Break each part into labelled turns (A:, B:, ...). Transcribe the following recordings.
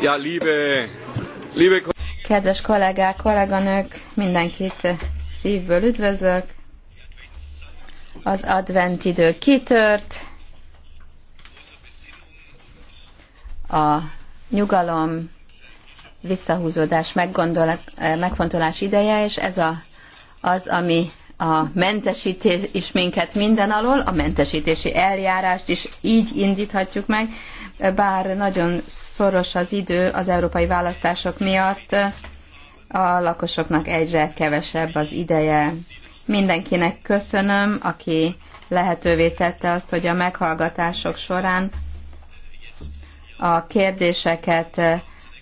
A: Ja, liebe, liebe...
B: Kedves kollégák, kolléganők, mindenkit szívből üdvözlök. Az advent idő kitört. A nyugalom, visszahúzódás, megfontolás ideje, és ez a, az, ami a mentesítés is minket minden alól, a mentesítési eljárást is így indíthatjuk meg, bár nagyon szoros az idő az európai választások miatt, a lakosoknak egyre kevesebb az ideje. Mindenkinek köszönöm, aki lehetővé tette azt, hogy a meghallgatások során a kérdéseket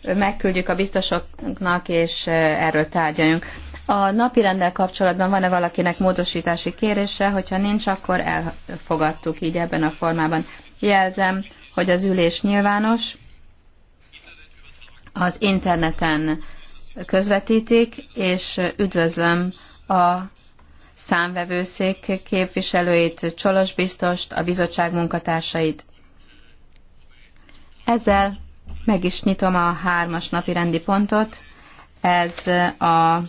B: megküldjük a biztosoknak, és erről tárgyaljunk. A napi rendel kapcsolatban van-e valakinek módosítási kérése, hogyha nincs, akkor elfogadtuk így ebben a formában. Jelzem, hogy az ülés nyilvános, az interneten közvetítik, és üdvözlöm a számvevőszék képviselőit, Csolos biztost, a bizottság munkatársait. Ezzel meg is nyitom a hármas napi rendi pontot. Ez a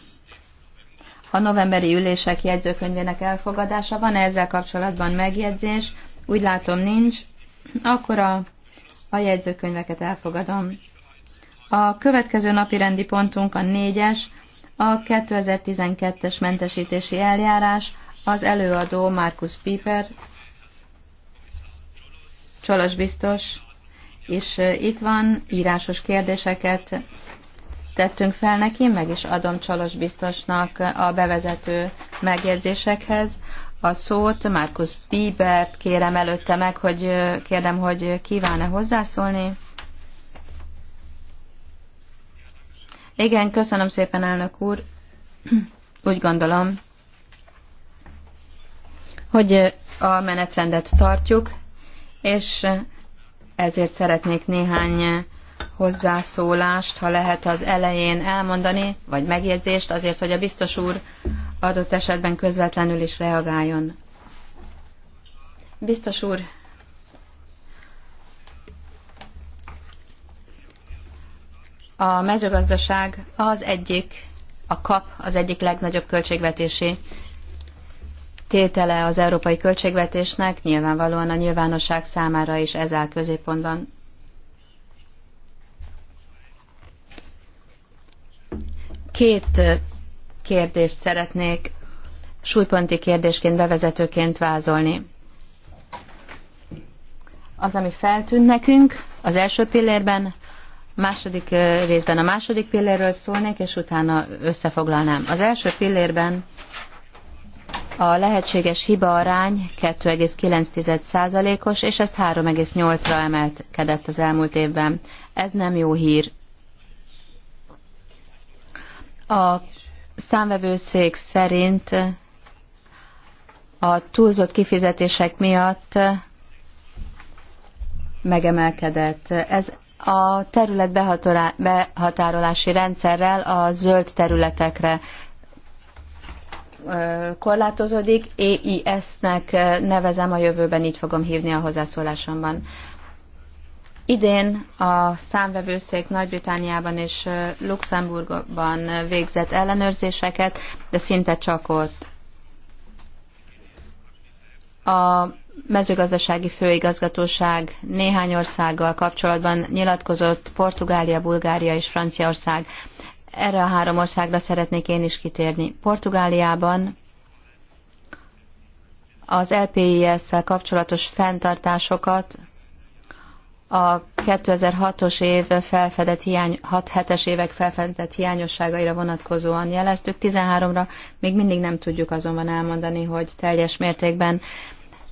B: a novemberi ülések jegyzőkönyvének elfogadása van -e ezzel kapcsolatban megjegyzés? Úgy látom nincs. Akkor a, a jegyzőkönyveket elfogadom. A következő napi rendi pontunk a négyes, a 2012-es mentesítési eljárás, az előadó Markus Piper, Csolos biztos, és itt van írásos kérdéseket tettünk fel neki, meg is adom Csalos biztosnak a bevezető megjegyzésekhez a szót. Markus Bibert kérem előtte meg, hogy kérdem, hogy kíván-e hozzászólni. Igen, köszönöm szépen, elnök úr. Úgy gondolom, hogy a menetrendet tartjuk, és ezért szeretnék néhány hozzászólást, ha lehet az elején elmondani, vagy megjegyzést, azért, hogy a biztos úr adott esetben közvetlenül is reagáljon. Biztos úr, a mezőgazdaság az egyik, a kap az egyik legnagyobb költségvetési tétele az európai költségvetésnek, nyilvánvalóan a nyilvánosság számára is ez áll középpontban. Két kérdést szeretnék súlyponti kérdésként, bevezetőként vázolni. Az, ami feltűnt nekünk az első pillérben, második részben a második pillérről szólnék, és utána összefoglalnám. Az első pillérben a lehetséges hiba arány 2,9%-os, és ezt 3,8-ra emelkedett az elmúlt évben. Ez nem jó hír a számvevőszék szerint a túlzott kifizetések miatt megemelkedett. Ez a terület behatárolási rendszerrel a zöld területekre korlátozódik. EIS-nek nevezem a jövőben, így fogom hívni a hozzászólásomban. Idén a számvevőszék Nagy-Britániában és Luxemburgban végzett ellenőrzéseket, de szinte csak ott. A mezőgazdasági főigazgatóság néhány országgal kapcsolatban nyilatkozott Portugália, Bulgária és Franciaország. Erre a három országra szeretnék én is kitérni. Portugáliában az LPIS-szel kapcsolatos fenntartásokat a 2006-os év felfedett hiány, 6-7-es évek felfedett hiányosságaira vonatkozóan jeleztük. 13-ra még mindig nem tudjuk azonban elmondani, hogy teljes mértékben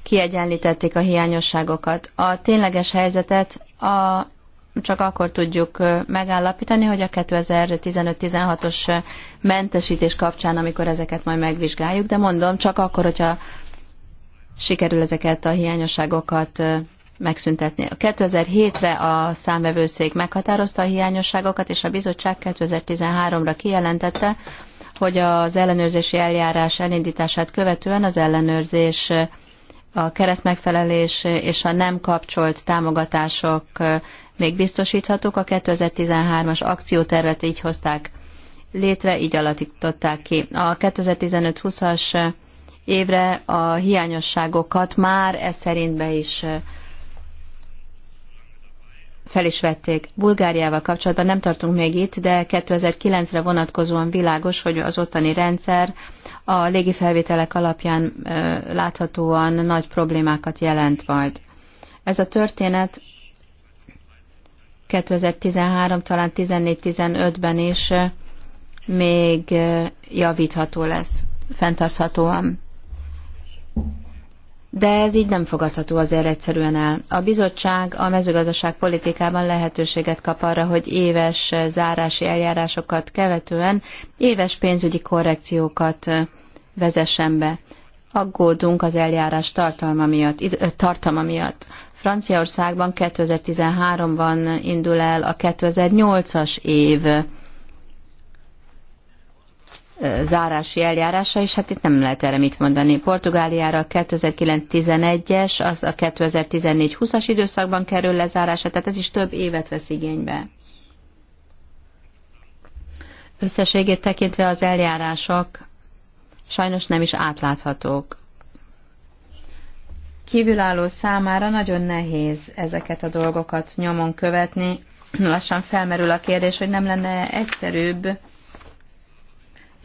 B: kiegyenlítették a hiányosságokat. A tényleges helyzetet a, csak akkor tudjuk megállapítani, hogy a 2015-16-os mentesítés kapcsán, amikor ezeket majd megvizsgáljuk, de mondom, csak akkor, hogyha sikerül ezeket a hiányosságokat megszüntetni. 2007-re a számvevőszék meghatározta a hiányosságokat, és a bizottság 2013-ra kijelentette, hogy az ellenőrzési eljárás elindítását követően az ellenőrzés a keresztmegfelelés és a nem kapcsolt támogatások még biztosíthatók. A 2013-as akciótervet így hozták létre, így alatították ki. A 2015-20-as évre a hiányosságokat már ez szerint be is fel is vették. Bulgáriával kapcsolatban nem tartunk még itt, de 2009-re vonatkozóan világos, hogy az ottani rendszer a légifelvételek alapján láthatóan nagy problémákat jelent majd. Ez a történet 2013, talán 14-15-ben is még javítható lesz, fenntarthatóan de ez így nem fogadható azért egyszerűen el. A bizottság a mezőgazdaság politikában lehetőséget kap arra, hogy éves zárási eljárásokat követően éves pénzügyi korrekciókat vezessen be. Aggódunk az eljárás tartalma miatt, tartalma miatt. Franciaországban 2013-ban indul el a 2008-as év zárási eljárása, és hát itt nem lehet erre mit mondani. Portugáliára a 2009-11-es, az a 2014-20-as időszakban kerül lezárása, tehát ez is több évet vesz igénybe. Összességét tekintve az eljárások sajnos nem is átláthatók. Kívülálló számára nagyon nehéz ezeket a dolgokat nyomon követni. Lassan felmerül a kérdés, hogy nem lenne egyszerűbb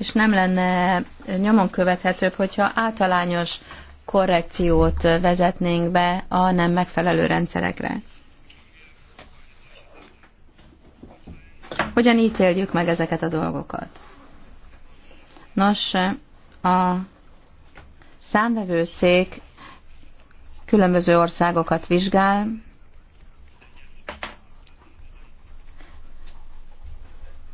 B: és nem lenne nyomon követhetőbb, hogyha általányos korrekciót vezetnénk be a nem megfelelő rendszerekre. Hogyan ítéljük meg ezeket a dolgokat? Nos, a számvevőszék különböző országokat vizsgál,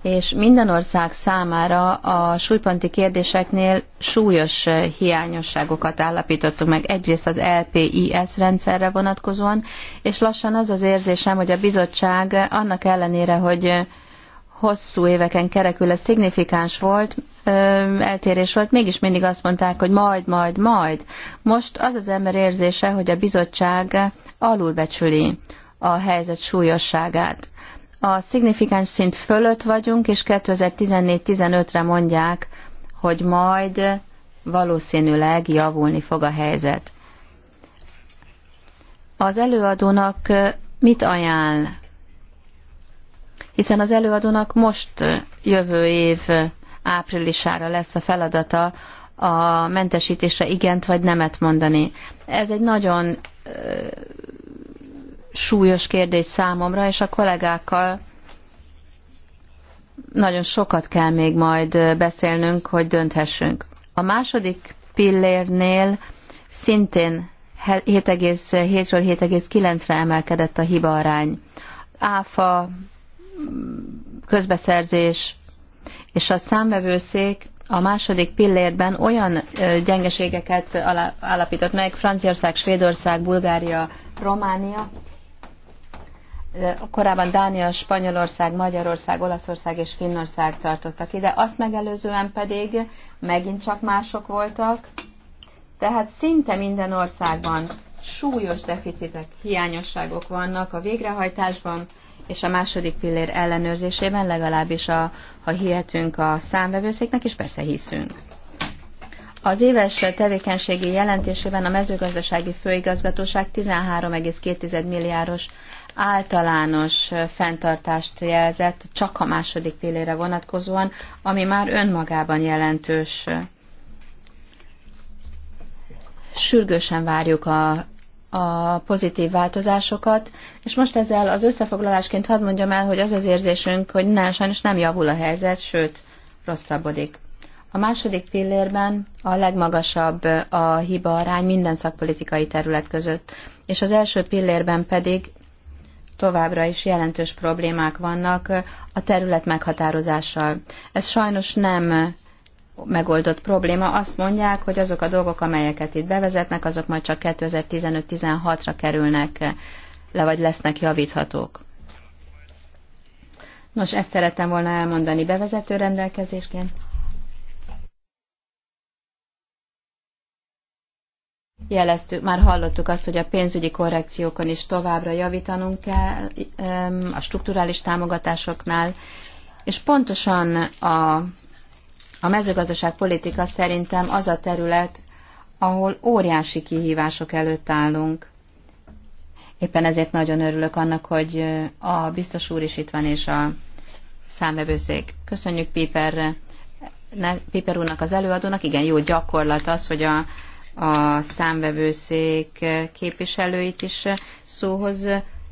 B: és minden ország számára a súlyponti kérdéseknél súlyos eh, hiányosságokat állapítottunk meg. Egyrészt az LPIS rendszerre vonatkozóan, és lassan az az érzésem, hogy a bizottság annak ellenére, hogy eh, hosszú éveken kerekül ez szignifikáns volt, eltérés volt, mégis mindig azt mondták, hogy majd, majd, majd. Most az az ember érzése, hogy a bizottság alulbecsüli a helyzet súlyosságát a szignifikáns szint fölött vagyunk, és 2014-15-re mondják, hogy majd valószínűleg javulni fog a helyzet. Az előadónak mit ajánl? Hiszen az előadónak most jövő év áprilisára lesz a feladata a mentesítésre igent vagy nemet mondani. Ez egy nagyon súlyos kérdés számomra, és a kollégákkal nagyon sokat kell még majd beszélnünk, hogy dönthessünk. A második pillérnél szintén 7,7-ről 7,9-re emelkedett a hibaarány. Áfa, mm, közbeszerzés és a számvevőszék a második pillérben olyan gyengeségeket állapított meg Franciaország, Svédország, Bulgária, Románia, korábban Dánia, Spanyolország, Magyarország, Olaszország és Finnország tartottak ide, azt megelőzően pedig megint csak mások voltak, tehát szinte minden országban súlyos deficitek, hiányosságok vannak a végrehajtásban és a második pillér ellenőrzésében, legalábbis a, ha hihetünk a számvevőszéknek, és persze hiszünk. Az éves tevékenységi jelentésében a mezőgazdasági főigazgatóság 13,2 milliárdos általános fenntartást jelzett, csak a második pillére vonatkozóan, ami már önmagában jelentős. Sürgősen várjuk a, a pozitív változásokat, és most ezzel az összefoglalásként hadd mondjam el, hogy az az érzésünk, hogy nem, sajnos nem javul a helyzet, sőt, rosszabbodik. A második pillérben a legmagasabb a hiba arány minden szakpolitikai terület között, és az első pillérben pedig továbbra is jelentős problémák vannak a terület meghatározással. Ez sajnos nem megoldott probléma. Azt mondják, hogy azok a dolgok, amelyeket itt bevezetnek, azok majd csak 2015-16-ra kerülnek le, vagy lesznek javíthatók. Nos, ezt szerettem volna elmondani bevezető rendelkezésként. jeleztük, már hallottuk azt, hogy a pénzügyi korrekciókon is továbbra javítanunk kell, a strukturális támogatásoknál, és pontosan a, a mezőgazdaság politika szerintem az a terület, ahol óriási kihívások előtt állunk. Éppen ezért nagyon örülök annak, hogy a biztos úr is itt van, és a számvevőszék. Köszönjük Piperre. Piper úrnak, az előadónak, igen, jó gyakorlat az, hogy a a számvevőszék képviselőit is szóhoz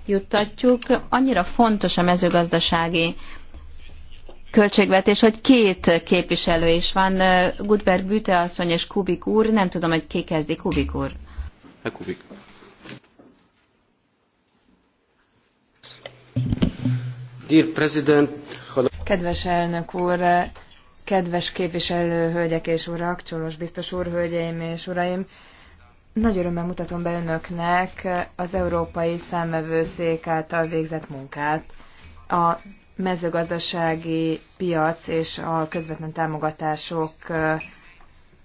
B: juttatjuk. Annyira fontos a mezőgazdasági költségvetés, hogy két képviselő is van, Gutberg Büte asszony és Kubik úr, nem tudom, hogy ki kezdi, Kubik úr. A
A: hát, Kubik. Dear President,
C: Kedves elnök úr, Kedves képviselő hölgyek és urak, Csolos biztos úr, hölgyeim és uraim, nagy örömmel mutatom be önöknek az Európai Számvevőszék által végzett munkát. A mezőgazdasági piac és a közvetlen támogatások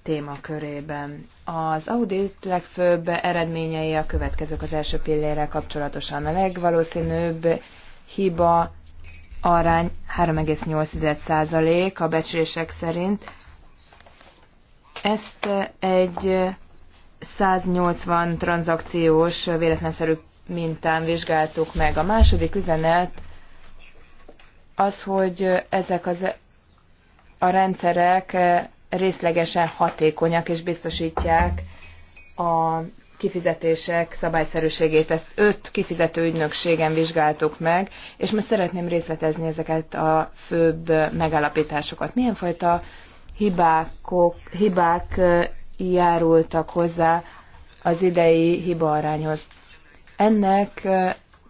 C: témakörében. Az audit legfőbb eredményei a következők az első pillére kapcsolatosan. A legvalószínűbb hiba arány 3,8% a becslések szerint. Ezt egy 180 tranzakciós véletlenszerű mintán vizsgáltuk meg. A második üzenet az, hogy ezek az a rendszerek részlegesen hatékonyak és biztosítják a kifizetések szabályszerűségét. Ezt öt kifizető ügynökségen vizsgáltuk meg, és most szeretném részletezni ezeket a főbb megállapításokat. Milyen fajta hibákok, hibák járultak hozzá az idei arányhoz? Ennek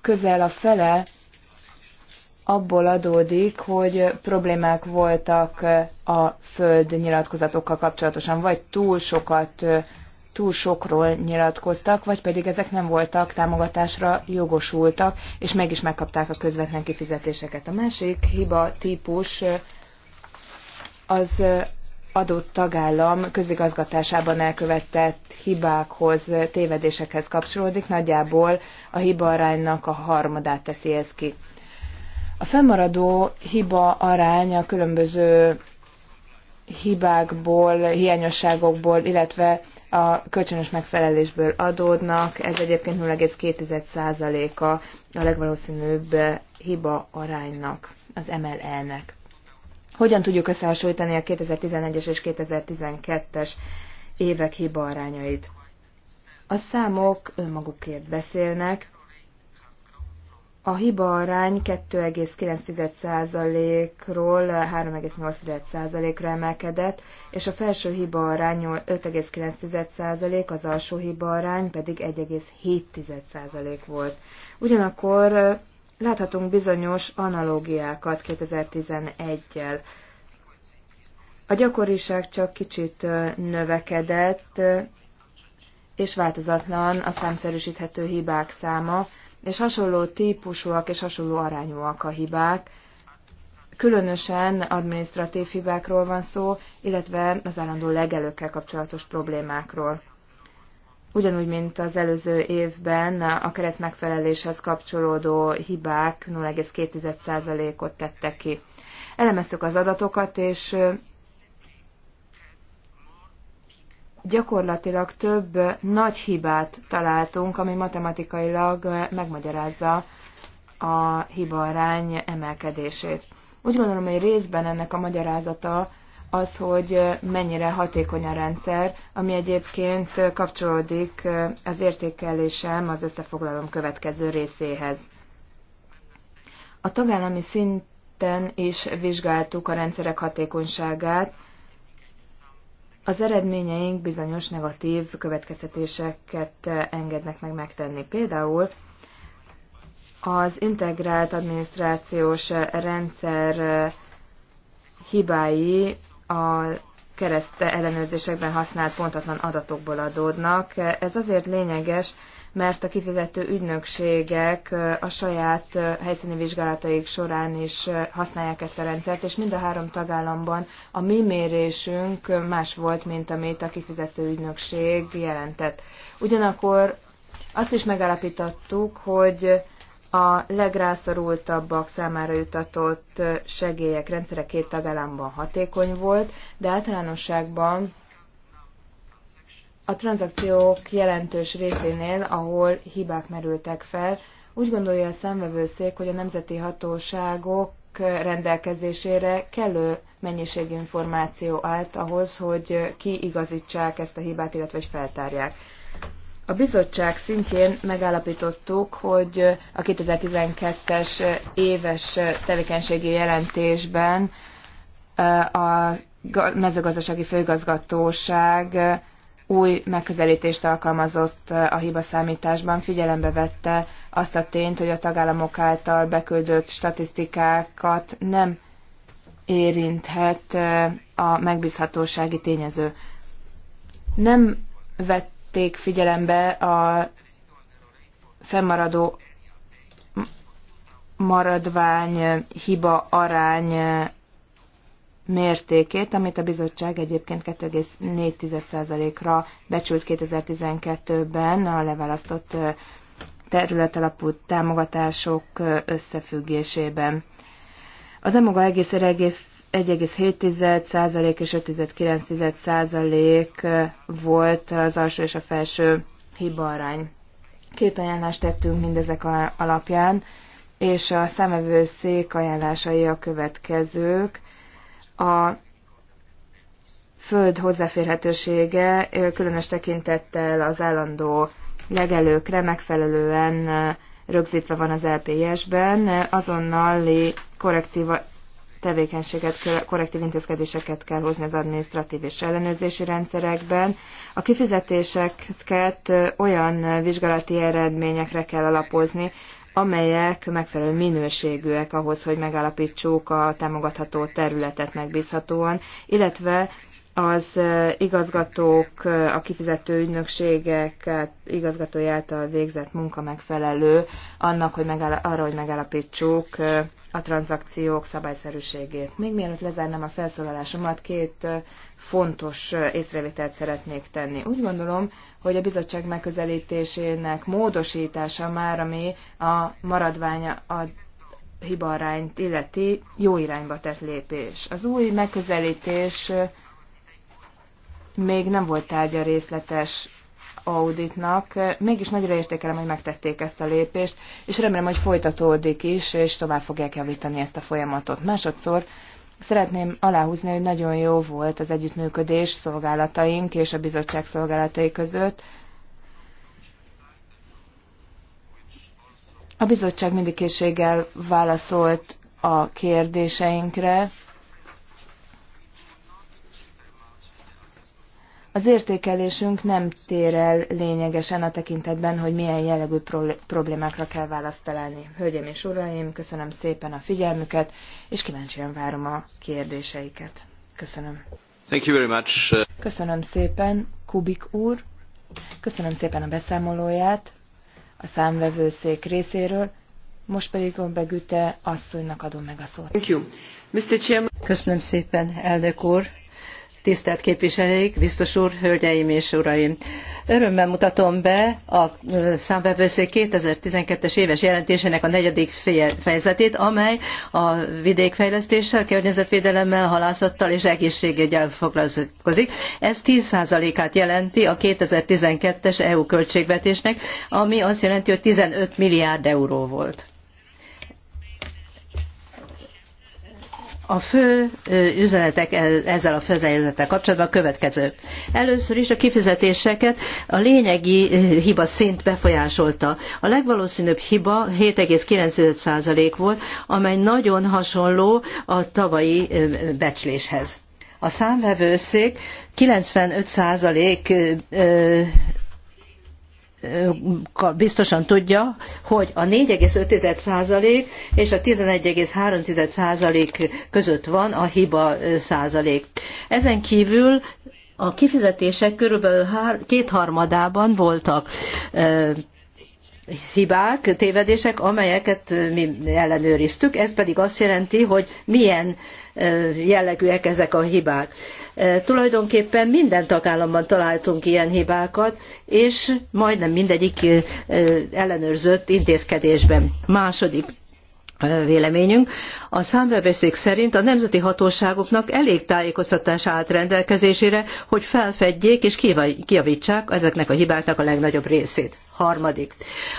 C: közel a fele abból adódik, hogy problémák voltak a földnyilatkozatokkal kapcsolatosan, vagy túl sokat túl sokról nyilatkoztak, vagy pedig ezek nem voltak támogatásra jogosultak, és meg is megkapták a közvetlen kifizetéseket. A másik hiba típus eh, az eh, adott tagállam közigazgatásában elkövetett hibákhoz, tévedésekhez kapcsolódik, nagyjából a hiba aránynak a harmadát teszi ez ki. A fennmaradó hiba arány a különböző hibákból, hiányosságokból, illetve a kölcsönös megfelelésből adódnak. Ez egyébként 0,2%-a a legvalószínűbb hiba aránynak, az MLE-nek. Hogyan tudjuk összehasonlítani a 2011-es és 2012-es évek hiba arányait? A számok önmagukért beszélnek, a hiba arány 2,9%-ról 3,8%-ra emelkedett, és a felső hiba arány 5,9%, az alsó hiba arány pedig 1,7% volt. Ugyanakkor láthatunk bizonyos analógiákat 2011 jel A gyakoriság csak kicsit növekedett, és változatlan a számszerűsíthető hibák száma, és hasonló típusúak és hasonló arányúak a hibák. Különösen administratív hibákról van szó, illetve az állandó legelőkkel kapcsolatos problémákról. Ugyanúgy, mint az előző évben a kereszt megfeleléshez kapcsolódó hibák 0,2%-ot tettek ki. Elemeztük az adatokat, és gyakorlatilag több nagy hibát találtunk, ami matematikailag megmagyarázza a hibarány emelkedését. Úgy gondolom, hogy részben ennek a magyarázata az, hogy mennyire hatékony a rendszer, ami egyébként kapcsolódik az értékelésem az összefoglalom következő részéhez. A tagállami szinten is vizsgáltuk a rendszerek hatékonyságát, az eredményeink bizonyos negatív következtetéseket engednek meg megtenni. Például az integrált adminisztrációs rendszer hibái a kereszt ellenőrzésekben használt pontatlan adatokból adódnak. Ez azért lényeges, mert a kifizető ügynökségek a saját helyszíni vizsgálataik során is használják ezt a rendszert, és mind a három tagállamban a mi mérésünk más volt, mint amit a kifizető ügynökség jelentett. Ugyanakkor azt is megállapítottuk, hogy a legrászorultabbak számára jutatott segélyek rendszere két tagállamban hatékony volt, de általánosságban a tranzakciók jelentős részénél, ahol hibák merültek fel, úgy gondolja a szemvevőszék, hogy a nemzeti hatóságok rendelkezésére kellő mennyiségű információ állt ahhoz, hogy kiigazítsák ezt a hibát, illetve hogy feltárják. A bizottság szintjén megállapítottuk, hogy a 2012-es éves tevékenységi jelentésben eh, a mezőgazdasági főigazgatóság új megközelítést alkalmazott a hibaszámításban, figyelembe vette azt a tényt, hogy a tagállamok által beküldött statisztikákat nem érinthet a megbízhatósági tényező. Nem vették figyelembe a fennmaradó maradvány hiba arány mértékét, amit a bizottság egyébként 2,4%-ra becsült 2012-ben a leválasztott területalapú támogatások összefüggésében. Az EMOGA egész 1,7% és 5,9% volt az alsó és a felső hibarány. Két ajánlást tettünk mindezek alapján, és a számevőszék ajánlásai a következők a föld hozzáférhetősége, különös tekintettel az állandó legelőkre megfelelően rögzítve van az LPS-ben, azonnali korrektív tevékenységet, korrektív intézkedéseket kell hozni az administratív és ellenőrzési rendszerekben. A kifizetéseket olyan vizsgálati eredményekre kell alapozni, amelyek megfelelő minőségűek ahhoz, hogy megállapítsuk a támogatható területet megbízhatóan, illetve az igazgatók, a kifizető ügynökségek igazgatói által végzett munka megfelelő annak, hogy megáll- arra, hogy megállapítsuk a tranzakciók szabályszerűségét. Még mielőtt lezárnám a felszólalásomat, két fontos észrevételt szeretnék tenni. Úgy gondolom, hogy a bizottság megközelítésének módosítása már, ami a maradványa a hibarányt illeti, jó irányba tett lépés. Az új megközelítés még nem volt tárgya részletes auditnak. Mégis nagyra értékelem, hogy megtették ezt a lépést, és remélem, hogy folytatódik is, és tovább fogják javítani ezt a folyamatot. Másodszor szeretném aláhúzni, hogy nagyon jó volt az együttműködés szolgálataink és a bizottság szolgálatai között. A bizottság mindig készséggel válaszolt a kérdéseinkre, Az értékelésünk nem tér el lényegesen a tekintetben, hogy milyen jellegű problémákra kell választ találni. Hölgyeim és uraim, köszönöm szépen a figyelmüket, és kíváncsian várom a kérdéseiket. Köszönöm.
A: Thank you very much. Uh,
C: köszönöm szépen, Kubik úr. Köszönöm szépen a beszámolóját a számvevőszék részéről. Most pedig a Begüte asszonynak adom meg a szót. Thank
A: you. Mr. Chairman. Köszönöm szépen, elnök úr tisztelt képviselők, biztos úr, hölgyeim és uraim! Örömmel mutatom be a számvevőszék 2012-es éves jelentésének a negyedik fejezetét, amely a vidékfejlesztéssel, környezetvédelemmel, halászattal és egészséggel foglalkozik. Ez 10%-át jelenti a 2012-es EU költségvetésnek, ami azt jelenti, hogy 15 milliárd euró volt. A fő üzenetek e-, ezzel a fejezettel kapcsolatban a következő. Először is a kifizetéseket a lényegi hiba szint befolyásolta. A legvalószínűbb hiba 7,9% volt, amely nagyon hasonló a tavalyi becsléshez. A számvevőszék 95% biztosan tudja, hogy a 4,5% és a 11,3% között van a hiba százalék. Ezen kívül a kifizetések körülbelül kétharmadában voltak hibák, tévedések, amelyeket mi ellenőriztük. Ez pedig azt jelenti, hogy milyen jellegűek ezek a hibák. Tulajdonképpen minden tagállamban találtunk ilyen hibákat, és majdnem mindegyik ellenőrzött intézkedésben. Második véleményünk. A számvevőszék szerint a nemzeti hatóságoknak elég tájékoztatás állt rendelkezésére, hogy felfedjék és kiavítsák ezeknek a hibáknak a legnagyobb részét harmadik.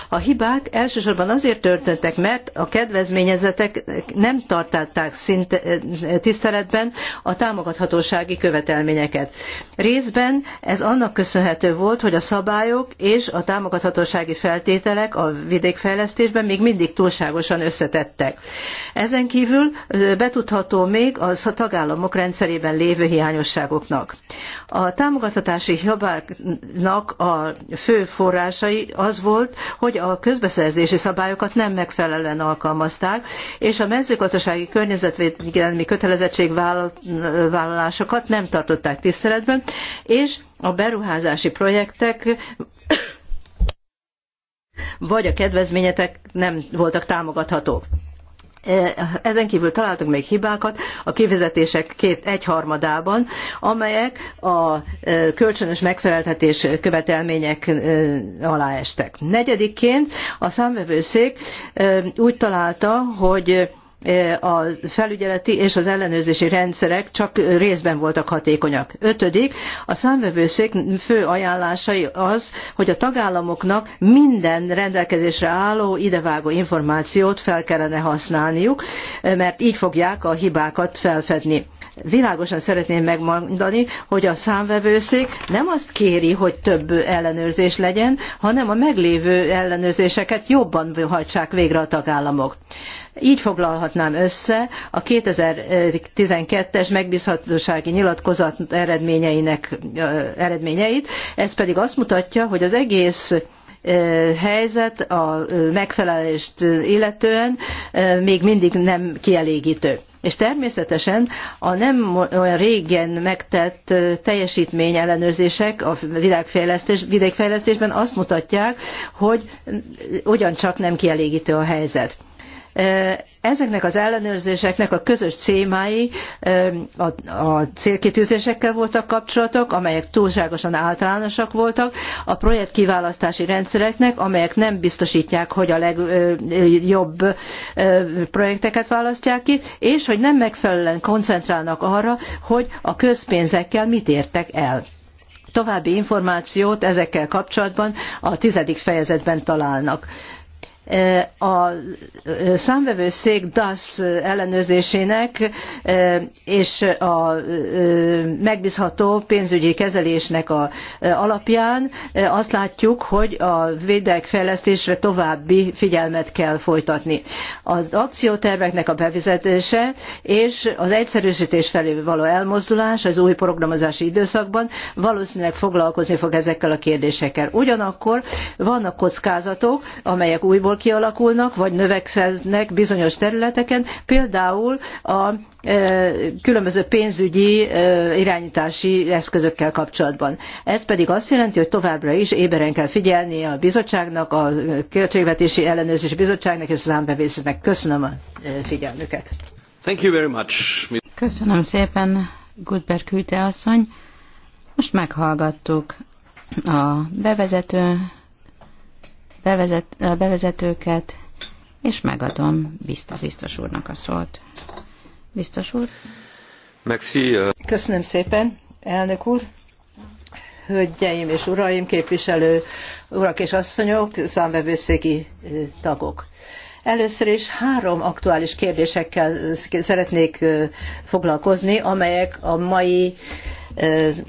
A: A hibák elsősorban azért történtek, mert a kedvezményezetek nem tartották eh, tiszteletben a támogathatósági követelményeket. Részben ez annak köszönhető volt, hogy a szabályok és a támogathatósági feltételek a vidékfejlesztésben még mindig túlságosan összetettek. Ezen kívül eh, betudható még a tagállamok rendszerében lévő hiányosságoknak. A támogathatási hibáknak a fő forrásai az volt, hogy a közbeszerzési szabályokat nem megfelelően alkalmazták, és a mezőgazdasági környezetvédelmi kötelezettségvállalásokat nem tartották tiszteletben, és a beruházási projektek vagy a kedvezményetek nem voltak támogathatók. E, ezen kívül találtunk még hibákat a kivezetések két egyharmadában, amelyek a e, kölcsönös megfeleltetés követelmények e, alá estek. Negyedikként a számvevőszék úgy találta, hogy a felügyeleti és az ellenőrzési rendszerek csak részben voltak hatékonyak. Ötödik, a számvevőszék fő ajánlásai az, hogy a tagállamoknak minden rendelkezésre álló idevágó információt fel kellene használniuk, mert így fogják a hibákat felfedni. Világosan szeretném megmondani, hogy a számvevőszék nem azt kéri, hogy több ellenőrzés legyen, hanem a meglévő ellenőrzéseket jobban hajtsák végre a tagállamok. Így foglalhatnám össze a 2012-es megbízhatósági nyilatkozat eredményeinek, eredményeit. Ez pedig azt mutatja, hogy az egész helyzet a megfelelést illetően még mindig nem kielégítő. És természetesen a nem olyan régen megtett teljesítmény ellenőrzések a világfejlesztés, vidékfejlesztésben azt mutatják, hogy ugyancsak nem kielégítő a helyzet. Ezeknek az ellenőrzéseknek a közös témái a, célkitűzésekkel voltak kapcsolatok, amelyek túlságosan általánosak voltak, a projekt kiválasztási rendszereknek, amelyek nem biztosítják, hogy a legjobb projekteket választják ki, és hogy nem megfelelően koncentrálnak arra, hogy a közpénzekkel mit értek el. További információt ezekkel kapcsolatban a tizedik fejezetben találnak a számvevőszék DASZ ellenőrzésének és a megbízható pénzügyi kezelésnek a alapján azt látjuk, hogy a védek fejlesztésre további figyelmet kell folytatni. Az akcióterveknek a bevezetése és az egyszerűsítés felé való elmozdulás az új programozási időszakban valószínűleg foglalkozni fog ezekkel a kérdésekkel. Ugyanakkor vannak kockázatok, amelyek újból kialakulnak, vagy növekszenek bizonyos területeken, például a e, különböző pénzügyi e, irányítási eszközökkel kapcsolatban. Ez pedig azt jelenti, hogy továbbra is éberen kell figyelni a bizottságnak, a Költségvetési Ellenőrzési Bizottságnak és az ámbevésznek. Köszönöm a e, figyelmüket. Thank you very much. Köszönöm szépen, Gudberg Hüte asszony. Most meghallgattuk a
B: bevezető bevezet, bevezetőket, és megadom biztos, biztos úrnak a szót. Biztos úr?
A: Merci. Uh, Köszönöm szépen, elnök úr. Hölgyeim és uraim, képviselő urak és asszonyok, számbevőszéki tagok. Először is három aktuális kérdésekkel szeretnék foglalkozni, amelyek a mai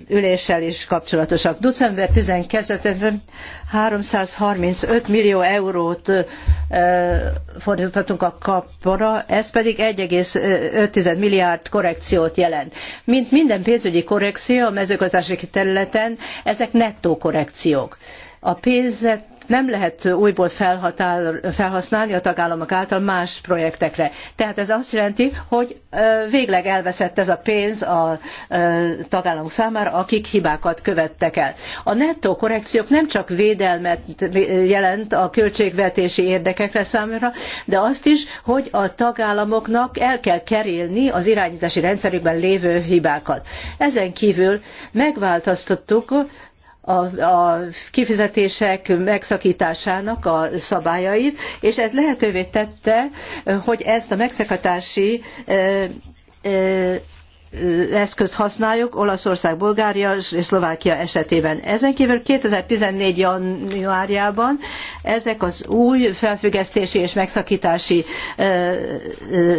A: üléssel is kapcsolatosak. December 12-én 335 millió eurót fordítottunk a kapra, ez pedig 1,5 milliárd korrekciót jelent. Mint minden pénzügyi korrekció a mezőgazdasági területen, ezek nettó korrekciók. A pénzet nem lehet újból felhasználni a tagállamok által más projektekre. Tehát ez azt jelenti, hogy végleg elveszett ez a pénz a tagállamok számára, akik hibákat követtek el. A nettó korrekciók nem csak védelmet jelent a költségvetési érdekekre számára, de azt is, hogy a tagállamoknak el kell kerülni az irányítási rendszerükben lévő hibákat. Ezen kívül megváltoztattuk a, a kifizetések megszakításának a szabályait, és ez lehetővé tette, hogy ezt a megszakatási eszközt használjuk Olaszország, Bulgária és Szlovákia esetében. Ezen kívül 2014. januárjában ezek az új felfüggesztési és megszakítási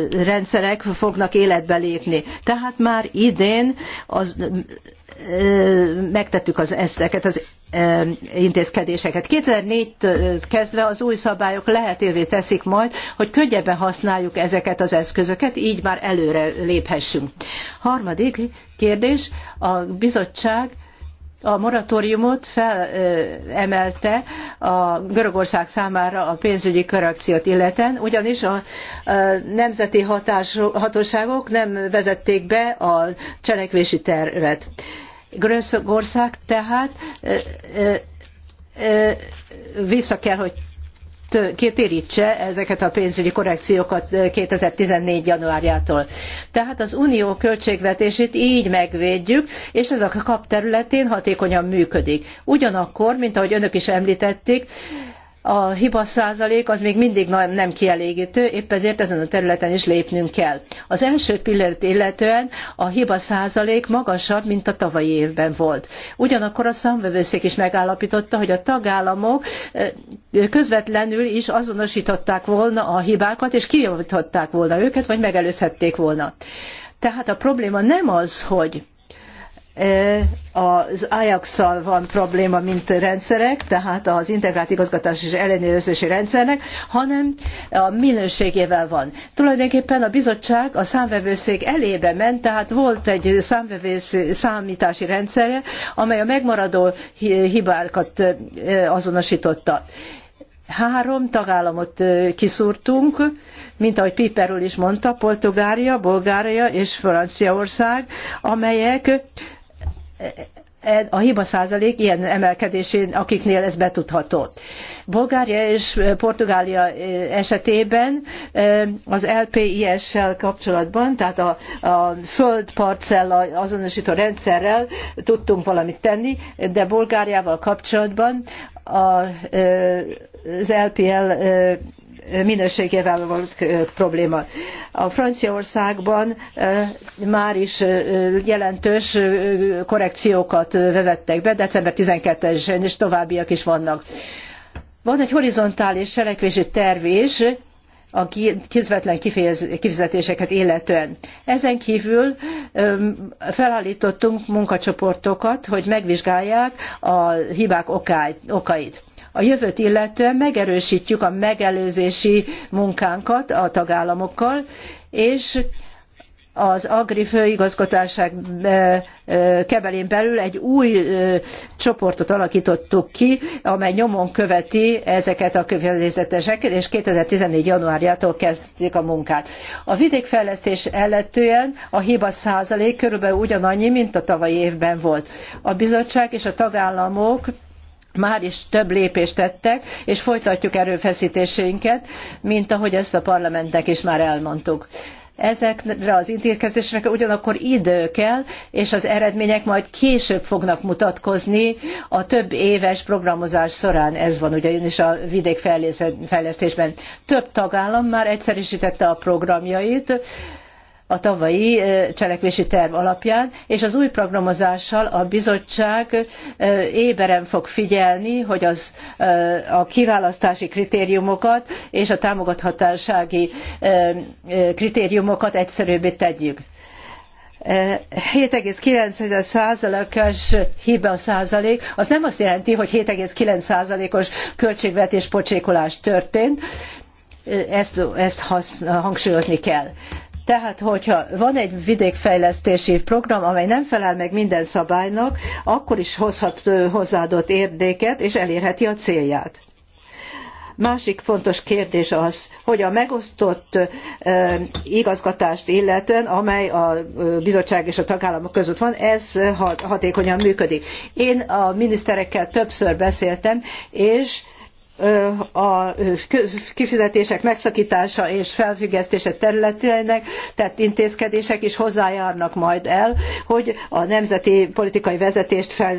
A: rendszerek fognak életbe lépni. Tehát már idén az megtettük az, ezeket az intézkedéseket. 2004-től kezdve az új szabályok lehetővé teszik majd, hogy könnyebben használjuk ezeket az eszközöket, így már előre léphessünk. Harmadik kérdés, a bizottság a moratóriumot felemelte a Görögország számára a pénzügyi korrekciót illeten, ugyanis a nemzeti hatás, hatóságok nem vezették be a cselekvési tervet. Görögország tehát vissza kell, hogy kitérítse ezeket a pénzügyi korrekciókat 2014. januárjától. Tehát az unió költségvetését így megvédjük, és ez a kap területén hatékonyan működik. Ugyanakkor, mint ahogy önök is említették, a hiba százalék az még mindig nem kielégítő, épp ezért ezen a területen is lépnünk kell. Az első pillért illetően a hiba százalék magasabb, mint a tavalyi évben volt. Ugyanakkor a számvevőszék is megállapította, hogy a tagállamok közvetlenül is azonosították volna a hibákat, és kijavították volna őket, vagy megelőzhették volna. Tehát a probléma nem az, hogy az ajax van probléma, mint rendszerek, tehát az integrált igazgatás és ellenőrzési rendszernek, hanem a minőségével van. Tulajdonképpen a bizottság a számvevőszék elébe ment, tehát volt egy számvevősz számítási rendszere, amely a megmaradó hibákat azonosította. Három tagállamot kiszúrtunk, mint ahogy Piper úr is mondta, Portugália, Bulgária és Franciaország, amelyek a hiba százalék ilyen emelkedésén, akiknél ez betudható. Bulgária és Portugália esetében az LPIS-sel kapcsolatban, tehát a, a földparcella azonosító rendszerrel tudtunk valamit tenni, de Bulgáriával kapcsolatban a, az LPL minőségével volt probléma. A Franciaországban már is jelentős korrekciókat vezettek be, december 12-én és továbbiak is vannak. Van egy horizontális cselekvési terv is, a közvetlen kifizetéseket illetően. Ezen kívül felállítottunk munkacsoportokat, hogy megvizsgálják a hibák okait. A jövőt illetően megerősítjük a megelőzési munkánkat a tagállamokkal, és az Agri főigazgatóság kebelén belül egy új csoportot alakítottuk ki, amely nyomon követi ezeket a következeteseket, és 2014. januárjától kezdődik a munkát. A vidékfejlesztés elletően a hiba százalék körülbelül ugyanannyi, mint a tavalyi évben volt. A bizottság és a tagállamok már is több lépést tettek, és folytatjuk erőfeszítéseinket, mint ahogy ezt a parlamentnek is már elmondtuk. Ezekre az intézkedésekre ugyanakkor idő kell, és az eredmények majd később fognak mutatkozni a több éves programozás során. Ez van ugye, is a vidékfejlesztésben. Több tagállam már egyszerűsítette a programjait, a tavalyi cselekvési terv alapján, és az új programozással a bizottság éberen fog figyelni, hogy az, a kiválasztási kritériumokat és a támogathatósági kritériumokat egyszerűbbé tegyük. 7,9%-os hiba százalék, az nem azt jelenti, hogy 7,9%-os költségvetés pocsékolás történt, ezt, ezt hasz, hangsúlyozni kell. Tehát, hogyha van egy vidékfejlesztési program, amely nem felel meg minden szabálynak, akkor is hozhat hozzáadott érdéket, és elérheti a célját. Másik fontos kérdés az, hogy a megosztott igazgatást illetően, amely a bizottság és a tagállamok között van, ez hatékonyan működik. Én a miniszterekkel többször beszéltem, és a kifizetések megszakítása és felfüggesztése területének, tehát intézkedések is hozzájárnak majd el, hogy a nemzeti politikai vezetést fel,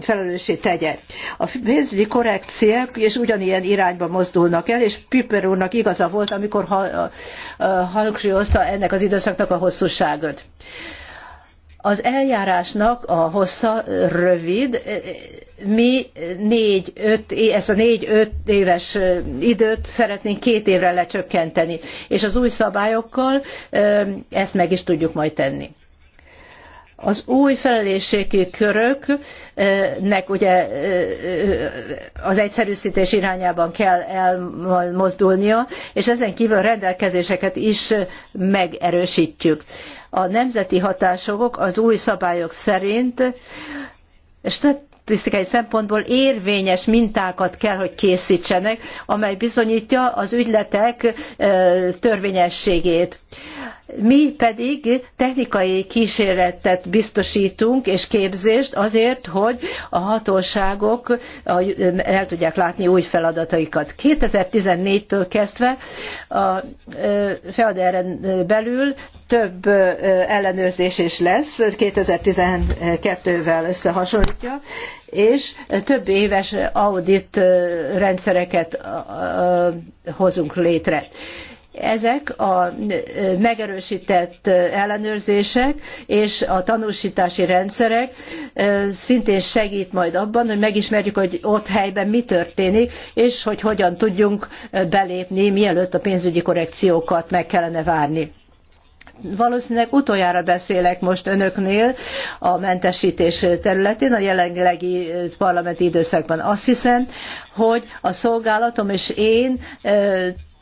A: felelőssé tegye. A pénzügyi korrekciók és ugyanilyen irányba mozdulnak el, és Piper úrnak igaza volt, amikor hangsúlyozta ennek az időszaknak a hosszúságot. Az eljárásnak a hossza rövid, mi négy, öt, ezt a négy-öt éves időt szeretnénk két évre lecsökkenteni, és az új szabályokkal ezt meg is tudjuk majd tenni. Az új felelősségi köröknek ugye az egyszerűsítés irányában kell elmozdulnia, és ezen kívül a rendelkezéseket is megerősítjük. A nemzeti hatásokok az új szabályok szerint statisztikai szempontból érvényes mintákat kell, hogy készítsenek, amely bizonyítja az ügyletek törvényességét. Mi pedig technikai kísérletet biztosítunk és képzést azért, hogy a hatóságok el tudják látni új feladataikat. 2014-től kezdve a Feaderen belül több ellenőrzés is lesz, 2012-vel összehasonlítja, és több éves audit rendszereket hozunk létre. Ezek a megerősített ellenőrzések és a tanúsítási rendszerek szintén segít majd abban, hogy megismerjük, hogy ott helyben mi történik, és hogy hogyan tudjunk belépni, mielőtt a pénzügyi korrekciókat meg kellene várni valószínűleg utoljára beszélek most önöknél a mentesítés területén, a jelenlegi parlamenti időszakban. Azt hiszem, hogy a szolgálatom és én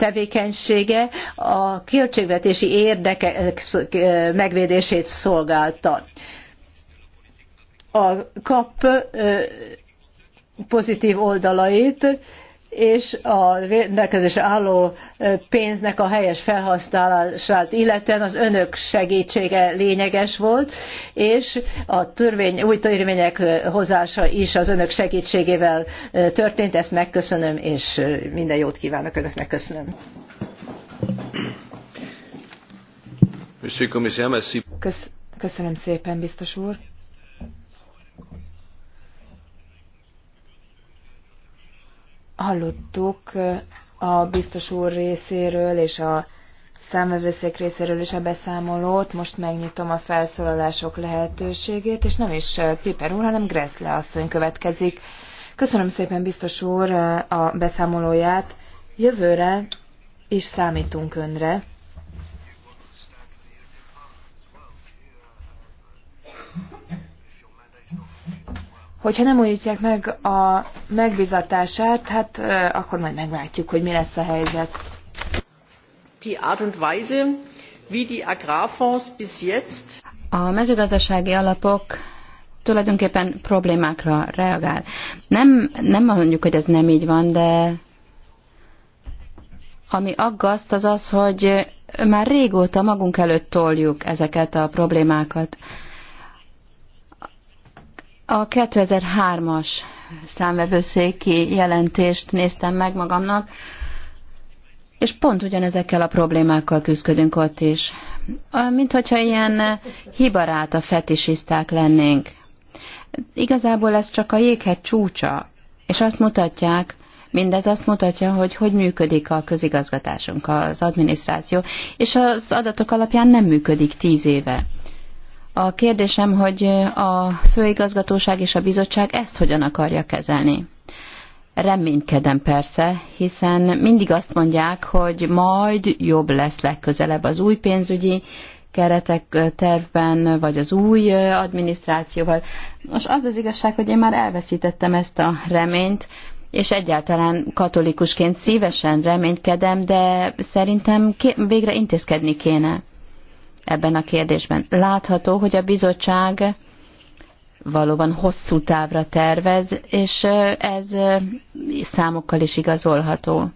A: tevékenysége a költségvetési érdekek eh, megvédését szolgálta. A kap eh, pozitív oldalait és a rendelkezésre álló pénznek a helyes felhasználását illetően az önök segítsége lényeges volt, és a törvény, új törvények hozása is az önök segítségével történt. Ezt megköszönöm, és minden jót kívánok önöknek. Köszönöm. Köszönöm
C: szépen, biztos úr. Hallottuk a biztos úr részéről és a számövőszék részéről is a beszámolót, most megnyitom a felszólalások lehetőségét, és nem is Piper úr, hanem Gressle asszony következik. Köszönöm szépen, biztos úr, a beszámolóját. Jövőre is számítunk önre, Hogyha nem újítják meg a megbizatását, hát akkor majd meglátjuk, hogy mi lesz a helyzet.
A: Die Art und Weise, wie die Agrarfonds bis jetzt
C: a
B: mezőgazdasági alapok tulajdonképpen problémákra reagál. Nem, nem mondjuk, hogy ez nem így van, de ami aggaszt, az az, hogy már régóta magunk előtt toljuk ezeket a problémákat. A 2003-as számvevőszéki jelentést néztem meg magamnak, és pont ugyanezekkel a problémákkal küzdködünk ott is. Mint hogyha ilyen a fetisiszták lennénk. Igazából ez csak a jéghegy csúcsa, és azt mutatják, Mindez azt mutatja, hogy hogy működik a közigazgatásunk, az adminisztráció, és az adatok alapján nem működik tíz éve. A kérdésem, hogy a főigazgatóság és a bizottság ezt hogyan akarja kezelni? Reménykedem persze, hiszen mindig azt mondják, hogy majd jobb lesz legközelebb az új pénzügyi keretek tervben, vagy az új adminisztrációval. Most az az igazság, hogy én már elveszítettem ezt a reményt, és egyáltalán katolikusként szívesen reménykedem, de szerintem végre intézkedni kéne ebben a kérdésben. Látható, hogy a bizottság valóban hosszú távra tervez, és ez számokkal is igazolható.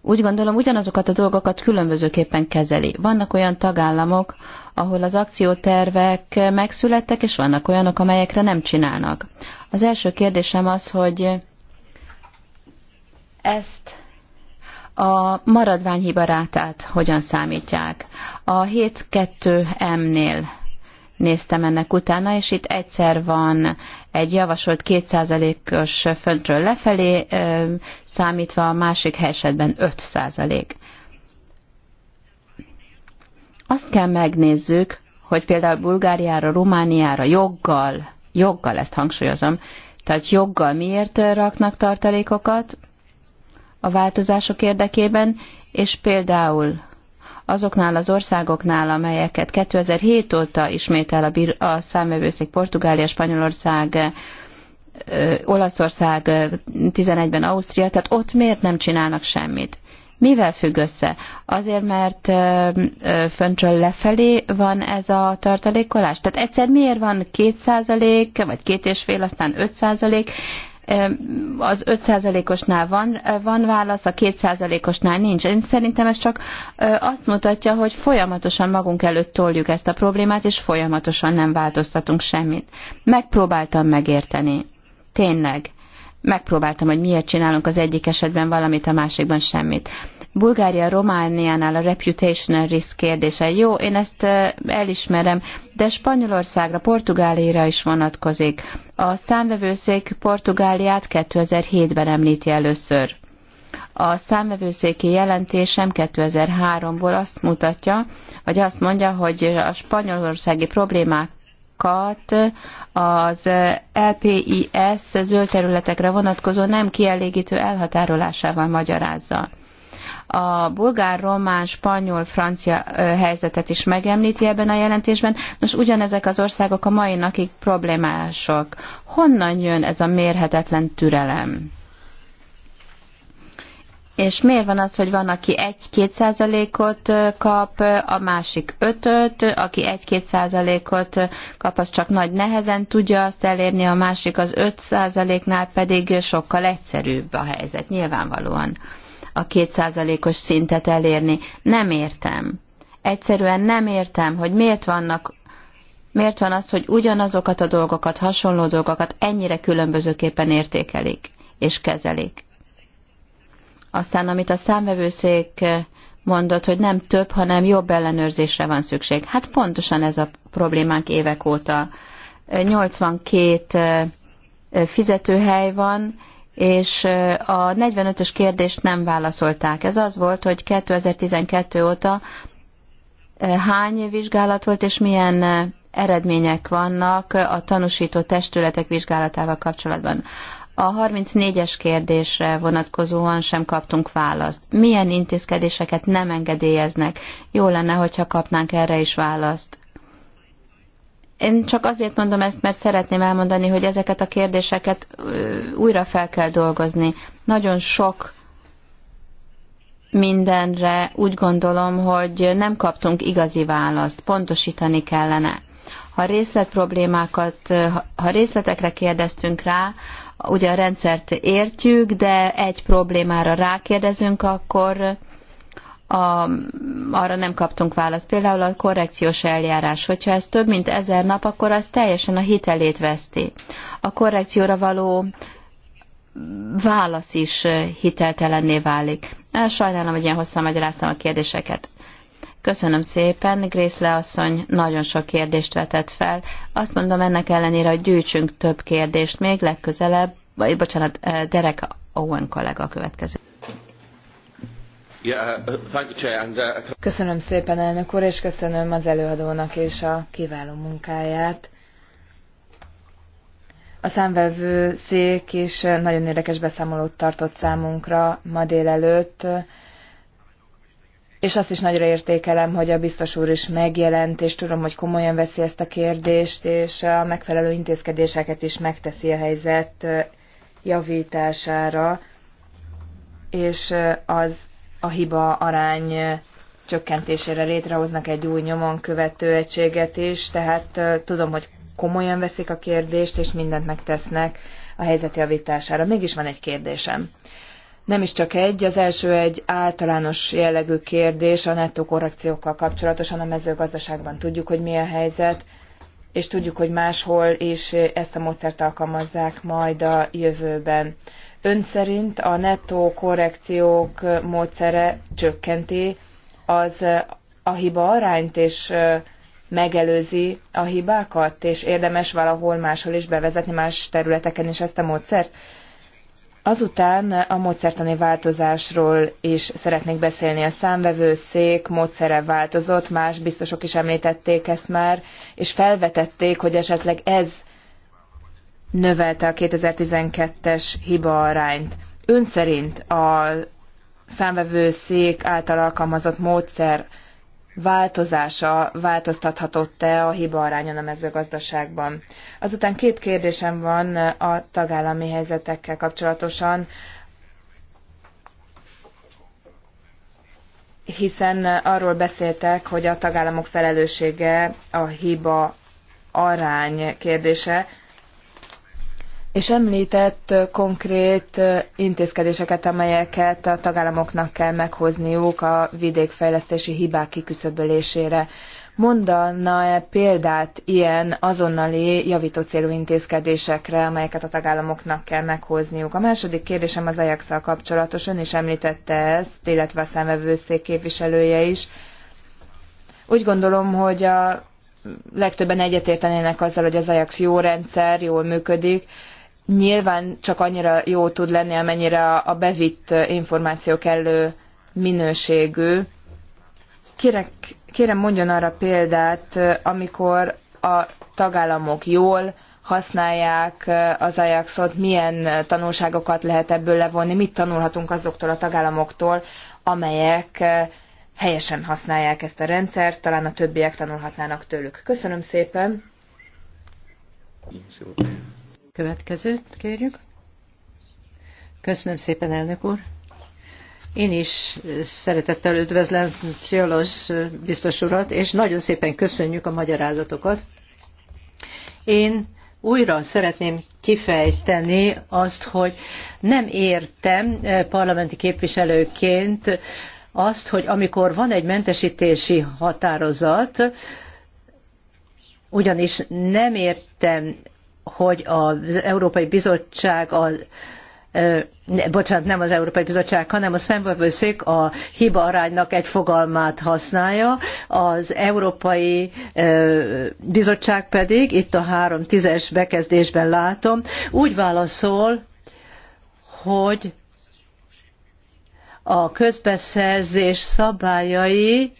B: Úgy gondolom, ugyanazokat a dolgokat különbözőképpen kezeli. Vannak olyan tagállamok, ahol az akciótervek megszülettek, és vannak olyanok, amelyekre nem csinálnak. Az első kérdésem az, hogy ezt a maradványhiba rátát hogyan számítják. A 2 m nél néztem ennek utána, és itt egyszer van egy javasolt 2%-os föntről lefelé számítva, a másik helyzetben 5%. Azt kell megnézzük, hogy például Bulgáriára, Romániára joggal, joggal ezt hangsúlyozom, tehát joggal miért raknak tartalékokat, a változások érdekében, és például azoknál az országoknál, amelyeket 2007 óta ismétel a, bir- a számövőszék Portugália, Spanyolország, Olaszország, 11-ben Ausztria, tehát ott miért nem csinálnak semmit? Mivel függ össze? Azért, mert föntről lefelé van ez a tartalékolás? Tehát egyszer miért van 2% vagy 2,5%, aztán az 5%-osnál van, van válasz, a 2%-osnál nincs. Én szerintem ez csak azt mutatja, hogy folyamatosan magunk előtt toljuk ezt a problémát, és folyamatosan nem változtatunk semmit. Megpróbáltam megérteni. Tényleg. Megpróbáltam, hogy miért csinálunk az egyik esetben valamit, a másikban semmit. Bulgária Romániánál a reputational risk kérdése. Jó, én ezt elismerem, de Spanyolországra, Portugáliára is vonatkozik. A számvevőszék Portugáliát 2007-ben említi először. A számvevőszéki jelentésem 2003-ból azt mutatja, vagy azt mondja, hogy a spanyolországi problémák az LPIS zöld területekre vonatkozó nem kielégítő elhatárolásával magyarázza a bulgár, román, spanyol, francia helyzetet is megemlíti ebben a jelentésben. Nos, ugyanezek az országok a mai napig problémások. Honnan jön ez a mérhetetlen türelem? És miért van az, hogy van, aki 1-2 százalékot kap, a másik 5-öt, aki 1-2 százalékot kap, az csak nagy nehezen tudja azt elérni, a másik az 5 százaléknál pedig sokkal egyszerűbb a helyzet, nyilvánvalóan a kétszázalékos szintet elérni. Nem értem. Egyszerűen nem értem, hogy miért vannak Miért van az, hogy ugyanazokat a dolgokat, hasonló dolgokat ennyire különbözőképpen értékelik és kezelik? Aztán, amit a számvevőszék mondott, hogy nem több, hanem jobb ellenőrzésre van szükség. Hát pontosan ez a problémánk évek óta. 82 fizetőhely van, és a 45-ös kérdést nem válaszolták. Ez az volt, hogy 2012 óta hány vizsgálat volt, és milyen eredmények vannak a tanúsító testületek vizsgálatával kapcsolatban. A 34-es kérdésre vonatkozóan sem kaptunk választ. Milyen intézkedéseket nem engedélyeznek? Jó lenne, hogyha kapnánk erre is választ. Én csak azért mondom ezt, mert szeretném elmondani, hogy ezeket a kérdéseket újra fel kell dolgozni. Nagyon sok mindenre úgy gondolom, hogy nem kaptunk igazi választ, pontosítani kellene. Ha részletproblémákat, ha részletekre kérdeztünk rá, ugye a rendszert értjük, de egy problémára rákérdezünk, akkor a, arra nem kaptunk választ. Például a korrekciós eljárás, hogyha ez több mint ezer nap, akkor az teljesen a hitelét veszti. A korrekcióra való válasz is hiteltelenné válik. Sajnálom, hogy ilyen hosszan magyaráztam a kérdéseket. Köszönöm szépen, Grész Leasszony nagyon sok kérdést vetett fel. Azt mondom ennek ellenére, hogy gyűjtsünk több kérdést még legközelebb, vagy bocsánat, Derek Owen kollega a következő.
C: Uh, uh, köszönöm szépen, elnök úr, és köszönöm az előadónak és a kiváló munkáját. A számvevő szék is nagyon érdekes beszámolót tartott számunkra ma délelőtt, és azt is nagyra értékelem, hogy a biztos úr is megjelent, és tudom, hogy komolyan veszi ezt a kérdést, és a megfelelő intézkedéseket is megteszi a helyzet javítására, és az a hiba arány csökkentésére létrehoznak egy új nyomon követő egységet is, tehát tudom, hogy komolyan veszik a kérdést, és mindent megtesznek a helyzet javítására. Mégis van egy kérdésem. Nem is csak egy, az első egy általános jellegű kérdés a nettó korrekciókkal kapcsolatosan a mezőgazdaságban tudjuk, hogy mi a helyzet, és tudjuk, hogy máshol is ezt a módszert alkalmazzák majd a jövőben. Ön szerint a nettó korrekciók módszere csökkenti az a hiba arányt, és megelőzi a hibákat, és érdemes valahol máshol is bevezetni más területeken is ezt a módszert. Azután a módszertani változásról is szeretnék beszélni. A számvevőszék módszere változott, más biztosok is említették ezt már, és felvetették, hogy esetleg ez növelte a 2012-es hiba arányt. Ön szerint a számvevőszék által alkalmazott módszer változása változtathatott-e a hiba arányon a mezőgazdaságban. Azután két kérdésem van a tagállami helyzetekkel kapcsolatosan, hiszen arról beszéltek, hogy a tagállamok felelőssége a hiba arány kérdése és említett konkrét intézkedéseket, amelyeket a tagállamoknak kell meghozniuk a vidékfejlesztési hibák kiküszöbölésére. Mondana-e példát ilyen azonnali javító célú intézkedésekre, amelyeket a tagállamoknak kell meghozniuk? A második kérdésem az ajax kapcsolatos. Ön is említette ezt, illetve a szemvevőszék képviselője is. Úgy gondolom, hogy a legtöbben egyetértenének azzal, hogy az Ajax jó rendszer, jól működik, nyilván csak annyira jó tud lenni, amennyire a bevitt információk elő minőségű. Kérek, kérem mondjon arra példát, amikor a tagállamok jól használják az Ajaxot, milyen tanulságokat lehet ebből levonni, mit tanulhatunk azoktól a tagállamoktól, amelyek helyesen használják ezt a rendszert, talán a többiek tanulhatnának tőlük. Köszönöm szépen!
B: Köszönöm.
A: Következőt kérjük. Köszönöm szépen, elnök úr. Én is szeretettel üdvözlöm Ciolos biztos urat, és nagyon szépen köszönjük a magyarázatokat. Én újra szeretném kifejteni azt, hogy nem értem parlamenti képviselőként azt, hogy amikor van egy mentesítési határozat, ugyanis nem értem hogy az Európai Bizottság a ne, bocsánat, nem az Európai Bizottság, hanem a szemvevőszék a hiba aránynak egy fogalmát használja, az Európai Bizottság pedig, itt a három tízes bekezdésben látom, úgy válaszol, hogy a közbeszerzés szabályai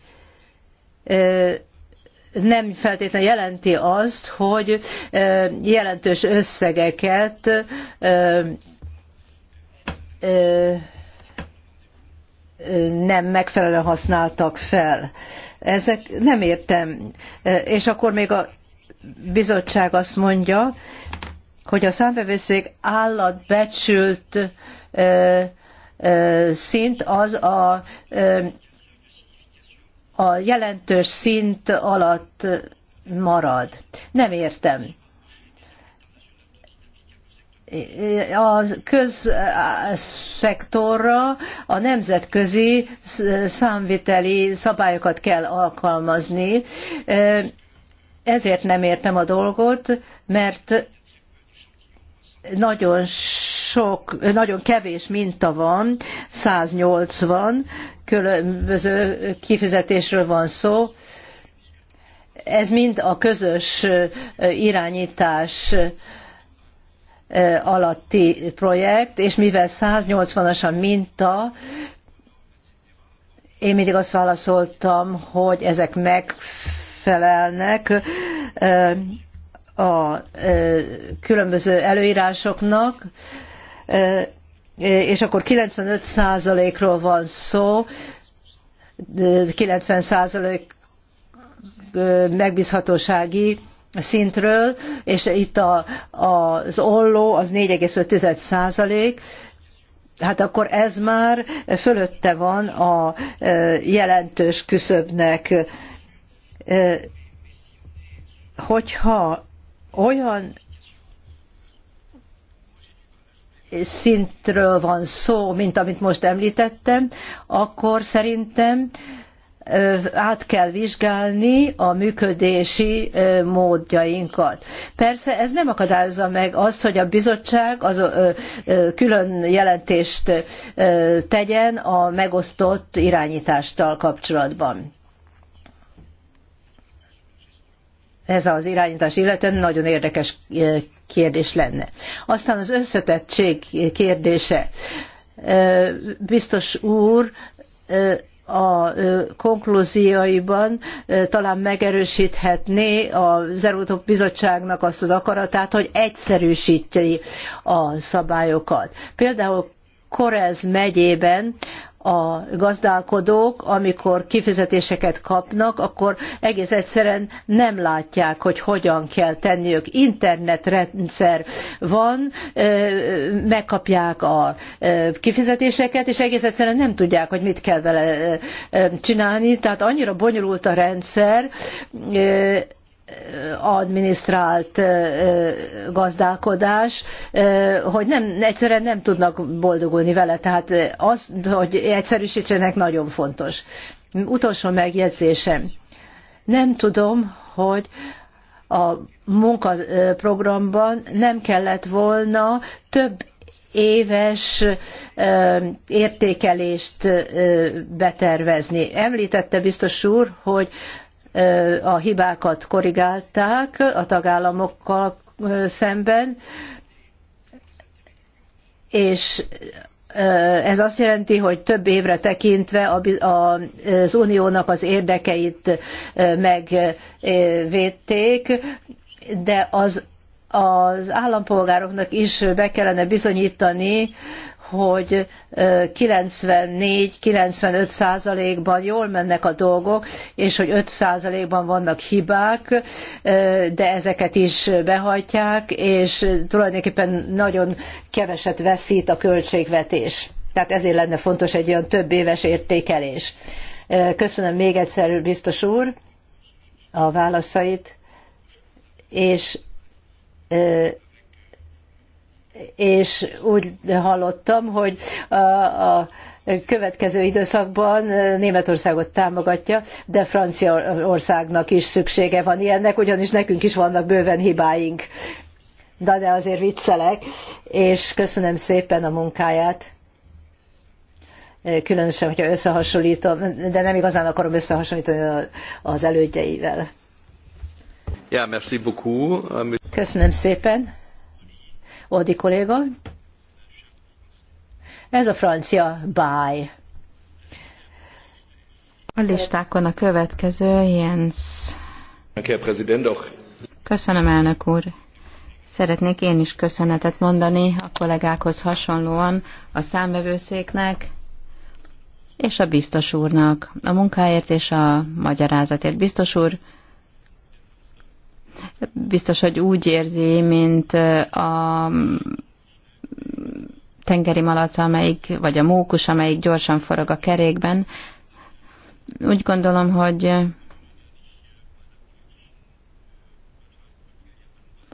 A: nem feltétlenül jelenti azt, hogy jelentős összegeket nem megfelelően használtak fel. Ezek nem értem. És akkor még a bizottság azt mondja, hogy a számvevőszék állatbecsült szint az a a jelentős szint alatt marad. Nem értem. A közszektorra a nemzetközi számviteli szabályokat kell alkalmazni. Ezért nem értem a dolgot, mert nagyon sok, nagyon kevés minta van, 180 különböző kifizetésről van szó. Ez mind a közös irányítás alatti projekt, és mivel 180-as a minta, én mindig azt válaszoltam, hogy ezek megfelelnek a különböző előírásoknak, és akkor 95%-ról van szó, 90% megbízhatósági szintről, és itt a, az olló az 4,5 százalék, hát akkor ez már fölötte van a jelentős küszöbnek. Hogyha olyan szintről van szó, mint amit most említettem, akkor szerintem át kell vizsgálni a működési módjainkat. Persze ez nem akadályozza meg azt, hogy a bizottság az külön jelentést tegyen a megosztott irányítástal kapcsolatban. ez az irányítás illetően nagyon érdekes eh, kérdés lenne. Aztán az összetettség kérdése. Eh, biztos úr eh, a konklúzióiban talán megerősíthetné az Európai Bizottságnak azt az akaratát, hogy egyszerűsíti a szabályokat. Például Korez megyében a gazdálkodók, amikor kifizetéseket kapnak, akkor egész egyszerűen nem látják, hogy hogyan kell tenniük. Internetrendszer van, megkapják a kifizetéseket, és egész egyszerűen nem tudják, hogy mit kell vele csinálni. Tehát annyira bonyolult a rendszer, adminisztrált gazdálkodás, hogy nem, egyszerűen nem tudnak boldogulni vele. Tehát az, hogy egyszerűsítsenek, nagyon fontos. Utolsó megjegyzésem. Nem tudom, hogy a munkaprogramban nem kellett volna több éves értékelést betervezni. Említette biztos úr, hogy a hibákat korrigálták a tagállamokkal szemben, és ez azt jelenti, hogy több évre tekintve az uniónak az érdekeit megvédték, de az, az állampolgároknak is be kellene bizonyítani, hogy 94-95 százalékban jól mennek a dolgok, és hogy 5 százalékban vannak hibák, de ezeket is behajtják, és tulajdonképpen nagyon keveset veszít a költségvetés. Tehát ezért lenne fontos egy olyan több éves értékelés. Köszönöm még egyszer, biztos úr, a válaszait, és és úgy hallottam, hogy a, a következő időszakban Németországot támogatja, de Franciaországnak is szüksége van ilyennek, ugyanis nekünk is vannak bőven hibáink. De, de azért viccelek, és köszönöm szépen a munkáját. Különösen, hogyha összehasonlítom, de nem igazán akarom összehasonlítani az elődjeivel. Ja, Köszönöm szépen. Odi kolléga. Ez a francia báj.
B: A listákon a következő, Jens. Köszönöm, elnök úr. Szeretnék én is köszönetet mondani a kollégákhoz hasonlóan a számvevőszéknek és a biztos úrnak. A munkáért és a magyarázatért biztos úr biztos, hogy úgy érzi, mint a tengeri malac, amelyik, vagy a mókus, amelyik gyorsan forog a kerékben. Úgy gondolom, hogy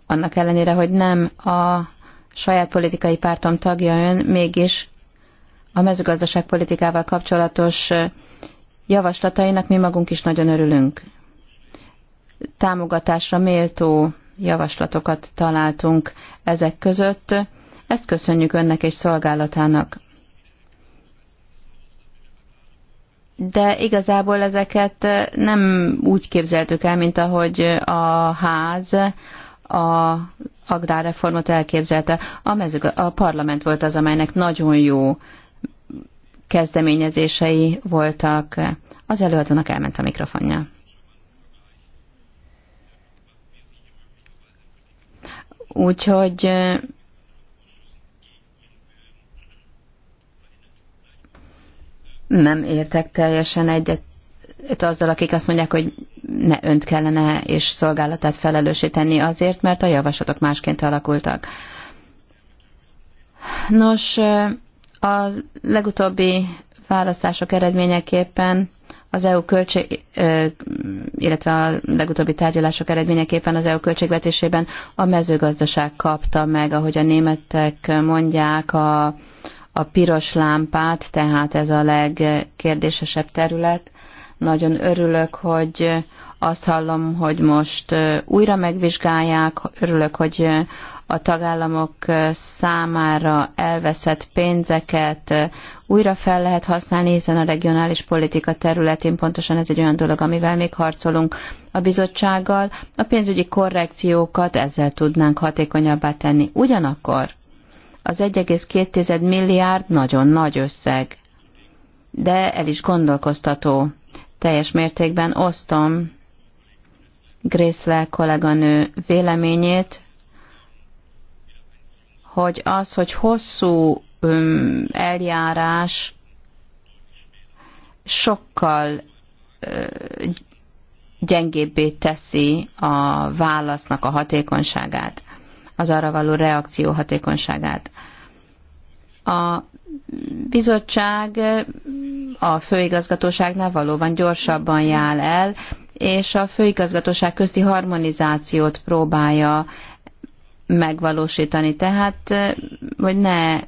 B: annak ellenére, hogy nem a saját politikai pártom tagja ön, mégis a mezőgazdaságpolitikával kapcsolatos javaslatainak mi magunk is nagyon örülünk támogatásra méltó javaslatokat találtunk ezek között. Ezt köszönjük önnek és szolgálatának. de igazából ezeket nem úgy képzeltük el, mint ahogy a ház a agrárreformot elképzelte. A, mezőg, a parlament volt az, amelynek nagyon jó kezdeményezései voltak. Az előadónak elment a mikrofonja. Úgyhogy nem értek teljesen egyet azzal, akik azt mondják, hogy ne önt kellene és szolgálatát felelősíteni azért, mert a javaslatok másként alakultak. Nos, a legutóbbi választások eredményeképpen az EU költség, illetve a legutóbbi tárgyalások eredményeképpen az EU költségvetésében a mezőgazdaság kapta meg, ahogy a németek mondják, a, a piros lámpát, tehát ez a legkérdésesebb terület. Nagyon örülök, hogy azt hallom, hogy most újra megvizsgálják, örülök, hogy a tagállamok számára elveszett pénzeket újra fel lehet használni, hiszen a regionális politika területén pontosan ez egy olyan dolog, amivel még harcolunk a bizottsággal. A pénzügyi korrekciókat ezzel tudnánk hatékonyabbá tenni. Ugyanakkor az 1,2 milliárd nagyon nagy összeg, de el is gondolkoztató. Teljes mértékben osztom Grészle kolléganő véleményét, hogy az, hogy hosszú eljárás sokkal gyengébbé teszi a válasznak a hatékonyságát, az arra való reakció hatékonyságát. A bizottság a főigazgatóságnál valóban gyorsabban jár el, és a főigazgatóság közti harmonizációt próbálja megvalósítani. Tehát, hogy ne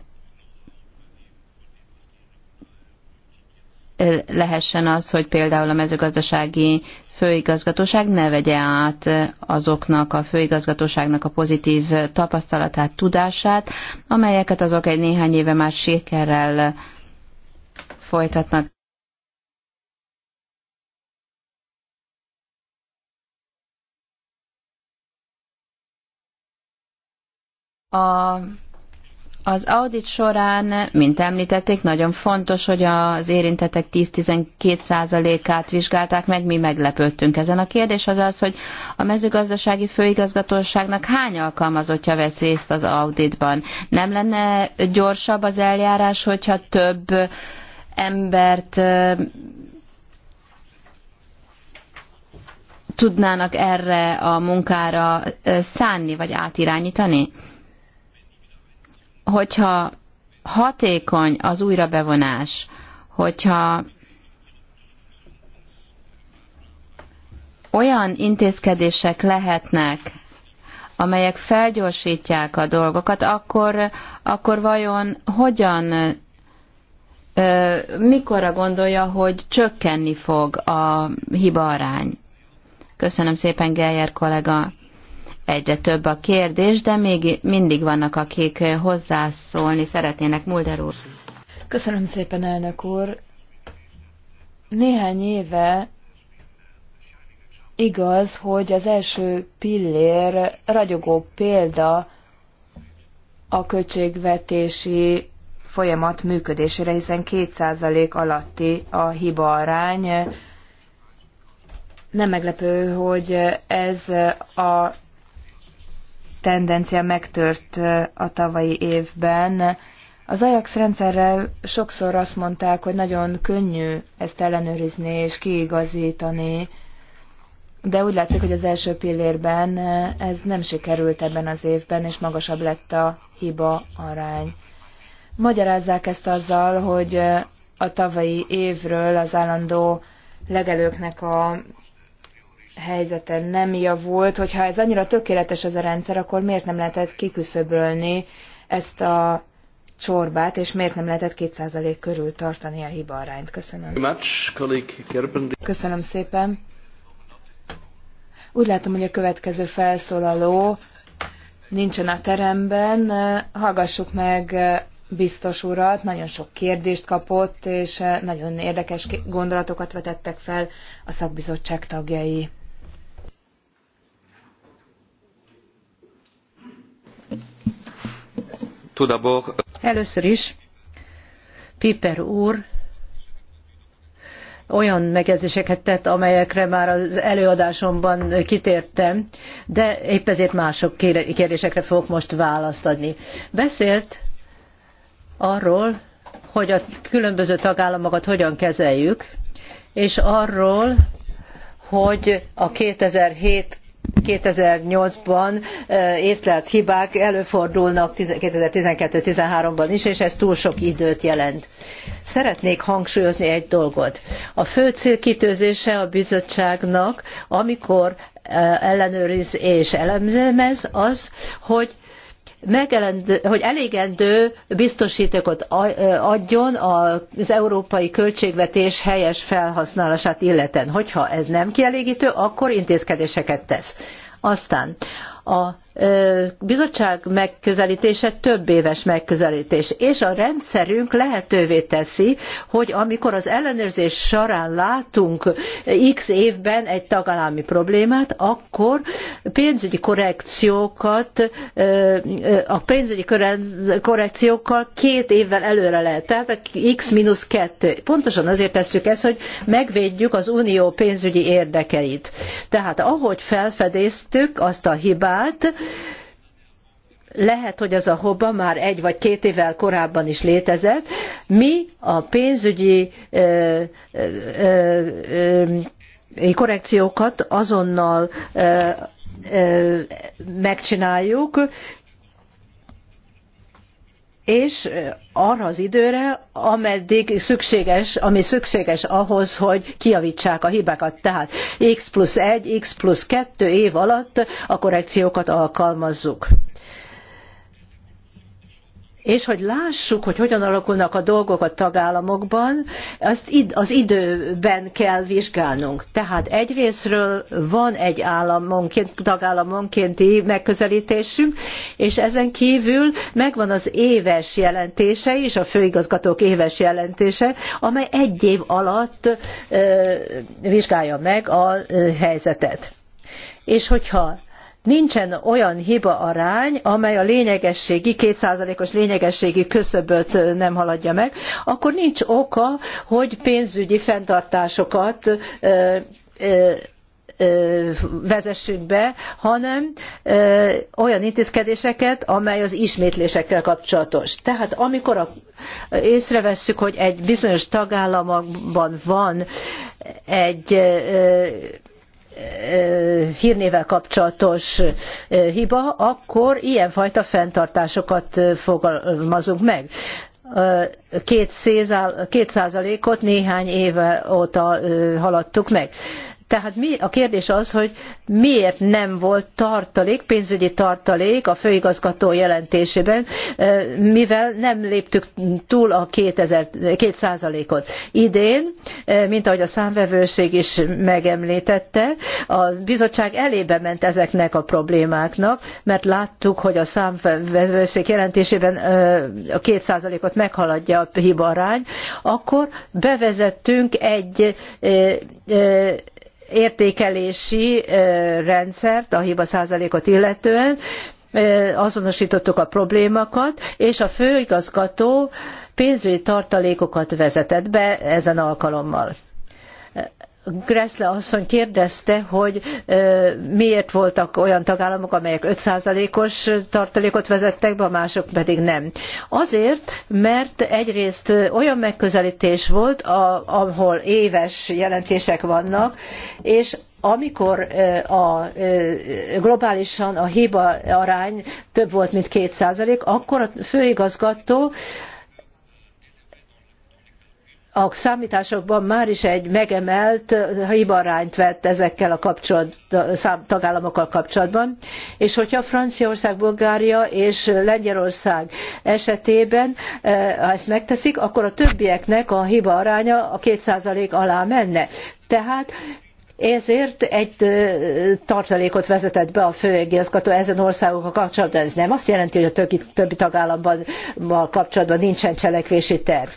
B: lehessen az, hogy például a mezőgazdasági főigazgatóság ne vegye át azoknak a főigazgatóságnak a pozitív tapasztalatát, tudását, amelyeket azok egy néhány éve már sikerrel folytatnak. A, az audit során, mint említették, nagyon fontos, hogy az érintetek 10-12%-át vizsgálták meg, mi meglepődtünk ezen. A kérdés az az, hogy a mezőgazdasági főigazgatóságnak hány alkalmazottja vesz részt az auditban? Nem lenne gyorsabb az eljárás, hogyha több embert tudnának erre a munkára szánni, vagy átirányítani? hogyha hatékony az újrabevonás, hogyha olyan intézkedések lehetnek, amelyek felgyorsítják a dolgokat, akkor, akkor vajon hogyan, ö, mikorra gondolja, hogy csökkenni fog a hiba arány? Köszönöm szépen, Geyer kollega egyre több a kérdés, de még mindig vannak, akik hozzászólni szeretnének. Mulder úr.
C: Köszönöm szépen, elnök úr. Néhány éve igaz, hogy az első pillér ragyogó példa a költségvetési folyamat működésére, hiszen 2% alatti a hiba arány. Nem meglepő, hogy ez a tendencia megtört a tavalyi évben. Az Ajax rendszerrel sokszor azt mondták, hogy nagyon könnyű ezt ellenőrizni és kiigazítani, de úgy látszik, hogy az első pillérben ez nem sikerült ebben az évben, és magasabb lett a hiba arány. Magyarázzák ezt azzal, hogy a tavalyi évről az állandó legelőknek a helyzete nem javult, hogyha ez annyira tökéletes ez a rendszer, akkor miért nem lehetett kiküszöbölni ezt a csorbát, és miért nem lehetett 2% körül tartani a hiba arányt? Köszönöm. Köszönöm szépen. Úgy látom, hogy a következő felszólaló nincsen a teremben. Hallgassuk meg biztos urat, nagyon sok kérdést kapott, és nagyon érdekes gondolatokat vetettek fel a szakbizottság tagjai.
A: Először is Piper úr olyan megjegyzéseket tett, amelyekre már az előadásomban kitértem, de épp ezért mások kérdésekre fogok most választ adni. Beszélt arról, hogy a különböző tagállamokat hogyan kezeljük, és arról, hogy a 2007 2008-ban észlelt hibák előfordulnak 2012-13-ban is, és ez túl sok időt jelent. Szeretnék hangsúlyozni egy dolgot. A fő célkitűzése a bizottságnak, amikor ellenőriz és elemzemez, az, hogy megelendő, hogy elégendő biztosítékot adjon az európai költségvetés helyes felhasználását illeten. Hogyha ez nem kielégítő, akkor intézkedéseket tesz. Aztán a bizottság megközelítése több éves megközelítés, és a rendszerünk lehetővé teszi, hogy amikor az ellenőrzés során látunk x évben egy tagállami problémát, akkor pénzügyi korrekciókat, a pénzügyi korrekciókkal két évvel előre lehet, tehát x mínusz kettő. Pontosan azért tesszük ezt, hogy megvédjük az unió pénzügyi érdekeit. Tehát ahogy felfedeztük azt a hibát, lehet, hogy az a hoba már egy vagy két évvel korábban is létezett. Mi a pénzügyi ö, ö, ö, korrekciókat azonnal megcsináljuk, és arra az időre, ameddig szükséges, ami szükséges ahhoz, hogy kiavítsák a hibákat. Tehát X plusz 1, X plusz 2 év alatt a korrekciókat alkalmazzuk és hogy lássuk, hogy hogyan alakulnak a dolgok a tagállamokban, azt az időben kell vizsgálnunk. Tehát egyrésztről van egy államonként, tagállamonkénti megközelítésünk, és ezen kívül megvan az éves jelentése is, a főigazgatók éves jelentése, amely egy év alatt vizsgálja meg a helyzetet. És hogyha nincsen olyan hiba arány, amely a lényegességi, kétszázalékos lényegességi küszöböt nem haladja meg, akkor nincs oka, hogy pénzügyi fenntartásokat vezessünk be, hanem olyan intézkedéseket, amely az ismétlésekkel kapcsolatos. Tehát amikor a, észrevesszük, hogy egy bizonyos tagállamban van egy hírnével kapcsolatos hiba, akkor ilyenfajta fenntartásokat fogalmazunk meg két százalékot néhány éve óta haladtuk meg. Tehát mi, a kérdés az, hogy miért nem volt tartalék, pénzügyi tartalék a főigazgató jelentésében, eh, mivel nem léptük túl a 2000, 2%-ot. Idén, eh, mint ahogy a számvevőség is megemlítette, a bizottság elébe ment ezeknek a problémáknak, mert láttuk, hogy a számvevőszék jelentésében eh, a 2%-ot meghaladja a hibarány, akkor bevezettünk egy értékelési rendszert a hiba százalékot illetően, azonosítottuk a problémákat, és a főigazgató pénzügyi tartalékokat vezetett be ezen alkalommal. Gressle asszony kérdezte, hogy miért voltak olyan tagállamok, amelyek 5%-os tartalékot vezettek be, a mások pedig nem. Azért, mert egyrészt olyan megközelítés volt, ahol éves jelentések vannak, és amikor a, globálisan a hiba arány több volt, mint 2%, akkor a főigazgató a számításokban már is egy megemelt hibarányt vett ezekkel a kapcsolat, tagállamokkal kapcsolatban, és hogyha Franciaország, Bulgária és Lengyelország esetében ha ezt megteszik, akkor a többieknek a hiba aránya a 2% alá menne. Tehát ezért egy tartalékot vezetett be a főigazgató ezen országokkal kapcsolatban. Ez nem azt jelenti, hogy a többi tagállamban kapcsolatban nincsen cselekvési terv.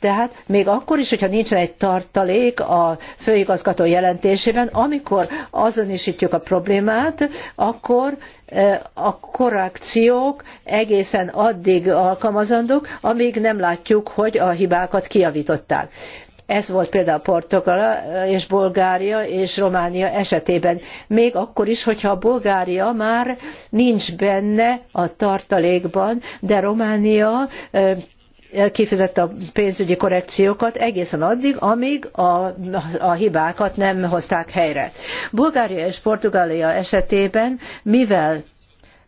A: Tehát még akkor is, hogyha nincsen egy tartalék a főigazgató jelentésében, amikor azonosítjuk a problémát, akkor eh, a korrekciók egészen addig alkalmazandók, amíg nem látjuk, hogy a hibákat kijavították. Ez volt például Portugál és Bulgária és Románia esetében. Még akkor is, hogyha a Bulgária már nincs benne a tartalékban, de Románia eh, kifizette a pénzügyi korrekciókat egészen addig, amíg a, a hibákat nem hozták helyre. Bulgária és Portugália esetében, mivel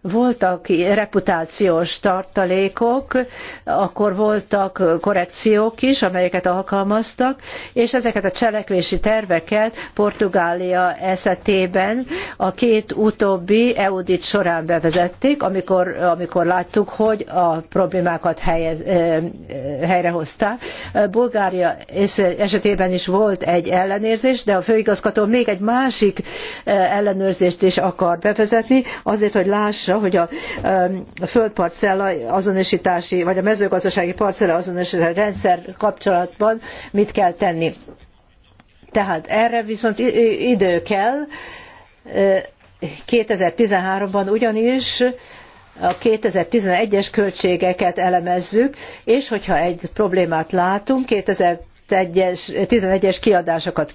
A: voltak reputációs tartalékok, akkor voltak korrekciók is, amelyeket alkalmaztak, és ezeket a cselekvési terveket Portugália esetében a két utóbbi EUDIT során bevezették, amikor, amikor láttuk, hogy a problémákat helyez, helyrehozták. Bulgária esetében is volt egy ellenérzés, de a főigazgató még egy másik ellenőrzést is akar bevezetni, azért, hogy lássa, megoldása, hogy a, a földparcella azonosítási, vagy a mezőgazdasági parcella azonosítási rendszer kapcsolatban mit kell tenni. Tehát erre viszont idő kell. 2013-ban ugyanis a 2011-es költségeket elemezzük, és hogyha egy problémát látunk, 2000 11-es kiadásokat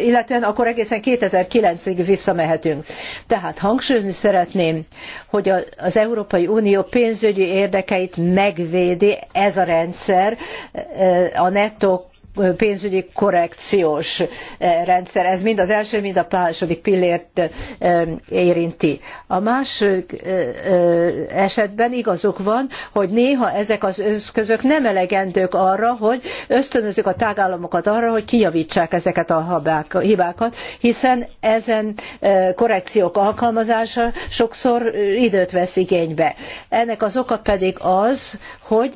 A: illetően, akkor egészen 2009-ig visszamehetünk. Tehát hangsúlyozni szeretném, hogy az Európai Unió pénzügyi érdekeit megvédi ez a rendszer a nettó pénzügyi korrekciós eh, rendszer. Ez mind az első, mind a második pillért eh, érinti. A második eh, esetben igazuk van, hogy néha ezek az eszközök nem elegendők arra, hogy ösztönözzük a tagállamokat arra, hogy kijavítsák ezeket a hibákat, hiszen ezen korrekciók alkalmazása sokszor időt vesz igénybe. Ennek az oka pedig az, hogy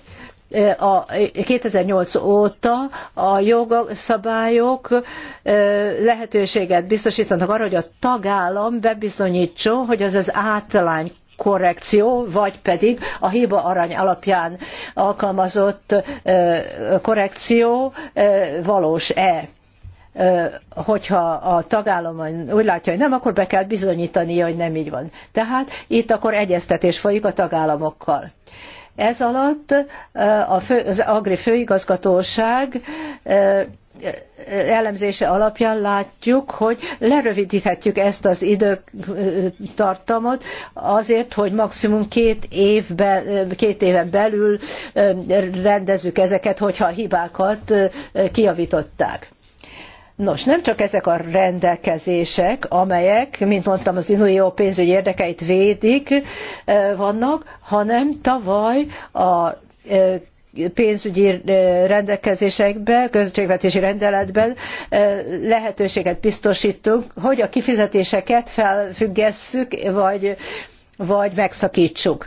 A: a 2008 óta a jogszabályok lehetőséget biztosítanak arra, hogy a tagállam bebizonyítson, hogy az az általány korrekció, vagy pedig a hiba arany alapján alkalmazott korrekció valós-e hogyha a tagállam úgy látja, hogy nem, akkor be kell bizonyítani, hogy nem így van. Tehát itt akkor egyeztetés folyik a tagállamokkal. Ez alatt eh, a fő, az Agri főigazgatóság eh, elemzése alapján látjuk, hogy lerövidíthetjük ezt az időtartamot azért, hogy maximum két, évbe, két éven belül eh, rendezzük ezeket, hogyha a hibákat kiavították. Nos, nem csak ezek a rendelkezések, amelyek, mint mondtam, az Unió pénzügyi érdekeit védik, vannak, hanem tavaly a pénzügyi rendelkezésekben, költségvetési rendeletben lehetőséget biztosítunk, hogy a kifizetéseket felfüggesszük, vagy vagy megszakítsuk.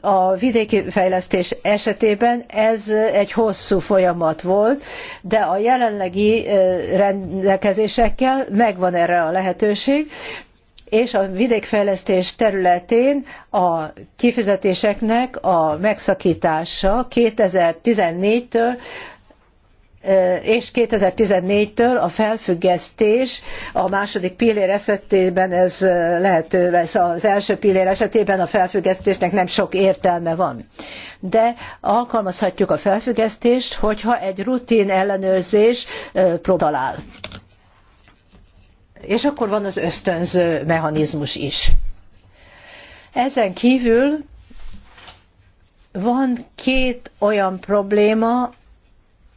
A: A, vidéki fejlesztés esetében ez egy hosszú folyamat volt, de a jelenlegi rendelkezésekkel megvan erre a lehetőség, és a vidékfejlesztés területén a kifizetéseknek a megszakítása 2014-től és 2014-től a felfüggesztés a második pillér esetében ez lehető, ez az első pillér esetében a felfüggesztésnek nem sok értelme van. De alkalmazhatjuk a felfüggesztést, hogyha egy rutin ellenőrzés talál. És akkor van az ösztönző mechanizmus is. Ezen kívül van két olyan probléma,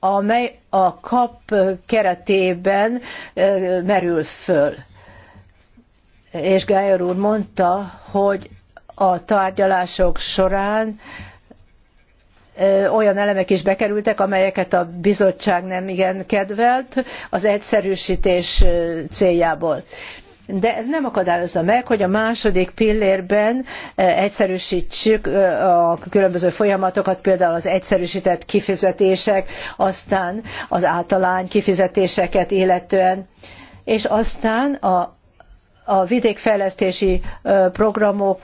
A: amely a kap keretében merül föl. És Gájor úr mondta, hogy a tárgyalások során olyan elemek is bekerültek, amelyeket a bizottság nem igen kedvelt az egyszerűsítés céljából de ez nem akadályozza meg, hogy a második pillérben eh, egyszerűsítsük eh, a különböző folyamatokat, például az egyszerűsített kifizetések, aztán az általány kifizetéseket illetően, és aztán a a vidékfejlesztési eh, programok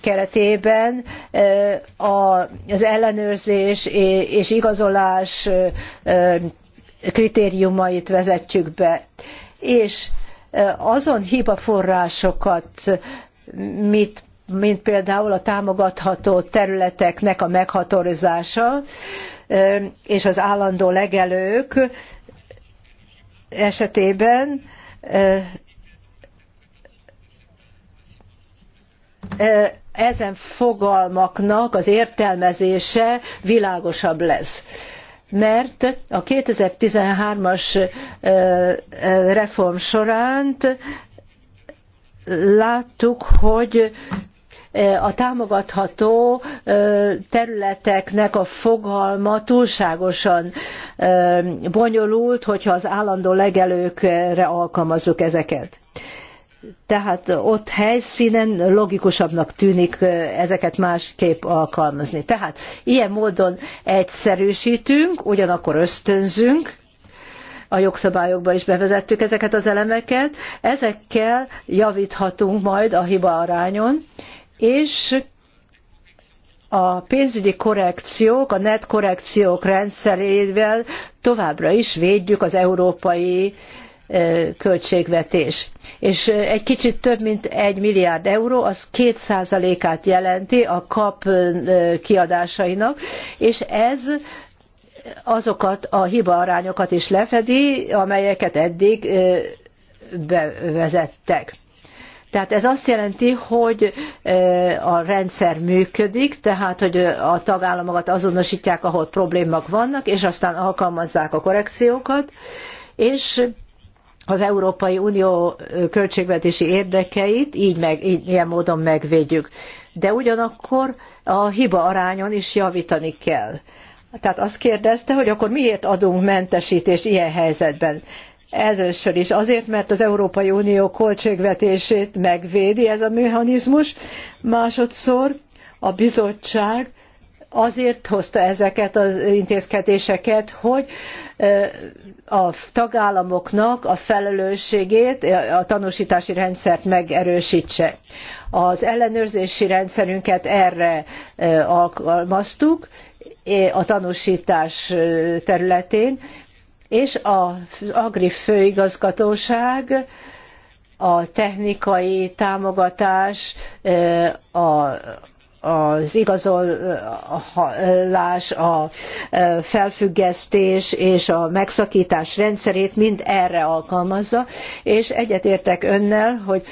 A: keretében az ellenőrzés és igazolás kritériumait vezetjük be. És azon hibaforrásokat, mint például a támogatható területeknek a meghatározása és az állandó legelők esetében ezen fogalmaknak az értelmezése világosabb lesz mert a 2013-as reform során láttuk, hogy a támogatható területeknek a fogalma túlságosan bonyolult, hogyha az állandó legelőkre alkalmazzuk ezeket tehát ott helyszínen logikusabbnak tűnik ezeket másképp alkalmazni. Tehát ilyen módon egyszerűsítünk, ugyanakkor ösztönzünk, a jogszabályokba is bevezettük ezeket az elemeket, ezekkel javíthatunk majd a hiba arányon, és a pénzügyi korrekciók, a net korrekciók rendszerével továbbra is védjük az európai költségvetés. És egy kicsit több mint egy milliárd euró, az két százalékát jelenti a kap kiadásainak, és ez azokat a hibaarányokat is lefedi, amelyeket eddig bevezettek. Tehát ez azt jelenti, hogy a rendszer működik, tehát hogy a tagállamokat azonosítják, ahol problémák vannak, és aztán alkalmazzák a korrekciókat, és az Európai Unió költségvetési érdekeit így meg, így, ilyen módon megvédjük. De ugyanakkor a hiba arányon is javítani kell. Tehát azt kérdezte, hogy akkor miért adunk mentesítést ilyen helyzetben. Először is azért, mert az Európai Unió költségvetését megvédi ez a mechanizmus, másodszor a bizottság azért hozta ezeket az intézkedéseket, hogy a tagállamoknak a felelősségét, a tanúsítási rendszert megerősítse. Az ellenőrzési rendszerünket erre alkalmaztuk a tanúsítás területén, és az Agri főigazgatóság a technikai támogatás, a az igazolás, a felfüggesztés és a megszakítás rendszerét mind erre alkalmazza, és egyetértek önnel, hogy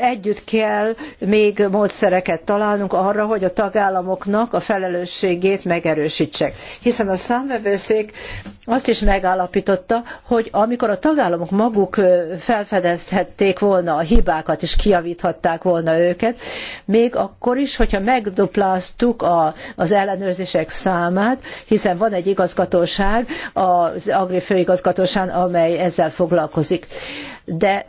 A: együtt kell még módszereket találnunk arra, hogy a tagállamoknak a felelősségét megerősítsek. Hiszen a számvevőszék azt is megállapította, hogy amikor a tagállamok maguk felfedezhették volna a hibákat és kiavíthatták volna őket, még akkor is, hogyha meg megdupláztuk a, az ellenőrzések számát, hiszen van egy igazgatóság, az Agri főigazgatóság, amely ezzel foglalkozik. De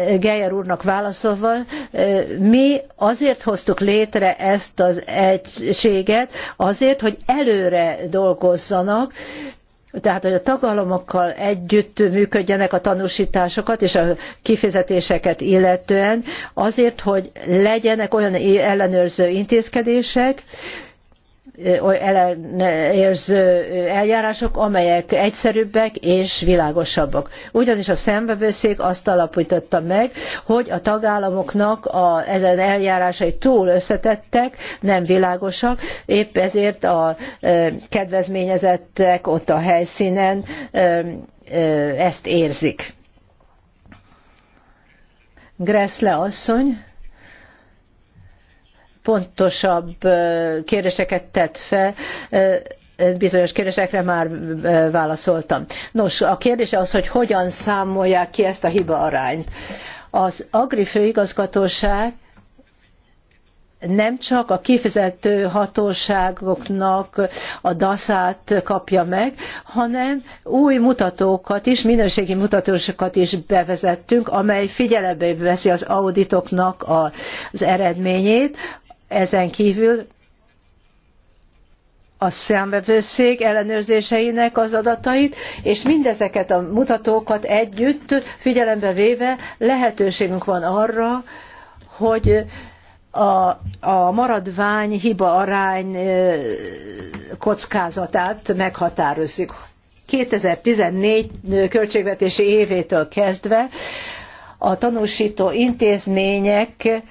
A: eh, Geyer úrnak válaszolva, eh, mi azért hoztuk létre ezt az egységet, azért, hogy előre dolgozzanak, tehát hogy a tagállamokkal együtt működjenek a tanúsításokat és a kifizetéseket illetően azért, hogy legyenek olyan ellenőrző intézkedések, ellenőrző eljárások, amelyek egyszerűbbek és világosabbak. Ugyanis a szembevőszék azt alapította meg, hogy a tagállamoknak a, ezen eljárásai túl összetettek, nem világosak, épp ezért a e, kedvezményezettek ott a helyszínen e, e, ezt érzik. Gressle asszony pontosabb kérdéseket tett fel, bizonyos kérdésekre már válaszoltam. Nos, a kérdés az, hogy hogyan számolják ki ezt a hiba arányt. Az Agri főigazgatóság nem csak a kifizető hatóságoknak a daszát kapja meg, hanem új mutatókat is, minőségi mutatókat is bevezettünk, amely figyelembe veszi az auditoknak az eredményét, ezen kívül a számvevőszék ellenőrzéseinek az adatait, és mindezeket a mutatókat együtt figyelembe véve lehetőségünk van arra, hogy a, a maradvány hiba arány kockázatát meghatározzuk. 2014 költségvetési évétől kezdve a tanúsító intézmények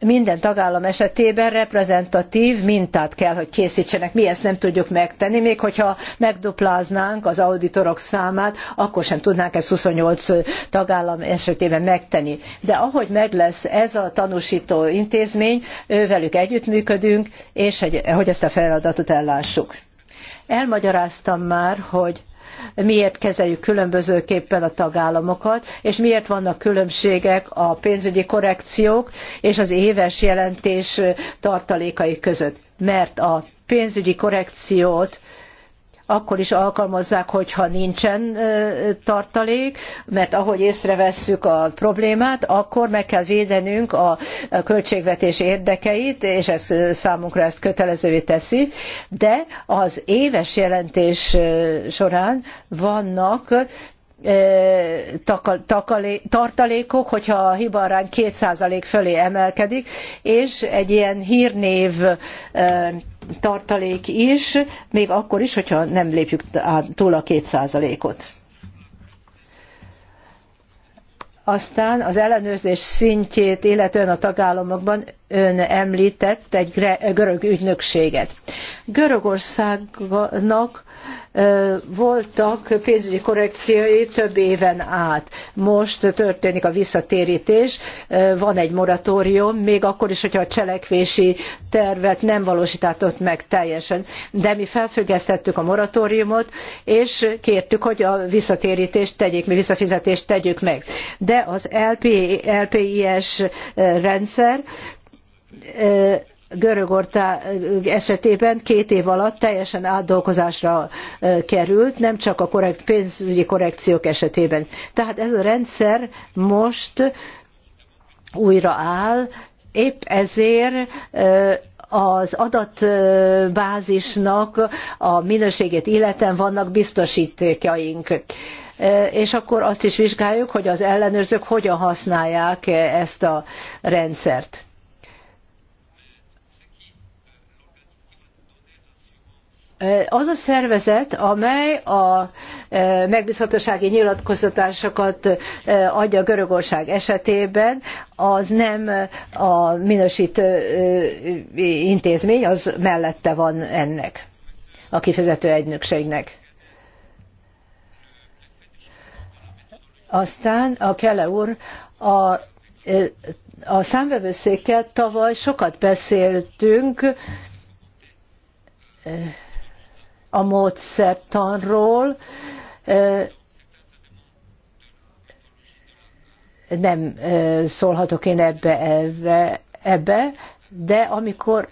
A: minden tagállam esetében reprezentatív mintát kell, hogy készítsenek. Mi ezt nem tudjuk megtenni, még hogyha megdupláznánk az auditorok számát, akkor sem tudnánk ezt 28 tagállam esetében megtenni. De ahogy meg lesz ez a tanúsító intézmény, ővelük együttműködünk, és hogy ezt a feladatot ellássuk. Elmagyaráztam már, hogy miért kezeljük különbözőképpen a tagállamokat, és miért vannak különbségek a pénzügyi korrekciók és az éves jelentés tartalékai között. Mert a pénzügyi korrekciót akkor is alkalmazzák, hogyha nincsen tartalék, mert ahogy észrevesszük a problémát, akkor meg kell védenünk a költségvetés érdekeit, és ez számunkra ezt kötelezővé teszi, de az éves jelentés során vannak tartalékok, hogyha a hibarány 2% fölé emelkedik, és egy ilyen hírnév tartalék is, még akkor is, hogyha nem lépjük túl a kétszázalékot. Aztán az ellenőrzés szintjét, illetően a tagállamokban ön említett egy görög ügynökséget. Görögországnak voltak pénzügyi korrekciói több éven át. Most történik a visszatérítés, van egy moratórium, még akkor is, hogyha a cselekvési tervet nem valósítatott meg teljesen. De mi felfüggesztettük a moratóriumot, és kértük, hogy a visszatérítést tegyék, mi visszafizetést tegyük meg. De az LP, LPIS rendszer Görögország esetében két év alatt teljesen átdolgozásra került, nem csak a korrekt, pénzügyi korrekciók esetében. Tehát ez a rendszer most újra áll, épp ezért az adatbázisnak a minőségét illetően vannak biztosítékjaink és akkor azt is vizsgáljuk, hogy az ellenőrzők hogyan használják ezt a rendszert. az a szervezet, amely a megbízhatósági nyilatkozatásokat adja Görögország esetében, az nem a minősítő intézmény, az mellette van ennek, a kifizető egynökségnek. Aztán a Kele úr a, a számvevőszéket tavaly sokat beszéltünk, a módszertanról, nem szólhatok én ebbe, ebbe, ebbe, de amikor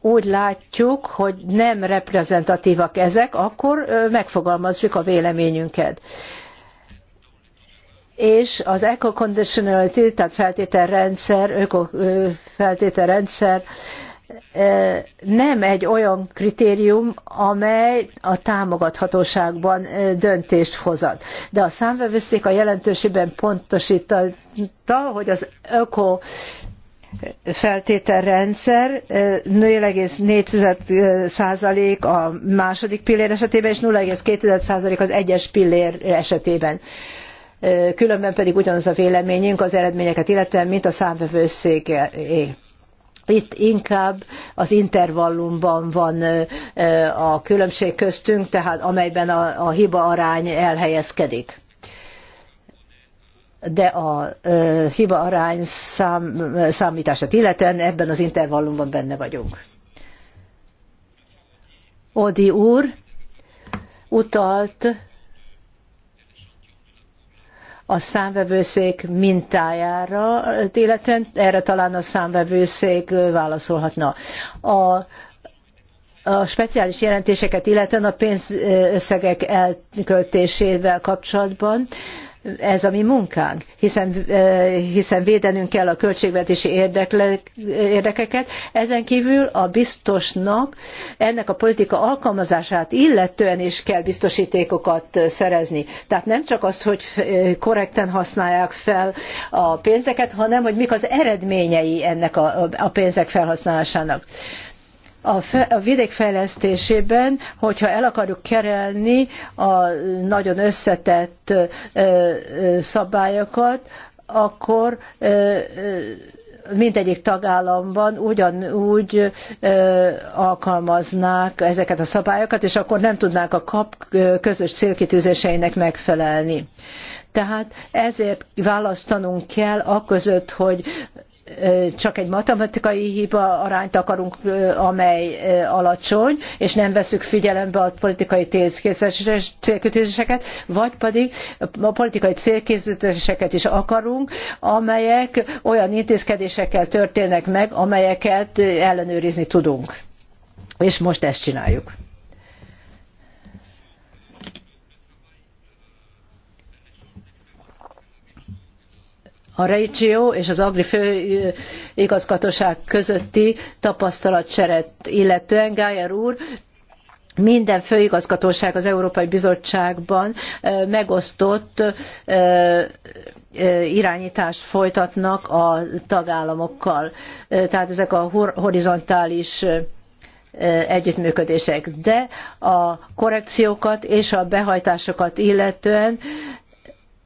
A: úgy látjuk, hogy nem reprezentatívak ezek, akkor megfogalmazzuk a véleményünket. És az eco-conditionality, tehát feltételrendszer, öko feltételrendszer nem egy olyan kritérium, amely a támogathatóságban döntést hozat. De a számvevőszék a jelentősében pontosította, hogy az öko feltételrendszer 0,4% a második pillér esetében, és 0,2% az egyes pillér esetében. Különben pedig ugyanaz a véleményünk az eredményeket illetően, mint a számvevőszéké itt inkább az intervallumban van a különbség köztünk, tehát amelyben a, a hiba arány elhelyezkedik. De a ö, hiba arány szám, számítását illetően ebben az intervallumban benne vagyunk. Odi úr utalt a számvevőszék mintájára, illetően erre talán a számvevőszék válaszolhatna. A, a speciális jelentéseket, illetően a pénzösszegek elköltésével kapcsolatban ez a mi munkánk, hiszen, hiszen védenünk kell a költségvetési érdekeket. Ezen kívül a biztosnak ennek a politika alkalmazását illetően is kell biztosítékokat szerezni. Tehát nem csak azt, hogy korrekten használják fel a pénzeket, hanem hogy mik az eredményei ennek a, a pénzek felhasználásának a, fe, a vidék fejlesztésében, hogyha el akarjuk kerelni a nagyon összetett szabályokat, akkor mindegyik tagállamban ugyanúgy alkalmaznák ezeket a szabályokat, és akkor nem tudnák a kap közös célkitűzéseinek megfelelni. Tehát ezért választanunk kell aközött, hogy csak egy matematikai hiba arányt akarunk, amely alacsony, és nem veszük figyelembe a politikai célkitűzéseket, vagy pedig a politikai célkitűzéseket is akarunk, amelyek olyan intézkedésekkel történnek meg, amelyeket ellenőrizni tudunk. És most ezt csináljuk. a Regio és az Agri főigazgatóság közötti tapasztalatseret illetően Gájer úr minden főigazgatóság az Európai Bizottságban megosztott irányítást folytatnak a tagállamokkal. Tehát ezek a horizontális együttműködések. De a korrekciókat és a behajtásokat illetően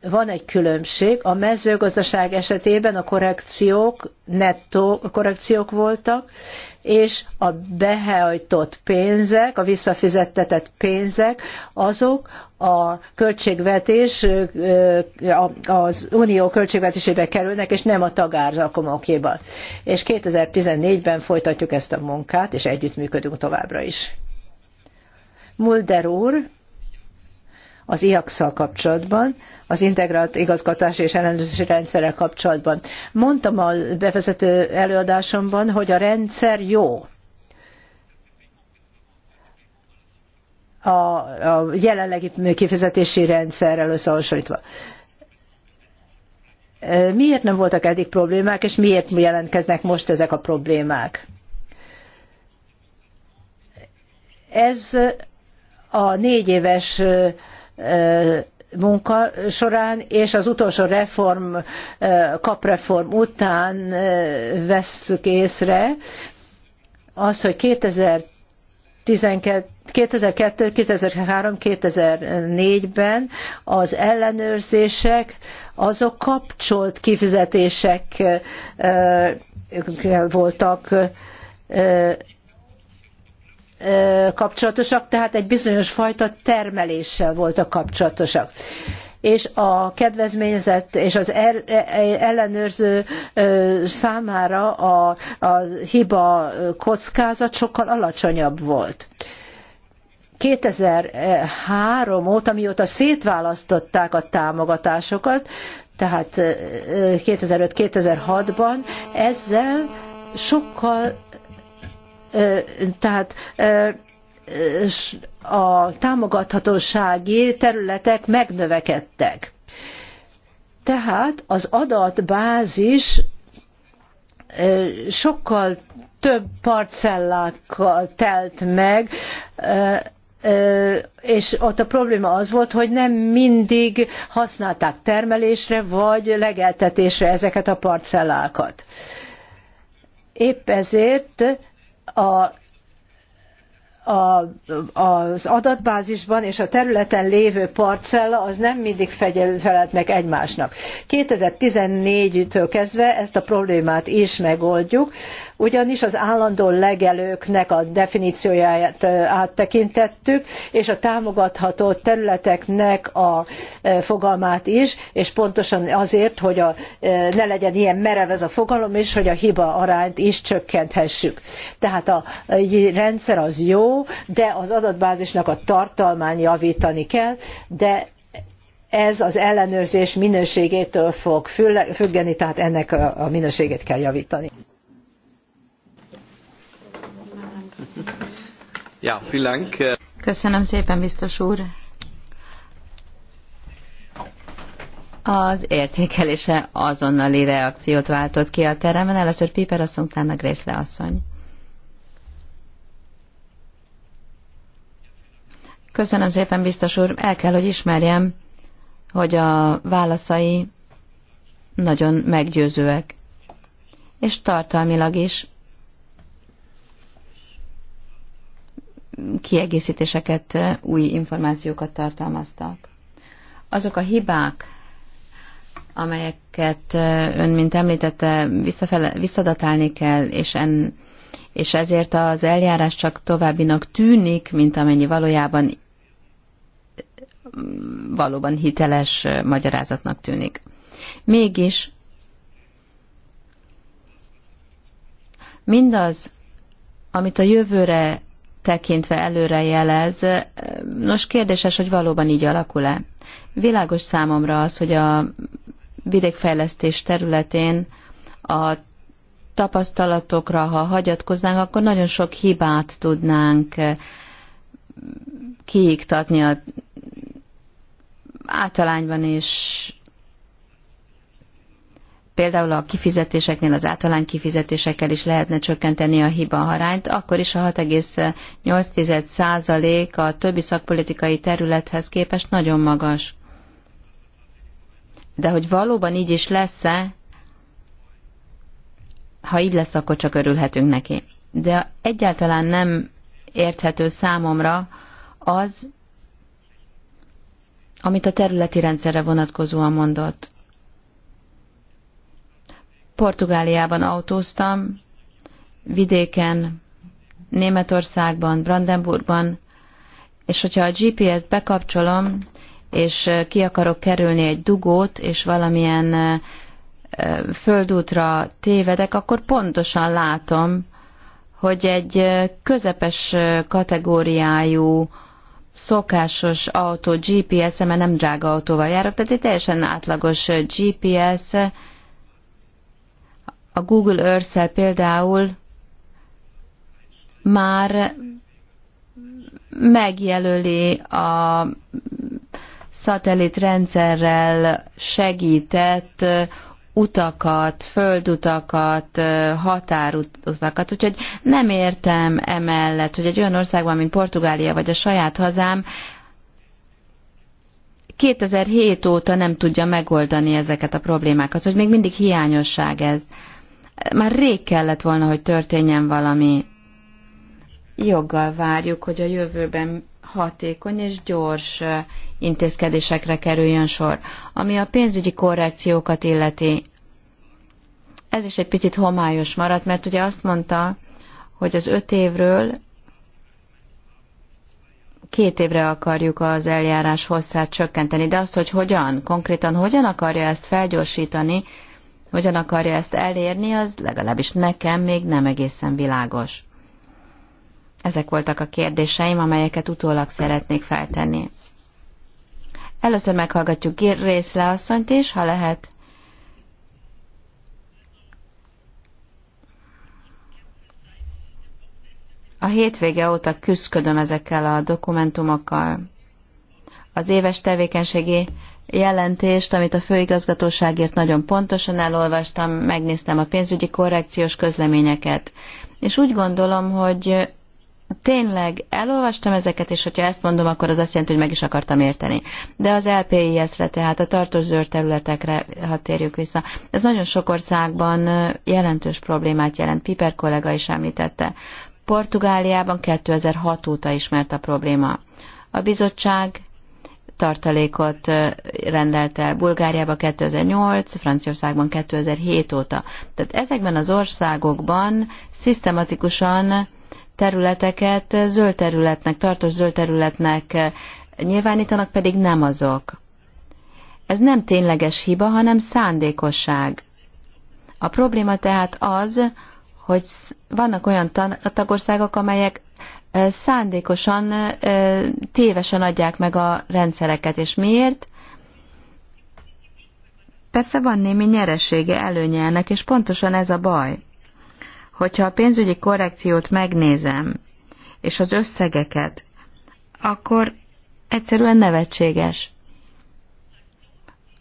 A: van egy különbség. A mezőgazdaság esetében a korrekciók nettó korrekciók voltak, és a behajtott pénzek, a visszafizettetett pénzek, azok a költségvetés, az unió költségvetésébe kerülnek, és nem a tagárzakomokéban. És 2014-ben folytatjuk ezt a munkát, és együttműködünk továbbra is. Mulder úr, az IAX-szal kapcsolatban, az integrált igazgatási és ellenőrzési rendszerrel kapcsolatban. Mondtam a bevezető előadásomban, hogy a rendszer jó. A, a jelenlegi kifizetési rendszerrel összehasonlítva. Miért nem voltak eddig problémák, és miért jelentkeznek most ezek a problémák? Ez a négy éves munka során, és az utolsó reform, kapreform után vesszük észre azt, hogy 2012 2002, 2003, 2004-ben az ellenőrzések azok kapcsolt kifizetések voltak kapcsolatosak, tehát egy bizonyos fajta termeléssel voltak kapcsolatosak és a kedvezményezett és az er, e, e, ellenőrző számára a, a hiba kockázat sokkal alacsonyabb volt. 2003 óta, mióta szétválasztották a támogatásokat, tehát 2005-2006-ban, ezzel sokkal tehát a támogathatósági területek megnövekedtek. Tehát az adatbázis sokkal több parcellákkal telt meg, és ott a probléma az volt, hogy nem mindig használták termelésre vagy legeltetésre ezeket a parcellákat. Épp ezért a a, az adatbázisban és a területen lévő parcella az nem mindig felelt meg egymásnak. 2014-től kezdve ezt a problémát is megoldjuk, ugyanis az állandó legelőknek a definícióját áttekintettük, és a támogatható területeknek a fogalmát is, és pontosan azért, hogy a, ne legyen ilyen merev ez a fogalom, és hogy a hiba arányt is csökkenthessük. Tehát a rendszer az jó, de az adatbázisnak a tartalmán javítani kell, de ez az ellenőrzés minőségétől fog függeni, tehát ennek a minőségét kell javítani.
B: Ja, Dank.
A: Köszönöm szépen, biztos úr.
B: Az értékelése azonnali reakciót váltott ki a teremben. Először Piper asszony, utána Grészle asszony. Köszönöm szépen, biztos úr. El kell, hogy ismerjem, hogy a válaszai nagyon meggyőzőek, és tartalmilag is kiegészítéseket, új információkat tartalmaztak. Azok a hibák, amelyeket ön, mint említette, visszadatálni kell, és, en, és ezért az eljárás csak továbbinak tűnik, mint amennyi valójában valóban hiteles magyarázatnak tűnik. Mégis mindaz, amit a jövőre tekintve jelez. Nos, kérdéses, hogy valóban így alakul-e. Világos számomra az, hogy a vidékfejlesztés területén a tapasztalatokra, ha hagyatkoznánk, akkor nagyon sok hibát tudnánk eh, kiiktatni a általányban és például a kifizetéseknél, az általán kifizetésekkel is lehetne csökkenteni a hiba harányt, akkor is a 6,8% a többi szakpolitikai területhez képest nagyon magas. De hogy valóban így is lesz-e, ha így lesz, akkor csak örülhetünk neki. De egyáltalán nem érthető számomra az, amit a területi rendszerre vonatkozóan mondott. Portugáliában autóztam, vidéken, Németországban, Brandenburgban, és hogyha a GPS-t bekapcsolom, és ki akarok kerülni egy dugót, és valamilyen földútra tévedek, akkor pontosan látom, hogy egy közepes kategóriájú szokásos autó GPS-e, mert nem drága autóval járok, tehát egy teljesen átlagos GPS a Google earth például már megjelöli a szatellitrendszerrel segített utakat, földutakat, határutakat. Úgyhogy nem értem emellett, hogy egy olyan országban, mint Portugália vagy a saját hazám, 2007 óta nem tudja megoldani ezeket a problémákat, hogy még mindig hiányosság ez. Már rég kellett volna, hogy történjen valami. Joggal várjuk, hogy a jövőben hatékony és gyors intézkedésekre kerüljön sor, ami a pénzügyi korrekciókat illeti. Ez is egy picit homályos maradt, mert ugye azt mondta, hogy az öt évről két évre akarjuk az eljárás hosszát csökkenteni, de azt, hogy hogyan, konkrétan hogyan akarja ezt felgyorsítani, hogyan akarja ezt elérni, az legalábbis nekem még nem egészen világos. Ezek voltak a kérdéseim, amelyeket utólag szeretnék feltenni. Először meghallgatjuk részle asszonyt is, ha lehet. A hétvége óta küzdködöm ezekkel a dokumentumokkal. Az éves tevékenységi jelentést, amit a főigazgatóságért nagyon pontosan elolvastam, megnéztem a pénzügyi korrekciós közleményeket. És úgy gondolom, hogy tényleg elolvastam ezeket, és hogyha ezt mondom, akkor az azt jelenti, hogy meg is akartam érteni. De az LPIS-re, tehát a tartós zöld területekre, ha térjük vissza, ez nagyon sok országban jelentős problémát jelent. Piper kollega is említette. Portugáliában 2006 óta ismert a probléma. A bizottság tartalékot rendelt el Bulgáriába 2008, Franciaországban 2007 óta. Tehát ezekben az országokban szisztematikusan területeket zöld területnek, tartós zöld területnek nyilvánítanak, pedig nem azok. Ez nem tényleges hiba, hanem szándékosság. A probléma tehát az, hogy vannak olyan tagországok, amelyek szándékosan tévesen adják meg a rendszereket. És miért? Persze van némi nyeresége előnye ennek, és pontosan ez a baj. Hogyha a pénzügyi korrekciót megnézem, és az összegeket, akkor egyszerűen nevetséges.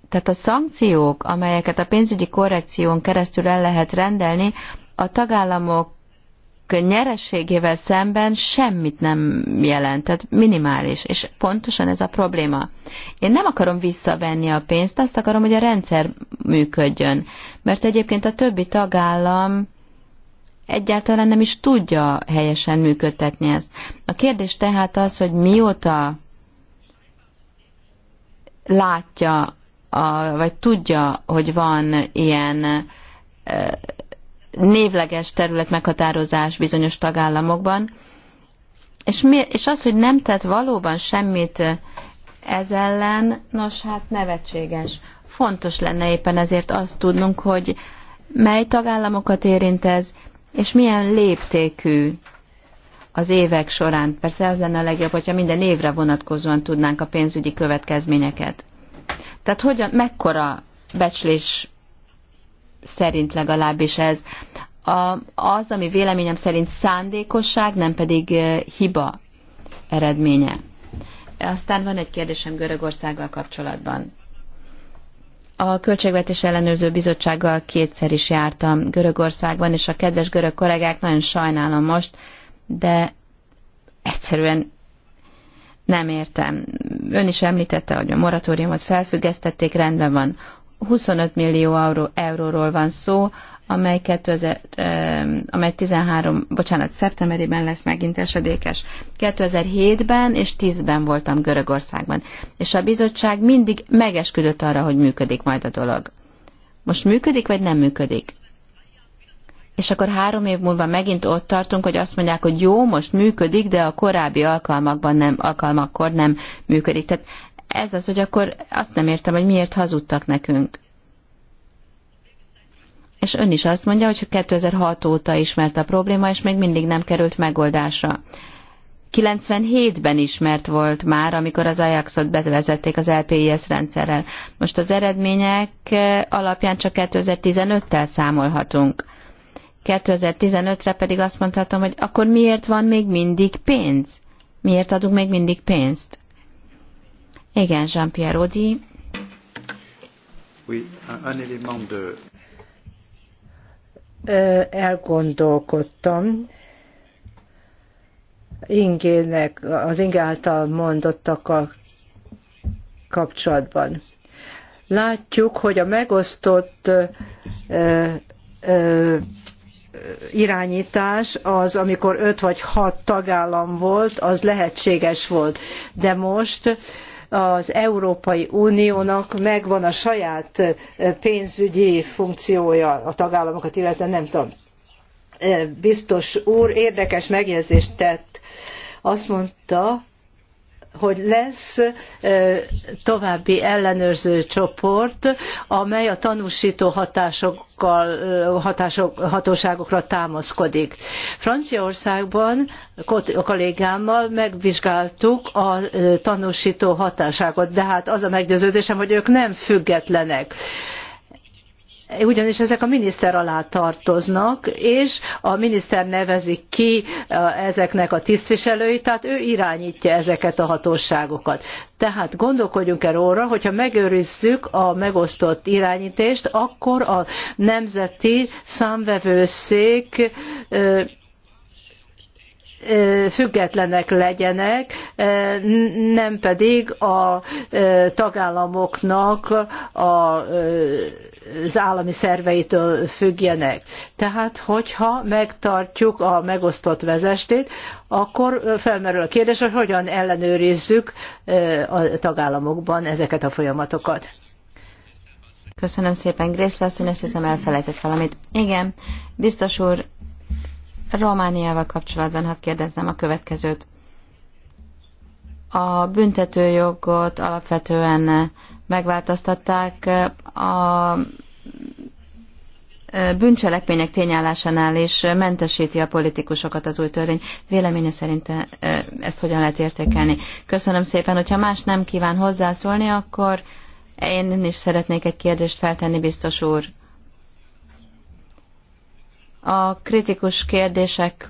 B: Tehát a szankciók, amelyeket a pénzügyi korrekción keresztül el lehet rendelni, a tagállamok nyerességével szemben semmit nem jelent, tehát minimális, és pontosan ez a probléma. Én nem akarom visszavenni a pénzt, azt akarom, hogy a rendszer működjön, mert egyébként a többi tagállam egyáltalán nem is tudja helyesen működtetni ezt. A kérdés tehát az, hogy mióta látja, a, vagy tudja, hogy van ilyen névleges terület meghatározás bizonyos tagállamokban, és, mi, és az, hogy nem tett valóban semmit ez ellen, nos hát nevetséges. Fontos lenne éppen ezért azt tudnunk, hogy mely tagállamokat érint ez, és milyen léptékű az évek során. Persze ez lenne a legjobb, hogyha minden évre vonatkozóan tudnánk a pénzügyi következményeket. Tehát hogyan, mekkora becslés szerint legalábbis ez. A, az, ami véleményem szerint szándékosság, nem pedig hiba eredménye. Aztán van egy kérdésem Görögországgal kapcsolatban. A Költségvetés Ellenőrző Bizottsággal kétszer is jártam Görögországban, és a kedves görög kollégák nagyon sajnálom most, de egyszerűen nem értem. Ön is említette, hogy a moratóriumot felfüggesztették, rendben van. 25 millió euró, euróról van szó, amely, 2000, amely 13, bocsánat, szeptemberében lesz megint esedékes. 2007-ben és 10-ben voltam Görögországban, és a bizottság mindig megesküdött arra, hogy működik majd a dolog. Most működik, vagy nem működik? És akkor három év múlva megint ott tartunk, hogy azt mondják, hogy jó, most működik, de a korábbi alkalmakban nem, alkalmakkor nem működik. Tehát ez az, hogy akkor azt nem értem, hogy miért hazudtak nekünk. És ön is azt mondja, hogy 2006 óta ismert a probléma, és még mindig nem került megoldásra. 97-ben ismert volt már, amikor az Ajaxot bevezették az LPIS rendszerrel. Most az eredmények alapján csak 2015-tel számolhatunk. 2015-re pedig azt mondhatom, hogy akkor miért van még mindig pénz? Miért adunk még mindig pénzt? Igen, Jean-Pierre Audi. Oui, un, un élément de...
A: Elgondolkodtam ingének, az inge által mondottak a kapcsolatban. Látjuk, hogy a megosztott ö, ö, irányítás az, amikor öt vagy hat tagállam volt, az lehetséges volt. De most az Európai Uniónak megvan a saját pénzügyi funkciója a tagállamokat, illetve nem tudom. Biztos úr érdekes megjegyzést tett. Azt mondta, hogy lesz további ellenőrző csoport, amely a tanúsító hatásokkal, hatások, hatóságokra támaszkodik. Franciaországban a kollégámmal megvizsgáltuk a tanúsító hatáságot, de hát az a meggyőződésem, hogy ők nem függetlenek ugyanis ezek a miniszter alá tartoznak, és a miniszter nevezi ki ezeknek a tisztviselőit, tehát ő irányítja ezeket a hatóságokat. Tehát gondolkodjunk el arra, hogyha megőrizzük a megosztott irányítást, akkor a nemzeti számvevőszék függetlenek legyenek, nem pedig a tagállamoknak a az állami szerveitől függjenek. Tehát, hogyha megtartjuk a megosztott vezestét, akkor felmerül a kérdés, hogy hogyan ellenőrizzük a tagállamokban ezeket a folyamatokat.
B: Köszönöm szépen, Grészle azt hiszem elfelejtett valamit. Igen, biztos úr, Romániával kapcsolatban hadd kérdezzem a következőt. A büntetőjogot alapvetően megváltoztatták a e, bűncselekmények tényállásánál is mentesíti a politikusokat az új törvény. Véleménye szerint e, ezt hogyan lehet értékelni? Köszönöm szépen, hogyha más nem kíván hozzászólni, akkor én is szeretnék egy kérdést feltenni, biztos úr. A kritikus kérdések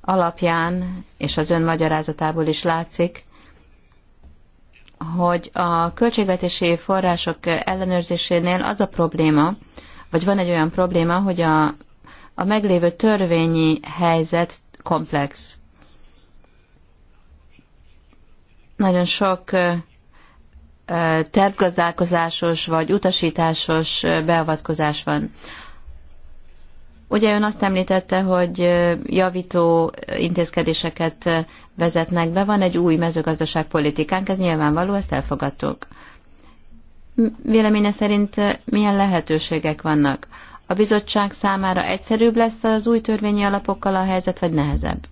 B: alapján, és az ön magyarázatából is látszik, hogy a költségvetési források ellenőrzésénél az a probléma, vagy van egy olyan probléma, hogy a, a meglévő törvényi helyzet komplex. Nagyon sok tervgazdálkozásos vagy utasításos beavatkozás van. Ugye ön azt említette, hogy javító intézkedéseket vezetnek be, van egy új mezőgazdaságpolitikánk, ez nyilvánvaló, ezt elfogadtuk. Véleménye szerint milyen lehetőségek vannak? A bizottság számára egyszerűbb lesz az új törvényi alapokkal a helyzet, vagy nehezebb?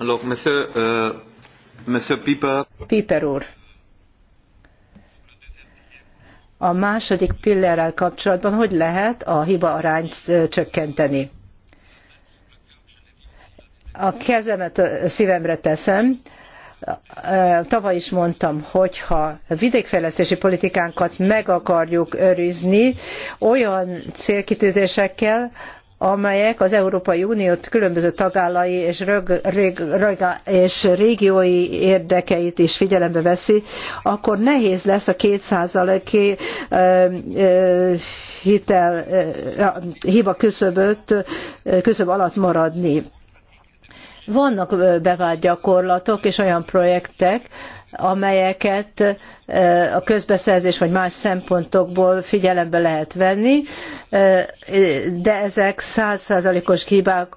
B: Look, Monsieur, euh, Monsieur Piper.
A: Piper úr. A második pillérrel kapcsolatban hogy lehet a hiba arányt csökkenteni? A kezemet a szívemre teszem, tavaly is mondtam, hogy ha vidékfejlesztési politikánkat meg akarjuk őrizni olyan célkitűzésekkel, amelyek az Európai Uniót különböző tagállai és, rög, rög, rög, és régiói érdekeit is figyelembe veszi, akkor nehéz lesz a kétszázaléki hitel, hiba küszöböt, küszöb alatt maradni vannak bevált gyakorlatok és olyan projektek, amelyeket a közbeszerzés vagy más szempontokból figyelembe lehet venni, de ezek százszázalékos hibák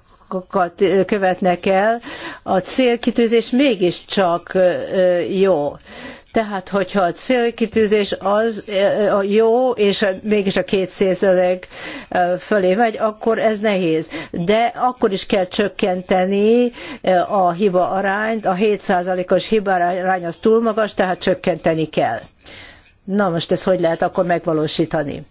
A: követnek el, a célkitűzés mégiscsak jó. Tehát, hogyha a célkitűzés az e, a jó, és mégis a két százalék e, fölé megy, akkor ez nehéz. De akkor is kell csökkenteni e, a hiba arányt, a 7%-os hiba arány az túl magas, tehát csökkenteni kell. Na most ezt hogy lehet akkor megvalósítani?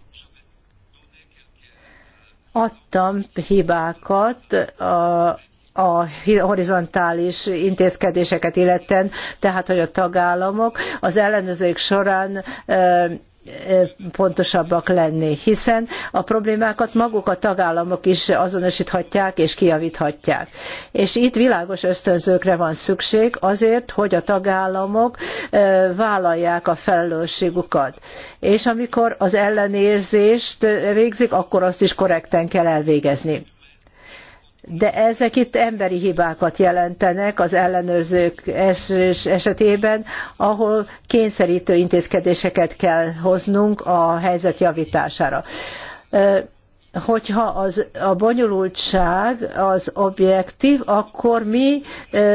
A: Adtam hibákat, a, a horizontális intézkedéseket illeten, tehát hogy a tagállamok az ellenőrzők során pontosabbak lenni, hiszen a problémákat maguk a tagállamok is azonosíthatják és kijavíthatják. És itt világos ösztönzőkre van szükség azért, hogy a tagállamok vállalják a felelősségüket. És amikor az ellenérzést végzik, akkor azt is korrekten kell elvégezni de ezek itt emberi hibákat jelentenek az ellenőrzők esetében, ahol kényszerítő intézkedéseket kell hoznunk a helyzet javítására. Hogyha az, a bonyolultság az objektív, akkor mi